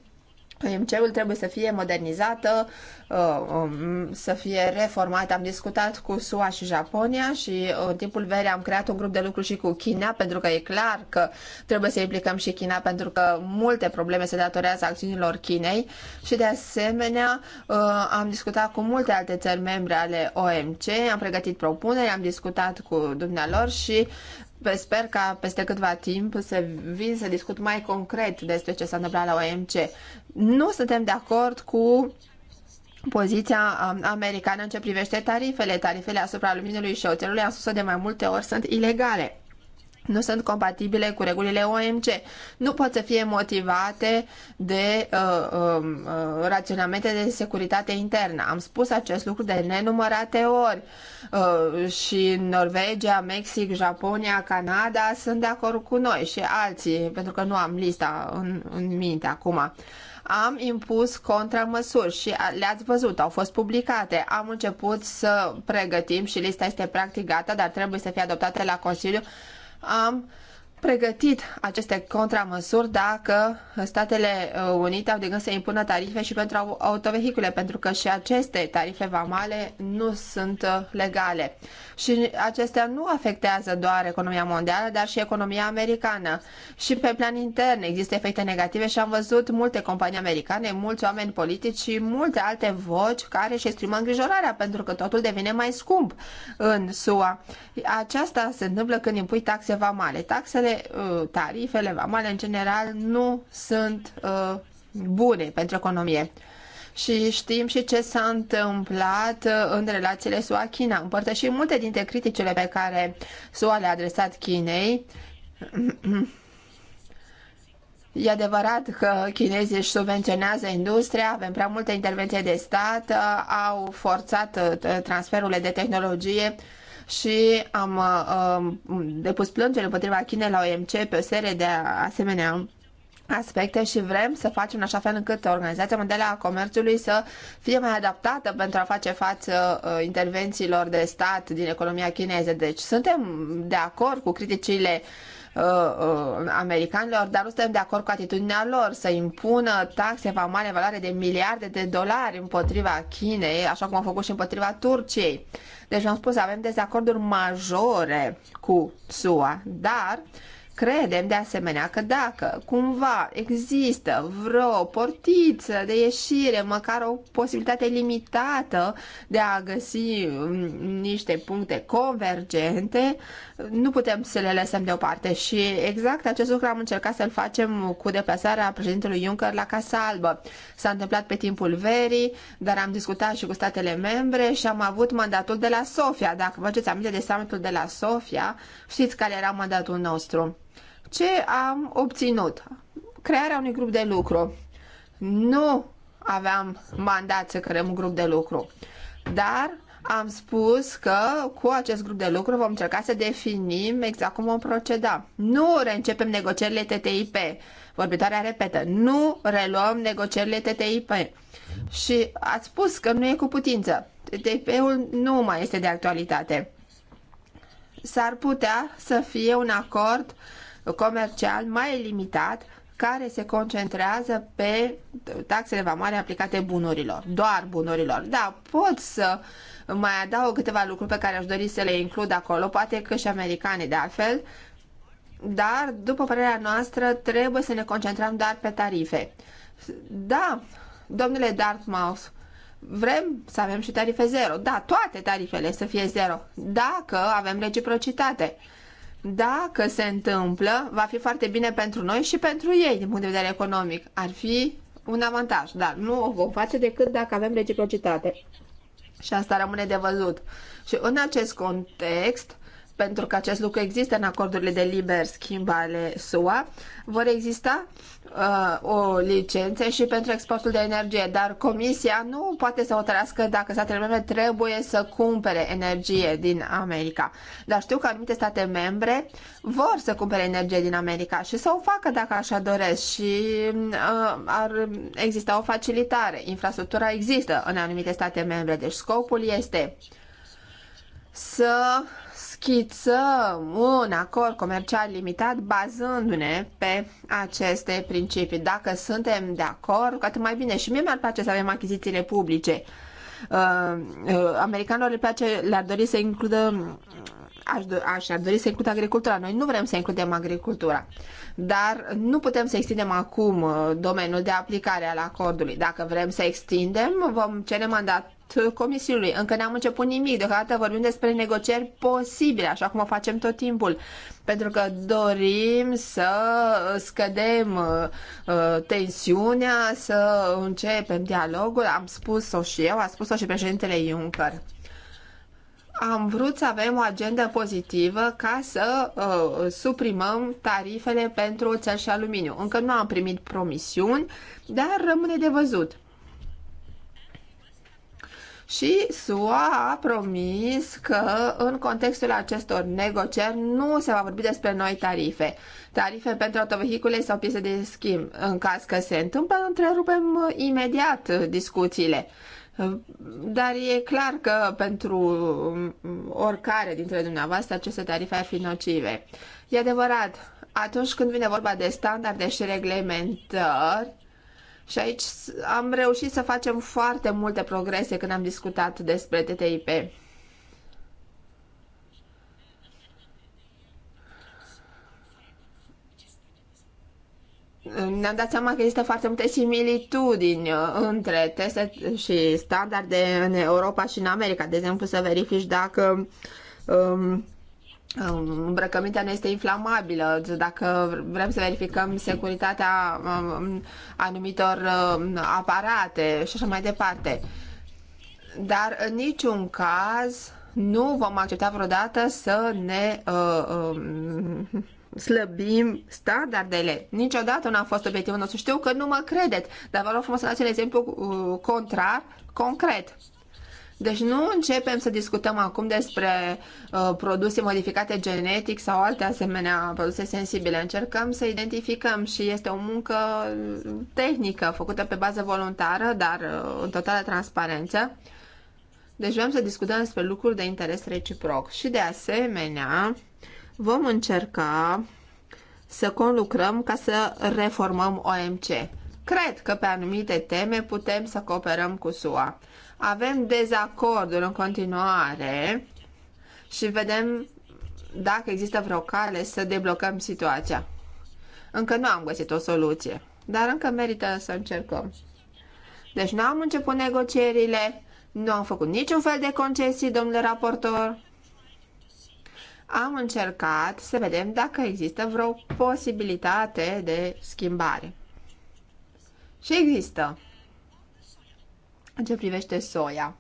IMC-ul trebuie să fie modernizată, uh, um, să fie reformată. Am discutat cu SUA și Japonia și uh, în timpul verii am creat un grup de lucru și cu China, pentru că e clar că trebuie să implicăm și China, pentru că multe probleme se datorează acțiunilor Chinei și de asemenea uh, am discutat cu multe alte țări membre ale OMC, am pregătit propuneri, am discutat cu dumnealor și sper ca peste câtva timp să vin să discut mai concret despre ce s-a întâmplat la OMC. Nu suntem de acord cu poziția um, americană în ce privește tarifele. Tarifele asupra aluminiului și oțelului, am spus de mai multe ori, sunt ilegale nu sunt compatibile cu regulile OMC. Nu pot să fie motivate de uh, um, uh, raționamente de securitate internă. Am spus acest lucru de nenumărate ori uh, și Norvegia, Mexic, Japonia, Canada sunt de acord cu noi și alții, pentru că nu am lista în, în minte acum. Uh, am impus contramăsuri și le-ați văzut, au fost publicate. Am început să pregătim și lista este practic gata, dar trebuie să fie adoptată la Consiliu. Am pregătit aceste contramăsuri dacă Statele Unite au de gând să impună tarife și pentru autovehicule, pentru că și aceste tarife vamale nu sunt uh, legale și acestea nu afectează doar economia mondială, dar și economia americană. Și pe plan intern există efecte negative și am văzut multe companii americane, mulți oameni politici și multe alte voci care își exprimă îngrijorarea pentru că totul devine mai scump în SUA. Aceasta se întâmplă când impui taxe vamale. Taxele, uh, tarifele vamale în general nu sunt uh, bune pentru economie și știm și ce s-a întâmplat uh, în relațiile SUA-China. Împărtășim multe dintre criticile pe care SUA le-a adresat Chinei. E adevărat că chinezii își subvenționează industria, avem prea multe intervenții de stat, uh, au forțat uh, transferurile de tehnologie și am, uh, um, depus plângeri împotriva Chinei la OMC pe o serie de asemenea aspecte și vrem să facem în așa fel încât Organizația Mondială a Comerțului să fie mai adaptată pentru a face față uh, intervențiilor de stat din economia chineză. Deci suntem de acord cu criticile uh, uh, americanilor, dar nu suntem de acord cu atitudinea lor să impună taxe vamale în valoare de miliarde de dolari împotriva Chinei, așa cum au făcut și împotriva Turciei. Deci, am spus, avem dezacorduri majore cu SUA, dar Credem de asemenea că dacă cumva există vreo portiță de ieșire, măcar o posibilitate limitată de a găsi um, niște puncte convergente, nu putem să le lăsăm deoparte și exact acest lucru am încercat să-l facem cu deplasarea președintelui Juncker la Casa Albă. S-a întâmplat pe timpul verii, dar am discutat și cu statele membre și am avut mandatul de la Sofia. Dacă vă aduceți aminte de summitul de la Sofia, știți care era mandatul nostru. Ce am obținut? Crearea unui grup de lucru. Nu aveam mandat să creăm un grup de lucru, dar am spus că cu acest grup de lucru vom încerca să definim exact cum vom proceda. Nu reîncepem negocierile TTIP. Vorbitoarea repetă, nu reluăm negocierile TTIP. Și ați spus că nu e cu putință. TTIP-ul nu mai este de actualitate. S-ar putea să fie un acord comercial mai limitat care se concentrează pe taxele vamale aplicate bunurilor, doar bunurilor. Da, pot să mai adaug câteva lucruri pe care aș dori să le includ acolo, poate că și americanii de altfel, dar, după părerea noastră, trebuie să ne concentrăm doar pe tarife. Da, domnule Dartmouth, vrem să avem și tarife zero. Da, toate tarifele să fie zero, dacă avem reciprocitate. Dacă se întâmplă, va fi foarte bine pentru noi și pentru ei, din punct de vedere economic. Ar fi un avantaj, dar nu o vom face decât dacă avem reciprocitate. Și asta rămâne de văzut. Și în acest context, pentru că acest lucru există în acordurile de liber schimb ale SUA, vor exista uh, o licență și pentru exportul de energie, dar Comisia nu poate să hotărească dacă statele membre trebuie să cumpere energie din America. Dar știu că anumite state membre vor să cumpere energie din America și să o facă dacă așa doresc și uh, ar exista o facilitare. Infrastructura există în anumite state membre, deci scopul este să schițăm un acord comercial limitat bazându-ne pe aceste principii. Dacă suntem de acord, cu atât mai bine. Și mie mi-ar place să avem achizițiile publice. Uh, uh americanilor le place, le-ar dori să includă aș, aș ar dori să includ agricultura. Noi nu vrem să includem agricultura, dar nu putem să extindem acum uh, domeniul de aplicare al acordului. Dacă vrem să extindem, vom cere mandat Comisiului. Comisiei. Încă n-am început nimic, deocamdată vorbim despre negocieri posibile, așa cum o facem tot timpul, pentru că dorim să scădem uh, uh, tensiunea, să începem dialogul. Am spus-o și eu, a spus-o și președintele Juncker am vrut să avem o agendă pozitivă ca să uh, suprimăm tarifele pentru oțel și aluminiu. Încă nu am primit promisiuni, dar rămâne de văzut. Și SUA a promis că în contextul acestor negocieri nu se va vorbi despre noi tarife. Tarife pentru autovehicule sau piese de schimb. În caz că se întâmplă, întrerupem uh, imediat uh, discuțiile. Uh, dar e clar că pentru oricare dintre dumneavoastră aceste tarife ar fi nocive. E adevărat, atunci când vine vorba de standarde și reglementări, și aici am reușit să facem foarte multe progrese când am discutat despre TTIP. ne-am dat seama că există foarte multe similitudini uh, între teste și standarde în Europa și în America. De exemplu, să verifici dacă um, îmbrăcămintea nu este inflamabilă, dacă vrem să verificăm securitatea um, um, anumitor um, aparate și așa mai departe. Dar în niciun caz nu vom accepta vreodată să ne uh, uh, slăbim standardele. Niciodată nu a fost obiectivul nostru. Știu că nu mă credeți, dar vă rog frumos să dați un exemplu uh, contrar, concret. Deci nu începem să discutăm acum despre uh, produse modificate genetic sau alte asemenea produse sensibile. Încercăm să identificăm și este o muncă tehnică făcută pe bază voluntară, dar uh, în totală transparență. Deci vrem să discutăm despre lucruri de interes reciproc. Și de asemenea, vom încerca să conlucrăm ca să reformăm OMC. Cred că pe anumite teme putem să cooperăm cu SUA avem dezacorduri în continuare și vedem dacă există vreo cale să deblocăm situația. Încă nu am găsit o soluție, dar încă merită să încercăm. Deci nu am început negocierile, nu am făcut niciun fel de concesii, domnule raportor. Am încercat să vedem dacă există vreo posibilitate de schimbare. Și există în ce privește soia.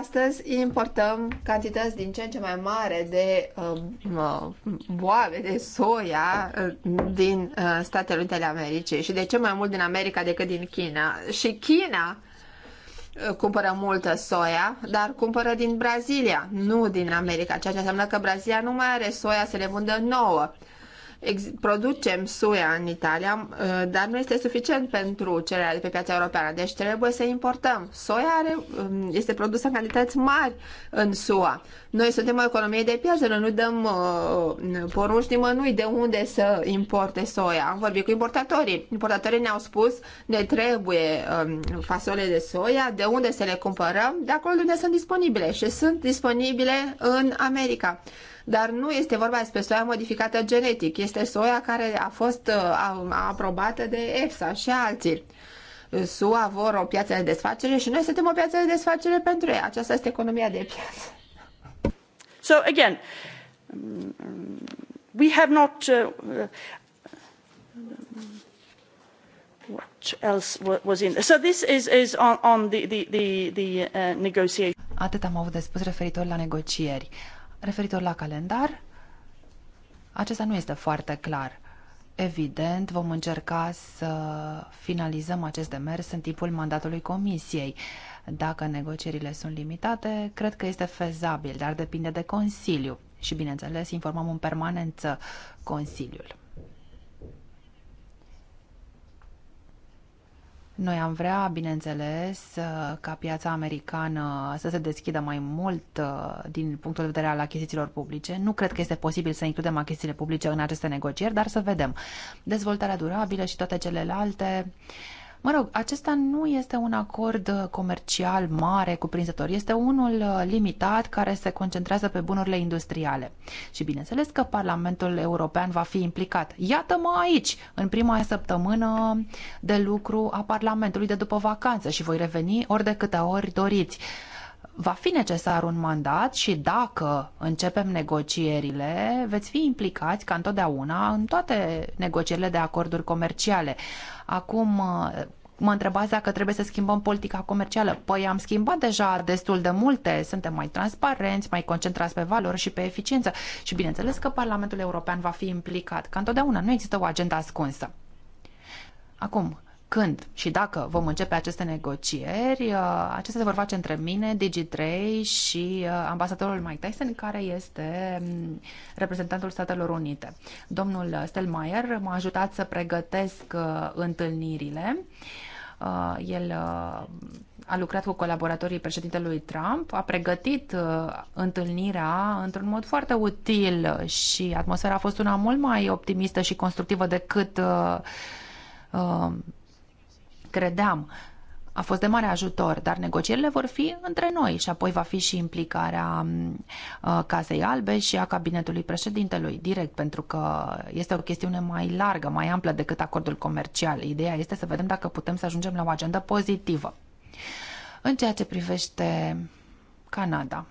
Astăzi importăm cantități din ce în ce mai mare de um, uh, boabe de soia uh, din uh, Statele Unite ale Americii și de ce mai mult din America decât din China. Și China uh, cumpără multă soia, dar cumpără din Brazilia, nu din America, ceea ce înseamnă că Brazilia nu mai are soia să le vândă nouă producem soia în Italia, ă, dar nu este suficient pentru cererea de pe piața europeană, deci trebuie să importăm. Soia are, um, este produsă în cantități mari în SUA. Noi suntem o economie de piață, noi nu dăm ă, porunci nimănui de unde să importe soia. Am vorbit cu importatorii. Importatorii ne-au spus ne trebuie um, fasole de soia, de unde să le cumpărăm, de acolo unde sunt disponibile și sunt disponibile în America dar nu este vorba despre soia modificată genetic, este soia care a fost aprobată de EFSA și alții. SUA vor o piață de desfacere și noi suntem o piață de desfacere pentru ei. Aceasta este economia de piață. So again, we have not uh, what else was in so this is is on on the the the, the uh, negotiation Atât am avut de spus referitor la negocieri. Referitor la calendar, acesta nu este foarte clar. Evident, vom încerca să finalizăm acest demers în timpul mandatului Comisiei. Dacă negocierile sunt limitate, cred că este fezabil, dar depinde de Consiliu. Și, bineînțeles, informăm în permanență Consiliul. Noi am vrea, bineînțeles, ca piața americană să se deschidă mai mult uh, din punctul de vedere al achizițiilor publice. Nu cred că este posibil să includem achizițiile publice în aceste negocieri, dar să vedem. Dezvoltarea durabilă și toate celelalte uh, Mă rog, acesta nu este un acord uh, comercial mare, cuprinzător. Este unul uh, limitat care se concentrează pe bunurile industriale. Și bineînțeles că Parlamentul European va fi implicat. Iată-mă aici, în prima săptămână de lucru a Parlamentului de după vacanță și voi reveni ori de câte ori doriți va fi necesar un mandat și dacă începem negocierile, veți fi implicați ca întotdeauna în toate negocierile de acorduri comerciale. Acum mă întrebați dacă trebuie să schimbăm politica comercială. Păi am schimbat deja destul de multe, suntem mai transparenți, mai concentrați pe valori și pe eficiență și bineînțeles că Parlamentul European va fi implicat. Ca întotdeauna, nu există o agenda ascunsă. Acum, când și dacă vom începe aceste negocieri, uh, acestea se vor face între mine, Digi3 și uh, ambasadorul Mike Tyson, care este mm, reprezentantul Statelor Unite. Domnul uh, Stelmaier m-a ajutat să pregătesc întâlnirile. El a lucrat cu colaboratorii președintelui Trump, a pregătit întâlnirea într-un mod foarte util și atmosfera a fost una mult mai optimistă și constructivă decât credeam. A fost de mare ajutor, dar negocierile vor fi între noi și apoi va fi și implicarea mm, uh, Casei Albe și a cabinetului președintelui direct, pentru că este o chestiune mai largă, mai amplă decât acordul comercial. Ideea este să vedem dacă putem să ajungem la o agendă pozitivă. În ceea ce privește Canada,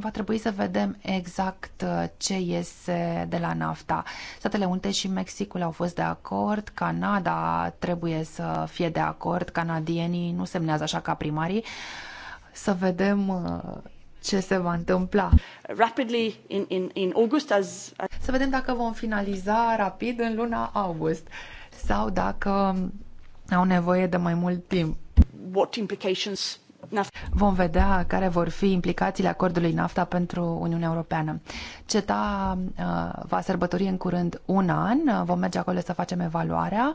Va trebui să vedem exact uh, ce iese de la NAFTA. Statele Unite și Mexicul au fost de acord, Canada trebuie să fie de acord, canadienii nu semnează așa ca primarii. Să vedem uh, ce se va întâmpla. Rapidly in, in, in August as... Să vedem dacă vom finaliza rapid în luna august sau dacă au nevoie de mai mult timp. What implications Vom vedea care vor fi implicațiile acordului NAFTA pentru Uniunea Europeană. CETA uh, va sărbători în curând un an, vom merge acolo să facem evaluarea.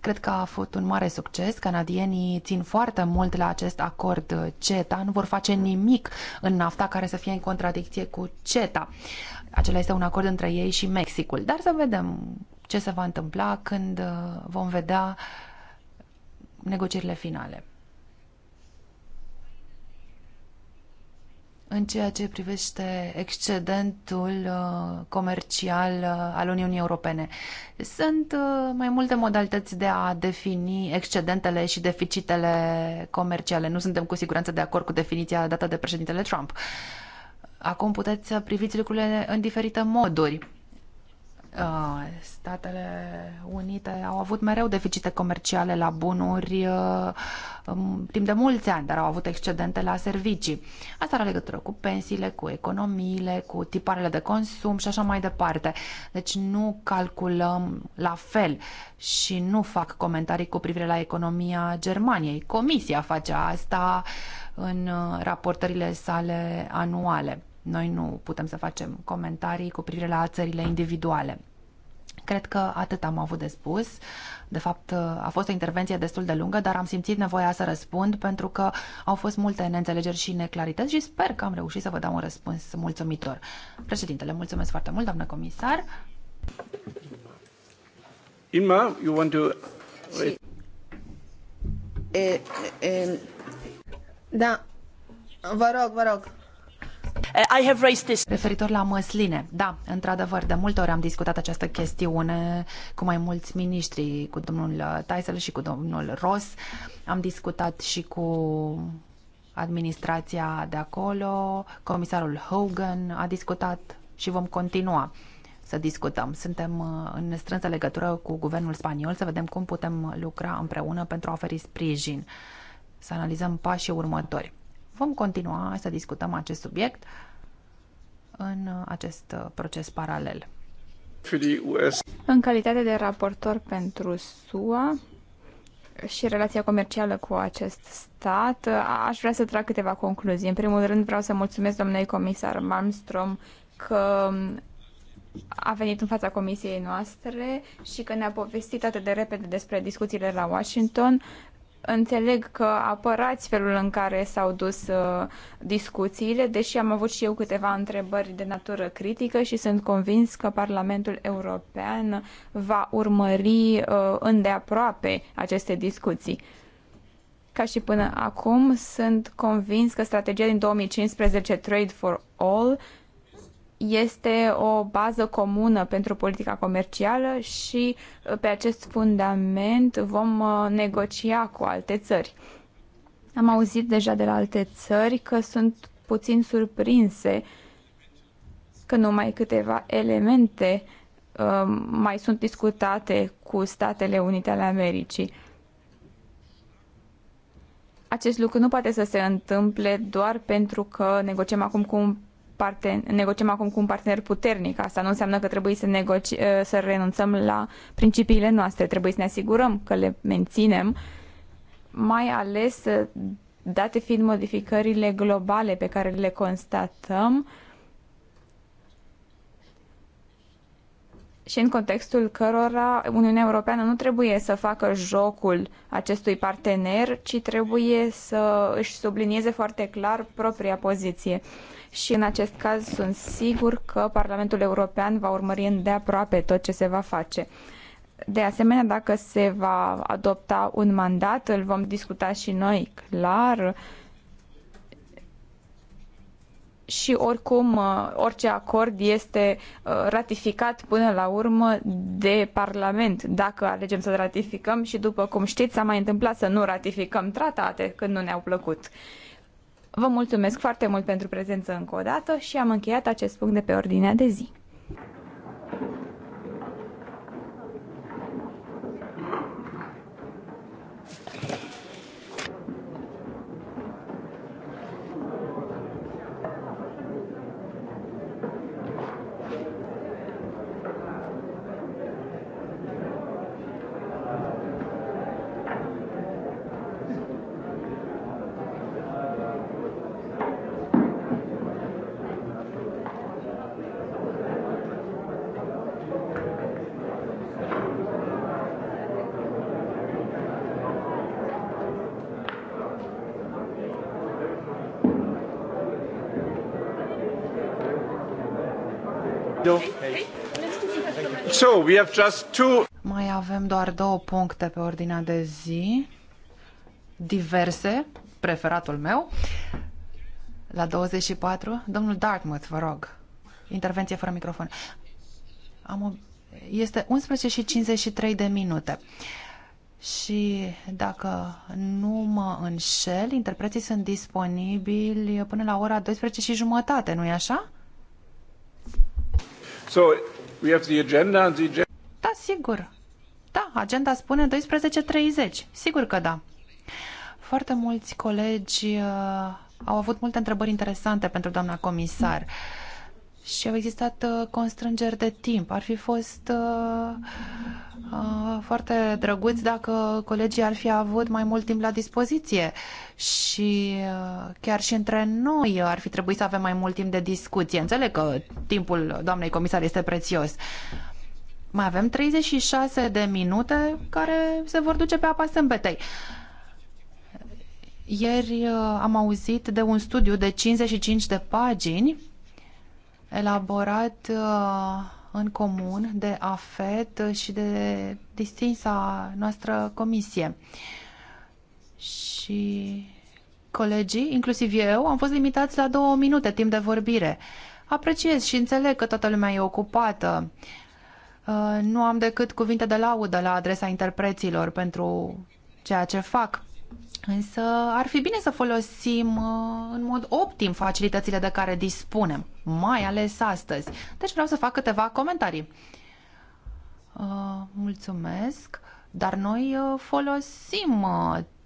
Cred că a fost un mare succes, canadienii țin foarte mult la acest acord uh, CETA, nu vor face nimic în NAFTA care să fie în contradicție cu CETA. Acela este un acord între ei și Mexicul, dar să vedem ce se va întâmpla când uh, vom vedea negocierile finale. în ceea ce privește excedentul uh, comercial uh, al Uniunii Europene. Sunt uh, mai multe modalități de a defini excedentele și deficitele comerciale. Nu suntem cu siguranță de acord cu definiția dată de președintele Trump. Acum puteți să priviți lucrurile în diferite moduri Uh, Statele Unite au avut mereu deficite comerciale la bunuri uh, um, timp de mulți ani, dar au avut excedente la servicii. Asta are legătură cu pensiile, cu economiile, cu tiparele de consum și așa mai departe. Deci nu calculăm la fel și nu fac comentarii cu privire la economia Germaniei. Comisia face asta în uh, raportările sale anuale noi nu putem să facem comentarii cu privire la țările individuale. Cred că atât am avut de spus. De fapt, a fost o intervenție destul de lungă, dar am simțit nevoia să răspund pentru că au fost multe neînțelegeri și neclarități și sper că am reușit să vă dau un răspuns mulțumitor. Președintele, mulțumesc foarte mult, doamnă comisar. Inma, you want to... Da, vă rog, vă rog. I have raised this. Referitor la măsline, da, într-adevăr, de multe ori am discutat această chestiune cu mai mulți miniștri, cu domnul uh, Tyson și cu domnul Ross. Am discutat și cu administrația de acolo, comisarul Hogan a discutat și vom continua să discutăm. Suntem uh, în strânsă legătură cu guvernul spaniol să vedem cum putem lucra împreună pentru a oferi sprijin, să analizăm pașii următori. Vom continua să discutăm acest subiect în uh, acest uh, proces paralel. În calitate de raportor pentru SUA și relația comercială cu acest stat, aș vrea să trag câteva concluzii. În primul rând vreau să mulțumesc domnului comisar Malmström că a venit în fața comisiei noastre și că ne-a povestit atât de repede despre discuțiile la Washington Înțeleg că apărați felul în care s-au dus uh, discuțiile, deși am avut și eu câteva întrebări de natură critică și sunt convins că Parlamentul European va urmări uh, îndeaproape aceste discuții. Ca și până acum, sunt convins că strategia din 2015 Trade for All este o bază comună pentru politica comercială și uh, pe acest fundament vom uh, negocia cu alte țări. Am auzit deja de la alte țări că sunt puțin surprinse că numai câteva elemente uh, mai sunt discutate cu Statele Unite ale Americii. Acest lucru nu poate să se întâmple doar pentru că negociem acum cu un parte negociem acum cu un partener puternic. Asta nu înseamnă că trebuie să, negoci- uh, să renunțăm la principiile noastre. Trebuie să ne asigurăm că le menținem, mai ales uh, date fiind modificările globale pe care le constatăm și în contextul cărora Uniunea Europeană nu trebuie să facă jocul acestui partener, ci trebuie să își sublinieze foarte clar propria poziție. Și în acest caz sunt sigur că Parlamentul European va urmări îndeaproape tot ce se va face. De asemenea, dacă se va adopta un mandat, îl vom discuta și noi clar și oricum uh, orice acord este uh, ratificat până la urmă de Parlament, dacă alegem să ratificăm și după cum știți s-a mai întâmplat să nu ratificăm tratate când nu ne-au plăcut. Vă mulțumesc foarte mult pentru prezență încă o dată și am încheiat acest punct de pe ordinea de zi. So, we have just two... Mai avem doar două puncte pe ordinea de zi, diverse, preferatul meu. La 24, domnul Dartmouth, vă rog, intervenție fără microfon. Am o... Este 11 și 53 de minute. Și dacă nu mă înșel, interpreții sunt disponibili până la ora 12 și jumătate, nu-i așa? So, We have the agenda and the agenda... Da, sigur. Da, agenda spune 12.30. Sigur că da. Foarte mulți colegi uh, au avut multe întrebări interesante pentru doamna comisar. Mm și au existat uh, constrângeri de timp. Ar fi fost uh, uh, foarte drăguți dacă colegii ar fi avut mai mult timp la dispoziție și uh, chiar și între noi ar fi trebuit să avem mai mult timp de discuție. Înțeleg că timpul doamnei comisar este prețios. Mai avem 36 de minute care se vor duce pe apa sâmbetei. Ieri uh, am auzit de un studiu de 55 de pagini elaborat uh, în comun de AFET și de distinsa noastră comisie. Și colegii, inclusiv eu, am fost limitați la două minute timp de vorbire. Apreciez și înțeleg că toată lumea e ocupată. Uh, nu am decât cuvinte de laudă la adresa interpreților pentru ceea ce fac. Însă ar fi bine să folosim uh, în mod optim facilitățile de care dispunem, mai ales astăzi. Deci vreau să fac câteva comentarii. Uh, mulțumesc, dar noi uh, folosim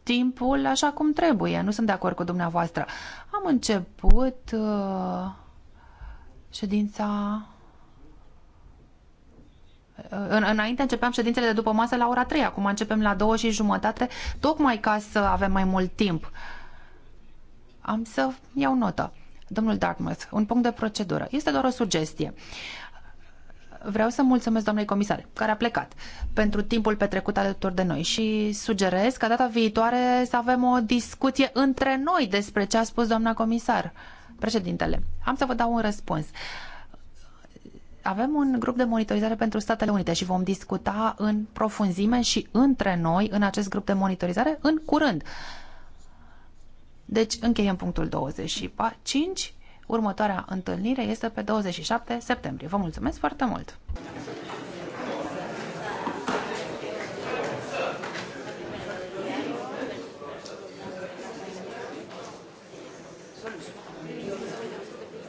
timpul așa cum trebuie. Nu sunt de acord cu dumneavoastră. Am început ședința în, înainte începeam ședințele de după masă la ora 3, acum începem la 2 și jumătate, tocmai ca să avem mai mult timp. Am să iau notă. Domnul Dartmouth, un punct de procedură. Este doar o sugestie. Vreau să mulțumesc doamnei comisar, care a plecat, pentru timpul petrecut alături de noi și sugerez ca data viitoare să avem o discuție între noi despre ce a spus doamna comisar. Președintele, am să vă dau un răspuns. Uh, avem un grup de monitorizare pentru Statele Unite și vom discuta în profunzime și între noi în acest grup de monitorizare în curând. Deci încheiem punctul 25. Următoarea întâlnire este pe 27 septembrie. Vă mulțumesc foarte mult!